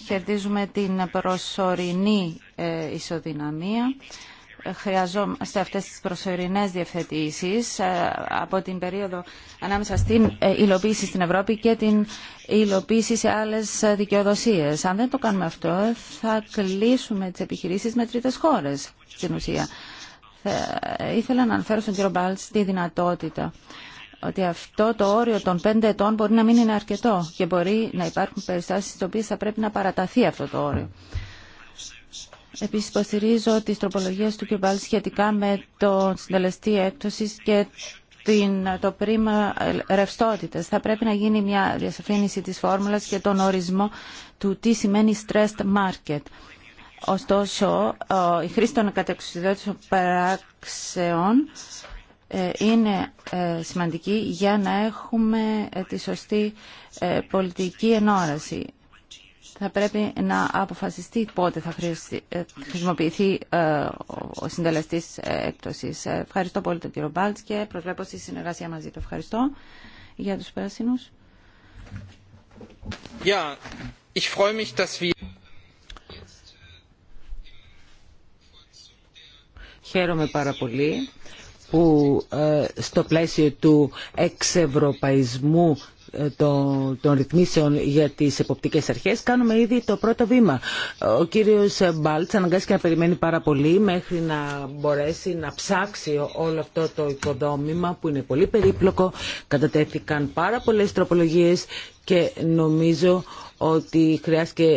χαιρετίζουμε την προσωρινή ε, ισοδυναμία χρειαζόμαστε αυτές τις προσωρινές διευθετήσεις ε, από την περίοδο ανάμεσα στην ε, υλοποίηση στην Ευρώπη και την υλοποίηση σε άλλες δικαιοδοσίες. Αν δεν το κάνουμε αυτό θα κλείσουμε τις επιχειρήσεις με τρίτες χώρες στην ουσία. Ήθελα να αναφέρω στον κύριο Μπάλτς τη δυνατότητα ότι αυτό το όριο των πέντε ετών μπορεί να μην είναι αρκετό και μπορεί να υπάρχουν περιστάσεις στις οποίες θα πρέπει να παραταθεί αυτό το όριο. Επίσης υποστηρίζω τις τροπολογίες του κ. σχετικά με το συντελεστή έκπτωση και το πρίμα ρευστότητα. Θα πρέπει να γίνει μια διασαφήνιση της φόρμουλας και τον ορισμό του τι σημαίνει stressed market. Ωστόσο, η χρήση των κατεξουσιδότητων παράξεων ε, είναι ε, σημαντική για να έχουμε ε, τη σωστή πολιτική ενόραση θα πρέπει να αποφασιστεί πότε θα ε, χρησιμοποιηθεί ε, ο συντελεστής ε, έκπτωση. Ευχαριστώ πολύ τον κύριο Μπάλτ και προσβλέπω στη συνεργασία μαζί του. Ευχαριστώ για του πράσινου. Χαίρομαι πάρα πολύ που στο πλαίσιο του εξευρωπαϊσμού ε, των ρυθμίσεων για τις εποπτικές αρχές κάνουμε ήδη το πρώτο βήμα. Ο κύριος Μπάλτς αναγκάστηκε να περιμένει πάρα πολύ μέχρι να μπορέσει να ψάξει όλο αυτό το υποδόμημα που είναι πολύ περίπλοκο. Κατατέθηκαν πάρα πολλές τροπολογίες και νομίζω ότι χρειάστηκε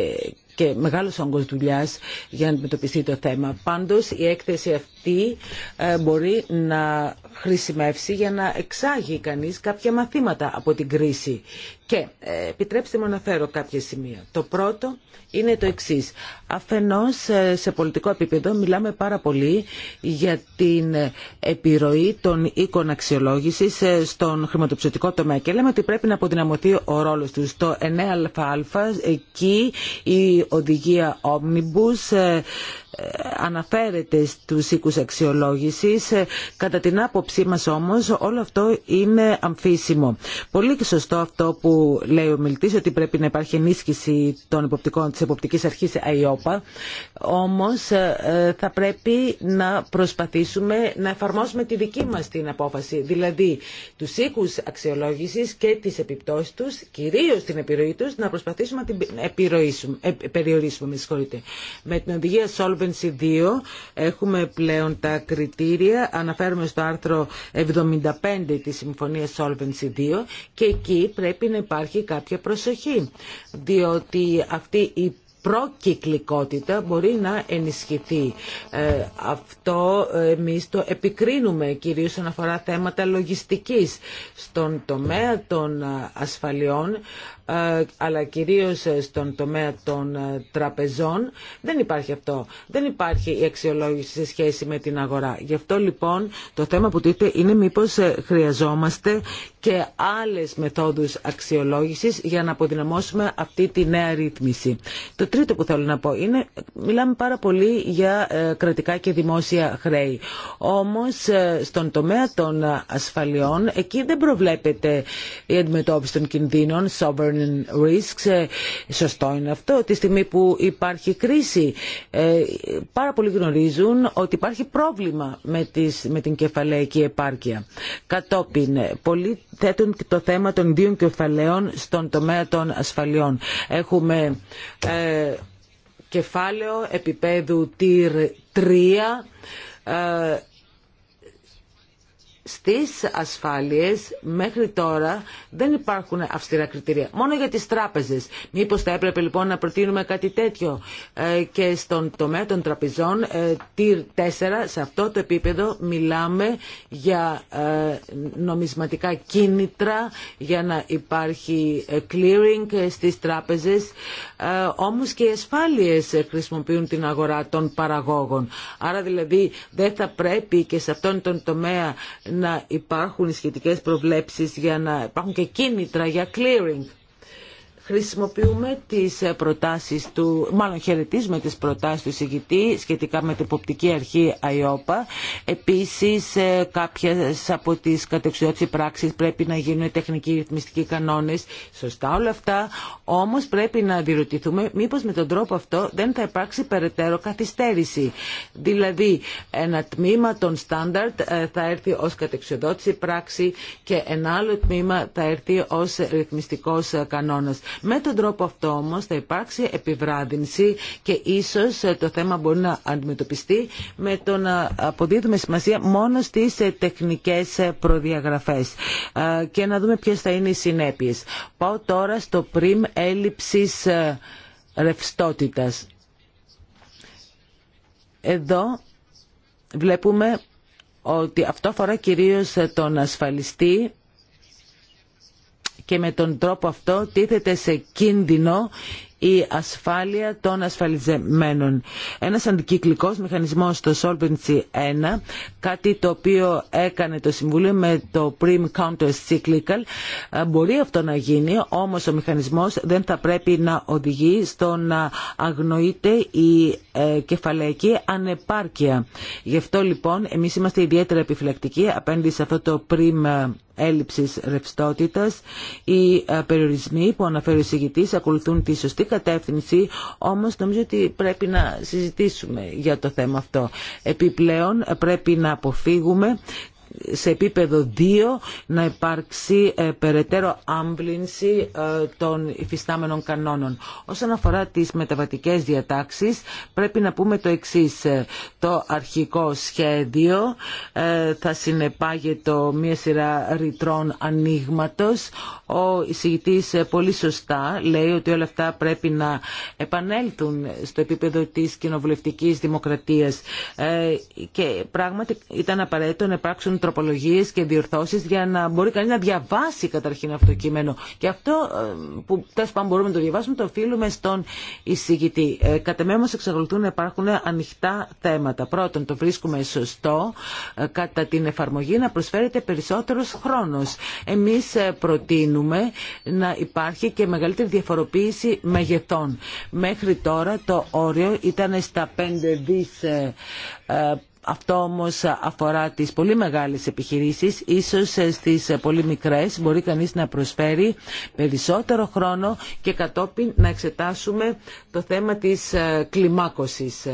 και μεγάλος όγκος δουλειάς για να αντιμετωπιστεί το θέμα. Πάντως η έκθεση αυτή ε, μπορεί να χρησιμεύσει για να εξάγει κανείς κάποια μαθήματα από την κρίση. Και ε, επιτρέψτε μου να φέρω κάποια σημεία. Το πρώτο είναι το εξής. Αφενός ε, σε πολιτικό επίπεδο μιλάμε πάρα πολύ για την επιρροή των οίκων αξιολόγησης στον χρηματοψηφιστικό τομέα και λέμε ότι πρέπει να αποδυναμωθεί ο ρόλος του. Το 9α εκεί η οδηγία Omnibus αναφέρεται στους οίκους αξιολόγησης. Ε, κατά την άποψή μας όμως όλο αυτό είναι αμφίσιμο. Πολύ και σωστό αυτό που λέει ο Μιλτής ότι πρέπει να υπάρχει ενίσχυση των υποπτικών, της εποπτικής αρχής ΑΙΟΠΑ. Όμως ε, ε, θα πρέπει να προσπαθήσουμε να εφαρμόσουμε τη δική μας την απόφαση. Δηλαδή τους οίκους αξιολόγησης και τις επιπτώσεις τους, κυρίως την επιρροή τους, να προσπαθήσουμε να την επιρροήσουμε, περιορίσουμε. με την οδηγία Solve έχουμε πλέον τα κριτήρια, αναφέρουμε στο άρθρο 75 της Συμφωνίας Solvency 2 και εκεί πρέπει να υπάρχει κάποια προσοχή, διότι αυτή η προκυκλικότητα μπορεί να ενισχυθεί. Ε, αυτό εμείς το επικρίνουμε κυρίως όσον αφορά θέματα λογιστικής στον τομέα των ασφαλιών ε, αλλά κυρίως ε, στον τομέα των ε, τραπεζών δεν υπάρχει αυτό. Δεν υπάρχει η αξιολόγηση σε σχέση με την αγορά. Γι' αυτό λοιπόν το θέμα που τίθεται είναι μήπως χρειαζόμαστε και άλλες μεθόδους αξιολόγησης για να αποδυναμώσουμε αυτή τη νέα ρύθμιση. Το τρίτο που θέλω να πω είναι, μιλάμε πάρα πολύ για κρατικά και δημόσια χρέη. Όμως στον τομέα των ασφαλιών εκεί δεν προβλέπεται η αντιμετώπιση των κινδύνων, sovereign Risks. Ε, σωστό είναι αυτό, τη στιγμή που υπάρχει κρίση. Ε, πάρα πολλοί γνωρίζουν ότι υπάρχει πρόβλημα με, τις, με την κεφαλαϊκή επάρκεια. Κατόπιν, ε, πολλοί θέτουν το θέμα των δύο κεφαλαίων στον τομέα των ασφαλιών. Έχουμε κεφάλαιο επίπεδου tier 3, στις ασφάλειες μέχρι τώρα δεν υπάρχουν αυστηρά κριτήρια. Μόνο για τις τράπεζες. Μήπως θα έπρεπε λοιπόν να προτείνουμε κάτι τέτοιο ε, και στον τομέα των τραπεζών ε, tier 4 σε αυτό το επίπεδο μιλάμε για ε, νομισματικά κίνητρα για να υπάρχει ε, clearing στις τράπεζες όμως και οι ασφάλειες χρησιμοποιούν την αγορά των παραγόγων. Άρα δηλαδή δεν θα πρέπει και σε αυτόν τον τομέα να υπάρχουν σχετικές προβλέψεις για να υπάρχουν και κίνητρα για clearing χρησιμοποιούμε τις ε, προτάσεις του, μάλλον χαιρετίζουμε τις προτάσεις του εισηγητή σχετικά με την υποπτική αρχή ΑΙΟΠΑ. Επίσης ε, κάποιες από τις κατεξοδότητες πράξεις πρέπει να γίνουν τεχνικοί ρυθμιστικοί κανόνες. Σωστά όλα αυτά, όμως πρέπει να διερωτηθούμε μήπως με τον τρόπο αυτό δεν θα υπάρξει περαιτέρω καθυστέρηση. Δηλαδή ένα τμήμα των στάνταρτ ε, θα έρθει ως κατεξοδότηση πράξη και ένα άλλο τμήμα θα έρθει ως ρυθμιστικός κανόνας. Με τον τρόπο αυτό όμως θα υπάρξει επιβράδυνση και ίσως ε, το θέμα μπορεί να αντιμετωπιστεί με το να αποδίδουμε σημασία μόνο στις ε, τεχνικές ε, προδιαγραφές και να δούμε ποιες θα είναι οι συνέπειες. Πάω τώρα στο πριμ έλλειψης ρευστότητας. Εδώ βλέπουμε ότι αυτό αφορά κυρίως τον ασφαλιστή και με τον τρόπο αυτό τίθεται σε κίνδυνο η ασφάλεια των ασφαλιζεμένων. Ένας αντικυκλικός μηχανισμός στο Solvency 1, κάτι το οποίο έκανε το Συμβουλίο με το Prim Counter Cyclical, ε, μπορεί αυτό να γίνει, όμως ο μηχανισμός δεν θα πρέπει να οδηγεί στο να αγνοείται η ε, κεφαλαϊκή ανεπάρκεια. Γι' αυτό λοιπόν εμείς είμαστε ιδιαίτερα επιφυλακτικοί απέναντι σε αυτό το Prim έλλειψης ρευστότητας. Οι ε, περιορισμοί που αναφέρει ο συγητής ακολουθούν τη σωστή κατεύθυνση, όμως νομίζω ότι πρέπει να συζητήσουμε για το θέμα αυτό. Επιπλέον ε, πρέπει να αποφύγουμε σε επίπεδο 2 να υπάρξει ε, περαιτέρω άμβλυνση ε, των υφιστάμενων κανόνων. Όσον αφορά τις μεταβατικές διατάξεις πρέπει να πούμε το εξής. Ε, το αρχικό σχέδιο θα συνεπάγεται μία σειρά ρητρών ανοίγματο. Ο εισηγητής πολύ σωστά λέει ότι όλα αυτά πρέπει να επανέλθουν στο επίπεδο της κοινοβουλευτικής δημοκρατίας και πράγματι ήταν απαραίτητο να υπάρξουν τροπολογίες και διορθώσεις για να μπορεί κανείς να διαβάσει καταρχήν αυτό το κείμενο. Και αυτό ε, που τέλο πάντων μπορούμε να το διαβάσουμε το οφείλουμε στον εισηγητή. Ε, κατά μέρο μας εξακολουθούν να υπάρχουν ανοιχτά θέματα. Πρώτον, το βρίσκουμε σωστό ε, κατά την εφαρμογή να προσφέρεται περισσότερος χρόνος. Εμείς προτείνουμε να υπάρχει και μεγαλύτερη διαφοροποίηση μεγεθών. Μέχρι τώρα το όριο ήταν στα 5 δις αυτό όμως αφορά τις πολύ μεγάλες επιχειρήσεις, ίσως στις πολύ μικρές μπορεί κανείς να προσφέρει περισσότερο χρόνο και κατόπιν να εξετάσουμε το θέμα της κλιμάκωσης.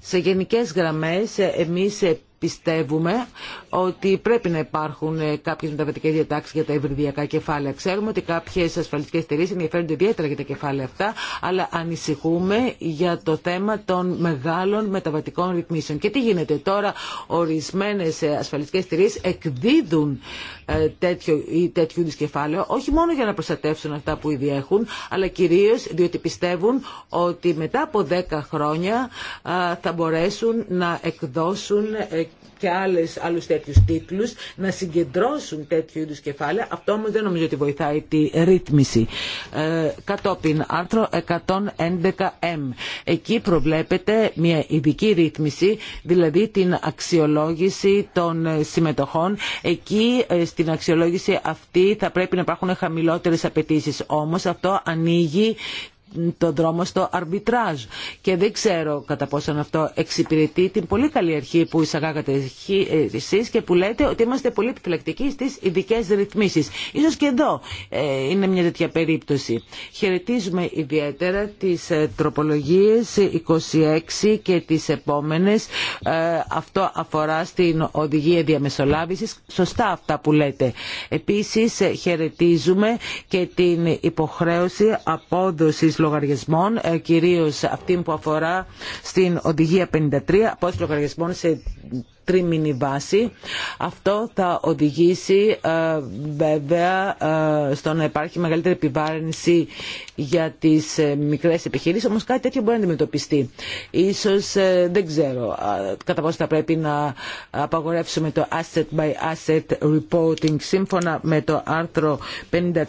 Σε γενικές γραμμές εμείς πιστεύουμε ότι πρέπει να υπάρχουν κάποιε μεταβατικέ διατάξει για τα ευρυδιακά κεφάλαια. Ξέρουμε ότι κάποιε ασφαλιστικέ εταιρείε ενδιαφέρονται ιδιαίτερα για τα κεφάλαια αυτά, αλλά ανησυχούμε για το θέμα των μεγάλων μεταβατικών ρυθμίσεων. Και τι γίνεται τώρα, ορισμένε ασφαλιστικέ εταιρείε εκδίδουν ε, τέτοιο ή τέτοιου είδου κεφάλαιο, όχι μόνο για να προστατεύσουν αυτά που ήδη έχουν, αλλά κυρίω διότι πιστεύουν ότι μετά από 10 χρόνια ε, θα μπορέσουν να εκδώσουν ε, και άλλες, άλλους τέτοιους τίτλους να συγκεντρώσουν τέτοιου είδους κεφάλαια. Αυτό όμως δεν νομίζω ότι βοηθάει τη ρύθμιση. Ε, κατόπιν άρθρο 111M. Εκεί προβλέπεται μια ειδική ρύθμιση, δηλαδή την αξιολόγηση των ε, συμμετοχών. Εκεί ε, στην αξιολόγηση αυτή θα πρέπει να υπάρχουν χαμηλότερες απαιτήσει. Όμως αυτό ανοίγει τον δρόμο στο αρμπιτράζ. Και δεν ξέρω κατά πόσον αυτό εξυπηρετεί την πολύ καλή αρχή που εισαγάγατε ε, εσεί και που λέτε ότι είμαστε πολύ επιφυλακτικοί στι ειδικέ ρυθμίσει. σω και εδώ ε, είναι μια τέτοια περίπτωση. Χαιρετίζουμε ιδιαίτερα τι ε, τροπολογίε 26 και τι επόμενε. Αυτό αφορά στην οδηγία διαμεσολάβηση. Σωστά αυτά που λέτε. Επίση χαιρετίζουμε και την υποχρέωση απόδοση λογαριασμών, ε, κυρίως αυτή που αφορά στην Οδηγία 53, απόδοση λογαριασμών σε τρίμηνη βάση. Αυτό θα οδηγήσει ε, βέβαια ε, στο να υπάρχει μεγαλύτερη επιβάρυνση για τις ε, μικρές επιχειρήσεις, όμως κάτι τέτοιο μπορεί να αντιμετωπιστεί. Ίσως δεν ξέρω κατά πόσο θα πρέπει να απαγορεύσουμε το asset by asset reporting. Σύμφωνα με το άρθρο 54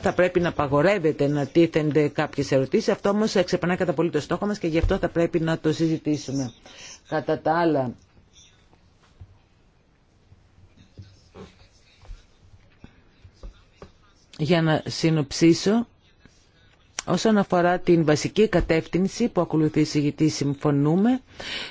θα πρέπει να απαγορεύεται να τίθενται κάποιες ερωτήσεις. Αυτό όμως εξεπερνάει κατά πολύ το στόχο μα και γι' αυτό θα πρέπει να το συζητήσουμε. Κατά τα άλλα, Για να συνοψίσω, Όσον αφορά την βασική κατεύθυνση που ακολουθεί η συμφωνούμε.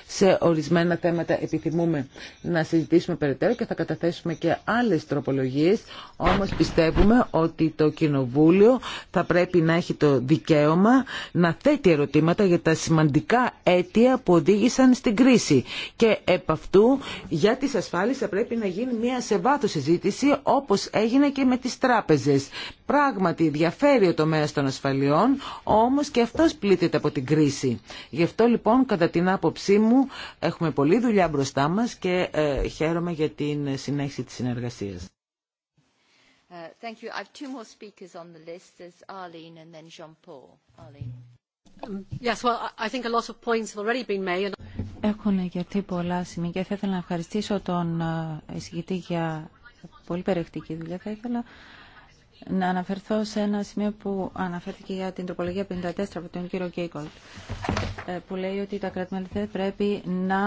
Σε ορισμένα θέματα επιθυμούμε να συζητήσουμε περαιτέρω και θα καταθέσουμε και άλλες τροπολογίες. Όμως πιστεύουμε ότι το Κοινοβούλιο θα πρέπει να έχει το δικαίωμα να θέτει ερωτήματα για τα σημαντικά αίτια που οδήγησαν στην κρίση. Και επ' αυτού για τις ασφάλειες θα πρέπει να γίνει μια σε βάθος συζήτηση όπως έγινε και με τις τράπεζες. Πράγματι διαφέρει ο τομέας των ασφαλιών Όμω λοιπόν, όμως και αυτός πλήττεται από την κρίση. Γι' αυτό λοιπόν κατά την άποψή μου έχουμε πολλή δουλειά μπροστά μας και ε, χαίρομαι για την συνέχιση της συνεργασίας. Έχουν γιατί πολλά σημεία και θα ήθελα να ευχαριστήσω τον ε, εισηγητή για πολύ περιεκτική δουλειά. Θα ήθελα να αναφερθώ σε ένα σημείο που αναφέρθηκε για την τροπολογία 54 από τον κύριο Κίκολτ, ε, που λέει ότι τα κρατημέλη δεν πρέπει να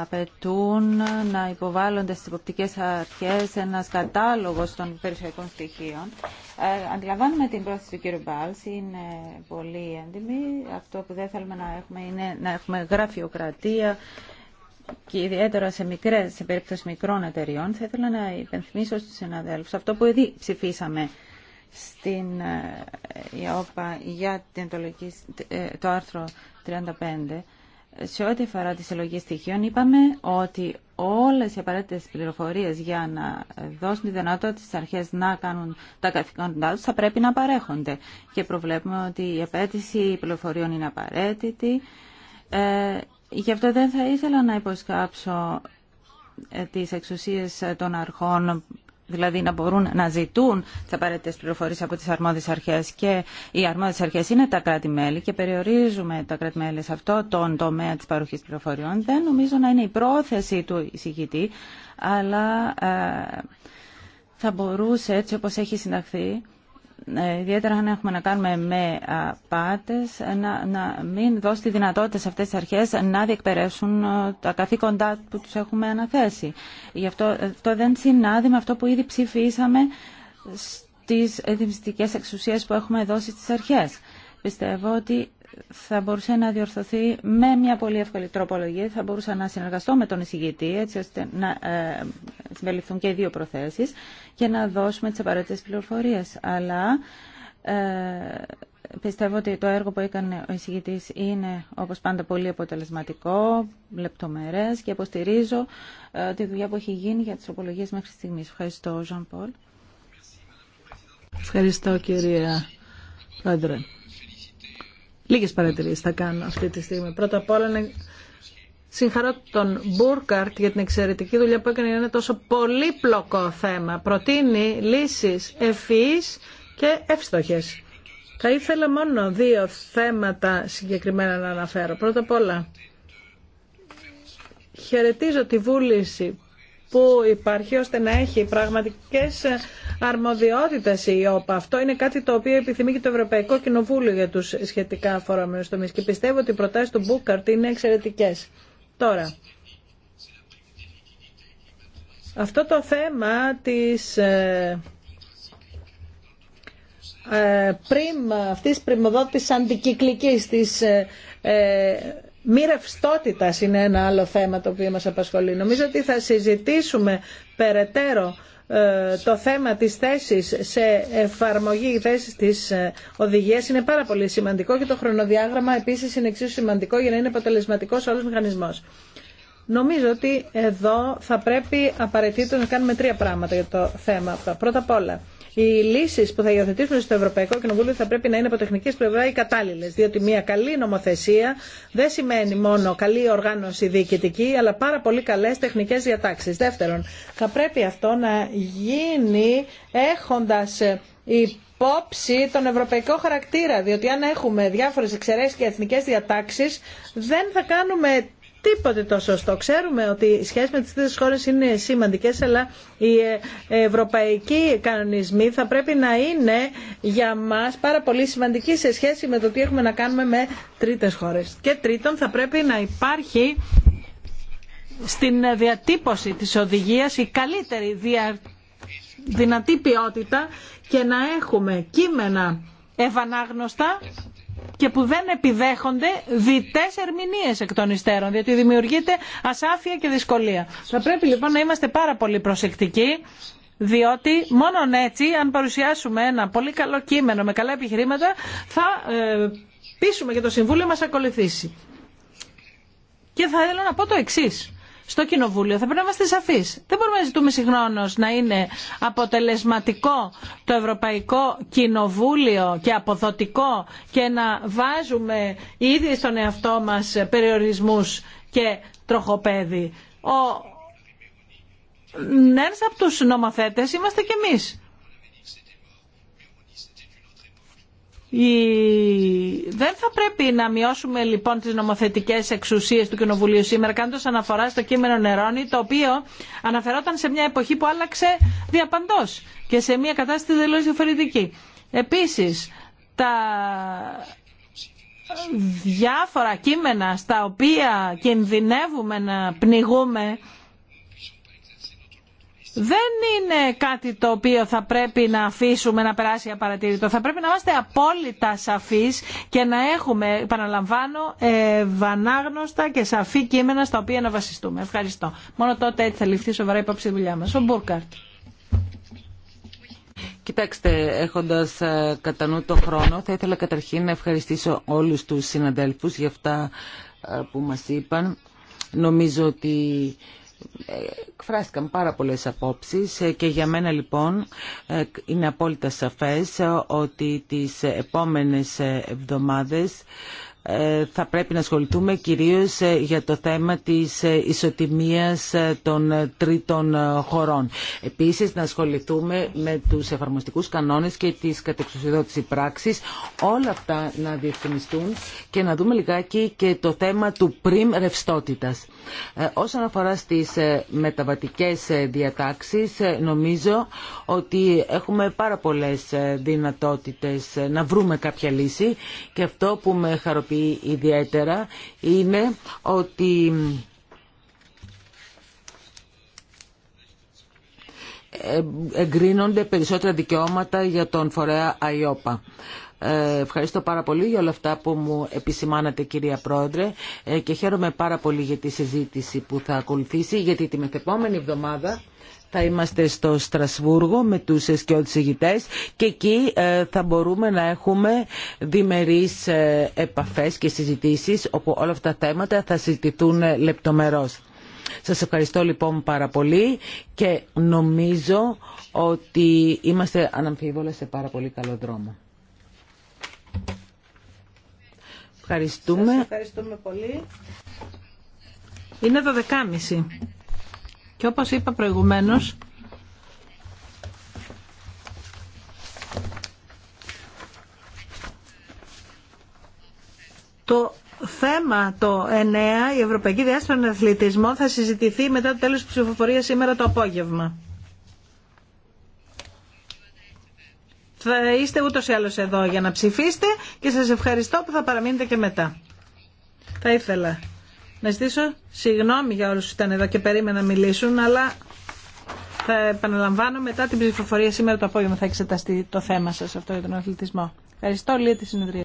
απαιτούν να υποβάλλονται στις υποπτικές αρχές ένας κατάλογος των περιουσιακών στοιχείων. Ε, αντιλαμβάνουμε την πρόθεση του κύριου Μπάλς, είναι πολύ έντιμη. Αυτό που δεν θέλουμε να έχουμε είναι να έχουμε γραφειοκρατία, και ιδιαίτερα σε, μικρές, σε περίπτωση μικρών εταιριών, θα ήθελα να υπενθυμίσω στους συναδέλφους αυτό που ήδη ψηφίσαμε στην ΙΟΠΑ ε, για την ε, το άρθρο 35, σε ό,τι αφορά τη συλλογή στοιχείων, είπαμε ότι όλες οι απαραίτητες πληροφορίες για να δώσουν τη δυνατότητα στις αρχές να κάνουν τα καθηκόντά τους θα πρέπει να παρέχονται. Και προβλέπουμε ότι η απέτηση πληροφοριών είναι απαραίτητη ε, Γι' αυτό δεν θα ήθελα να υποσκάψω ε, τις εξουσίες των αρχών δηλαδή να μπορούν να ζητούν τι απαραίτητε πληροφορίε από τι αρμόδιες αρχέ. Και οι αρμόδιε αρχέ είναι τα κράτη-μέλη και περιορίζουμε τα κράτη-μέλη σε αυτό τον τομέα τη παροχή πληροφοριών. Δεν νομίζω να είναι η πρόθεση του εισηγητή, αλλά ε, θα μπορούσε έτσι όπω έχει συνταχθεί ε, ιδιαίτερα αν έχουμε να κάνουμε με πάτες, να, να μην δώσει τη δυνατότητα σε αυτές τις αρχές να διεκπαιρέσουν ε, τα καθήκοντά που τους έχουμε αναθέσει. Γι' αυτό, αυτό ε, δεν συνάδει με αυτό που ήδη ψηφίσαμε στις ρυθμιστικές εξουσίες που έχουμε δώσει στις αρχές. Πιστεύω ότι θα μπορούσε να διορθωθεί με μια πολύ εύκολη τροπολογία. Θα μπορούσα να συνεργαστώ με τον εισηγητή έτσι ώστε να συμπεριληφθούν και οι δύο προθέσεις για να δώσουμε τις απαραίτητες πληροφορίες. Αλλά ε, πιστεύω ότι το έργο που έκανε ο εισηγητής είναι όπως πάντα πολύ αποτελεσματικό, λεπτομερές και υποστηρίζω ε, τη δουλειά που έχει γίνει για τις οπολογίες μέχρι στιγμής. Ευχαριστώ, Ζαν Πολ. Ευχαριστώ, κυρία Πρόεδρε. Λίγες παρατηρήσεις θα κάνω αυτή τη στιγμή. Πρώτα απ' όλα συγχαρώ τον Μπούρκαρτ για την εξαιρετική δουλειά που έκανε για ένα τόσο πολύπλοκο θέμα. Προτείνει λύσεις ευφυείς και εύστοχες. Θα ήθελα μόνο δύο θέματα συγκεκριμένα να αναφέρω. Πρώτα απ' όλα, χαιρετίζω τη βούληση που υπάρχει ώστε να έχει πραγματικές αρμοδιότητες η ΟΠΑ. Αυτό είναι κάτι το οποίο επιθυμεί και το Ευρωπαϊκό Κοινοβούλιο για τους σχετικά αφορούμενους τομείς και πιστεύω ότι οι προτάσεις του Μπούκαρτ είναι εξαιρετικέ. Τώρα, αυτό το θέμα της ε, ε, πριμ, αυτής πριμοδότης αντικυκλικής, της ε, μη είναι ένα άλλο θέμα το οποίο μας απασχολεί. Νομίζω ότι θα συζητήσουμε περαιτέρω ε, το θέμα της θέσης σε εφαρμογή θέσης της ε, οδηγίας είναι πάρα πολύ σημαντικό και το χρονοδιάγραμμα επίσης είναι εξίσου σημαντικό για να είναι σε όλους τους μηχανισμός. Νομίζω ότι εδώ θα πρέπει απαραίτητο να κάνουμε τρία πράγματα για το θέμα αυτό. Πρώτα απ' όλα, οι λύσει που θα υιοθετήσουμε στο Ευρωπαϊκό Κοινοβούλιο θα πρέπει να είναι από τεχνική πλευρά οι κατάλληλε, διότι μια καλή νομοθεσία δεν σημαίνει μόνο καλή οργάνωση διοικητική, αλλά πάρα πολύ καλές τεχνικές διατάξεις. Δεύτερον, θα πρέπει αυτό να γίνει έχοντας υπόψη τον ευρωπαϊκό χαρακτήρα, διότι αν έχουμε διάφορε εξαιρέσει και εθνικέ διατάξει, δεν θα κάνουμε τίποτε το σωστό. Ξέρουμε ότι οι σχέσεις με τις τρίτες χώρες είναι σημαντικές, αλλά οι ε, ευρωπαϊκοί κανονισμοί θα πρέπει να είναι για μας πάρα πολύ σημαντικοί σε σχέση με το τι έχουμε να κάνουμε με τρίτες χώρες. Και τρίτον, θα πρέπει να υπάρχει στην διατύπωση της οδηγίας η καλύτερη δια... δυνατή ποιότητα και να έχουμε κείμενα ευανάγνωστα και που δεν επιδέχονται διτέ ερμηνείε εκ των υστέρων, διότι δημιουργείται ασάφεια και δυσκολία. Θα πρέπει λοιπόν να είμαστε πάρα πολύ προσεκτικοί διότι μόνον έτσι, αν παρουσιάσουμε ένα πολύ καλό κείμενο με καλά επιχειρήματα, θα ε, πείσουμε και το Συμβούλιο μας ακολουθήσει. Και θα ήθελα να πω το εξής στο Κοινοβούλιο. Θα πρέπει να είμαστε σαφεί. Δεν μπορούμε να ζητούμε συγχρόνω να είναι αποτελεσματικό το Ευρωπαϊκό Κοινοβούλιο και αποδοτικό και να βάζουμε ήδη στον εαυτό μα περιορισμού και τροχοπέδι. Ο... Ένα από του νομοθέτε είμαστε κι εμείς. Δεν θα πρέπει να μειώσουμε λοιπόν τις νομοθετικές εξουσίες του Κοινοβουλίου σήμερα κάνοντας αναφορά στο κείμενο Νερόνι, το οποίο αναφερόταν σε μια εποχή που άλλαξε διαπαντός και σε μια κατάσταση τελείως διαφορετική. Επίσης, τα διάφορα κείμενα στα οποία κινδυνεύουμε να πνιγούμε δεν είναι κάτι το οποίο θα πρέπει να αφήσουμε να περάσει απαρατήρητο. Θα πρέπει να είμαστε απόλυτα σαφείς και να έχουμε, επαναλαμβάνω, ε, βανάγνωστα και σαφή κείμενα στα οποία να βασιστούμε. Ευχαριστώ. Μόνο τότε έτσι θα ληφθεί σοβαρά υπόψη η δουλειά μας. Ο Μπούρκαρτ. Κοιτάξτε, έχοντας ε, κατά νου το χρόνο, θα ήθελα καταρχήν να ευχαριστήσω όλους τους συναντέλφου για αυτά ε, που μας είπαν. Νομίζω ότι εκφράστηκαν πάρα πολλές απόψεις ε, και για μένα λοιπόν ε, είναι απόλυτα σαφές ότι τις επόμενες ε, εβδομάδες ε, θα πρέπει να ασχοληθούμε κυρίως ε, για το θέμα της ε, ισοτιμίας των τρίτων χωρών. Επίσης να ασχοληθούμε με τους εφαρμοστικούς κανόνες και τις κατεξουσιοδότηση πράξης. Όλα αυτά να διευθυνιστούν και να δούμε λιγάκι και το θέμα του πριμ ρευστότητας. Όσον αφορά στις μεταβατικές διατάξεις, νομίζω ότι έχουμε πάρα πολλές δυνατότητες να βρούμε κάποια λύση και αυτό που με χαροποιεί ιδιαίτερα είναι ότι εγκρίνονται περισσότερα δικαιώματα για τον φορέα ΑΙΟΠΑ. Ε, ευχαριστώ πάρα πολύ για όλα αυτά που μου επισημάνατε κυρία Πρόεδρε ε, και χαίρομαι πάρα πολύ για τη συζήτηση που θα ακολουθήσει γιατί την επόμενη εβδομάδα θα είμαστε στο Στρασβούργο με τους σκιώδης και εκεί ε, θα μπορούμε να έχουμε διμερείς ε, επαφές και συζητήσεις όπου όλα αυτά τα θέματα θα συζητηθούν ε, λεπτομερώς. Σας ευχαριστώ λοιπόν πάρα πολύ και νομίζω ότι είμαστε αναμφίβολα σε πάρα πολύ καλό δρόμο. Ευχαριστούμε. Σας ευχαριστούμε πολύ. Είναι 12.30. Και όπως είπα προηγουμένως, το θέμα το 9, η Ευρωπαϊκή Διάσταση των Αθλητισμών, θα συζητηθεί μετά το τέλος της ψηφοφορίας σήμερα το απόγευμα. Θα είστε ούτως ή άλλως εδώ για να ψηφίσετε και σας ευχαριστώ που θα παραμείνετε και μετά. Θα ήθελα να ζητήσω συγγνώμη για όλους που ήταν εδώ και περίμενα να μιλήσουν, αλλά θα επαναλαμβάνω μετά την ψηφοφορία σήμερα το απόγευμα θα εξεταστεί το θέμα σας αυτό για τον αθλητισμό. Ευχαριστώ λίγο τη συνεδρία.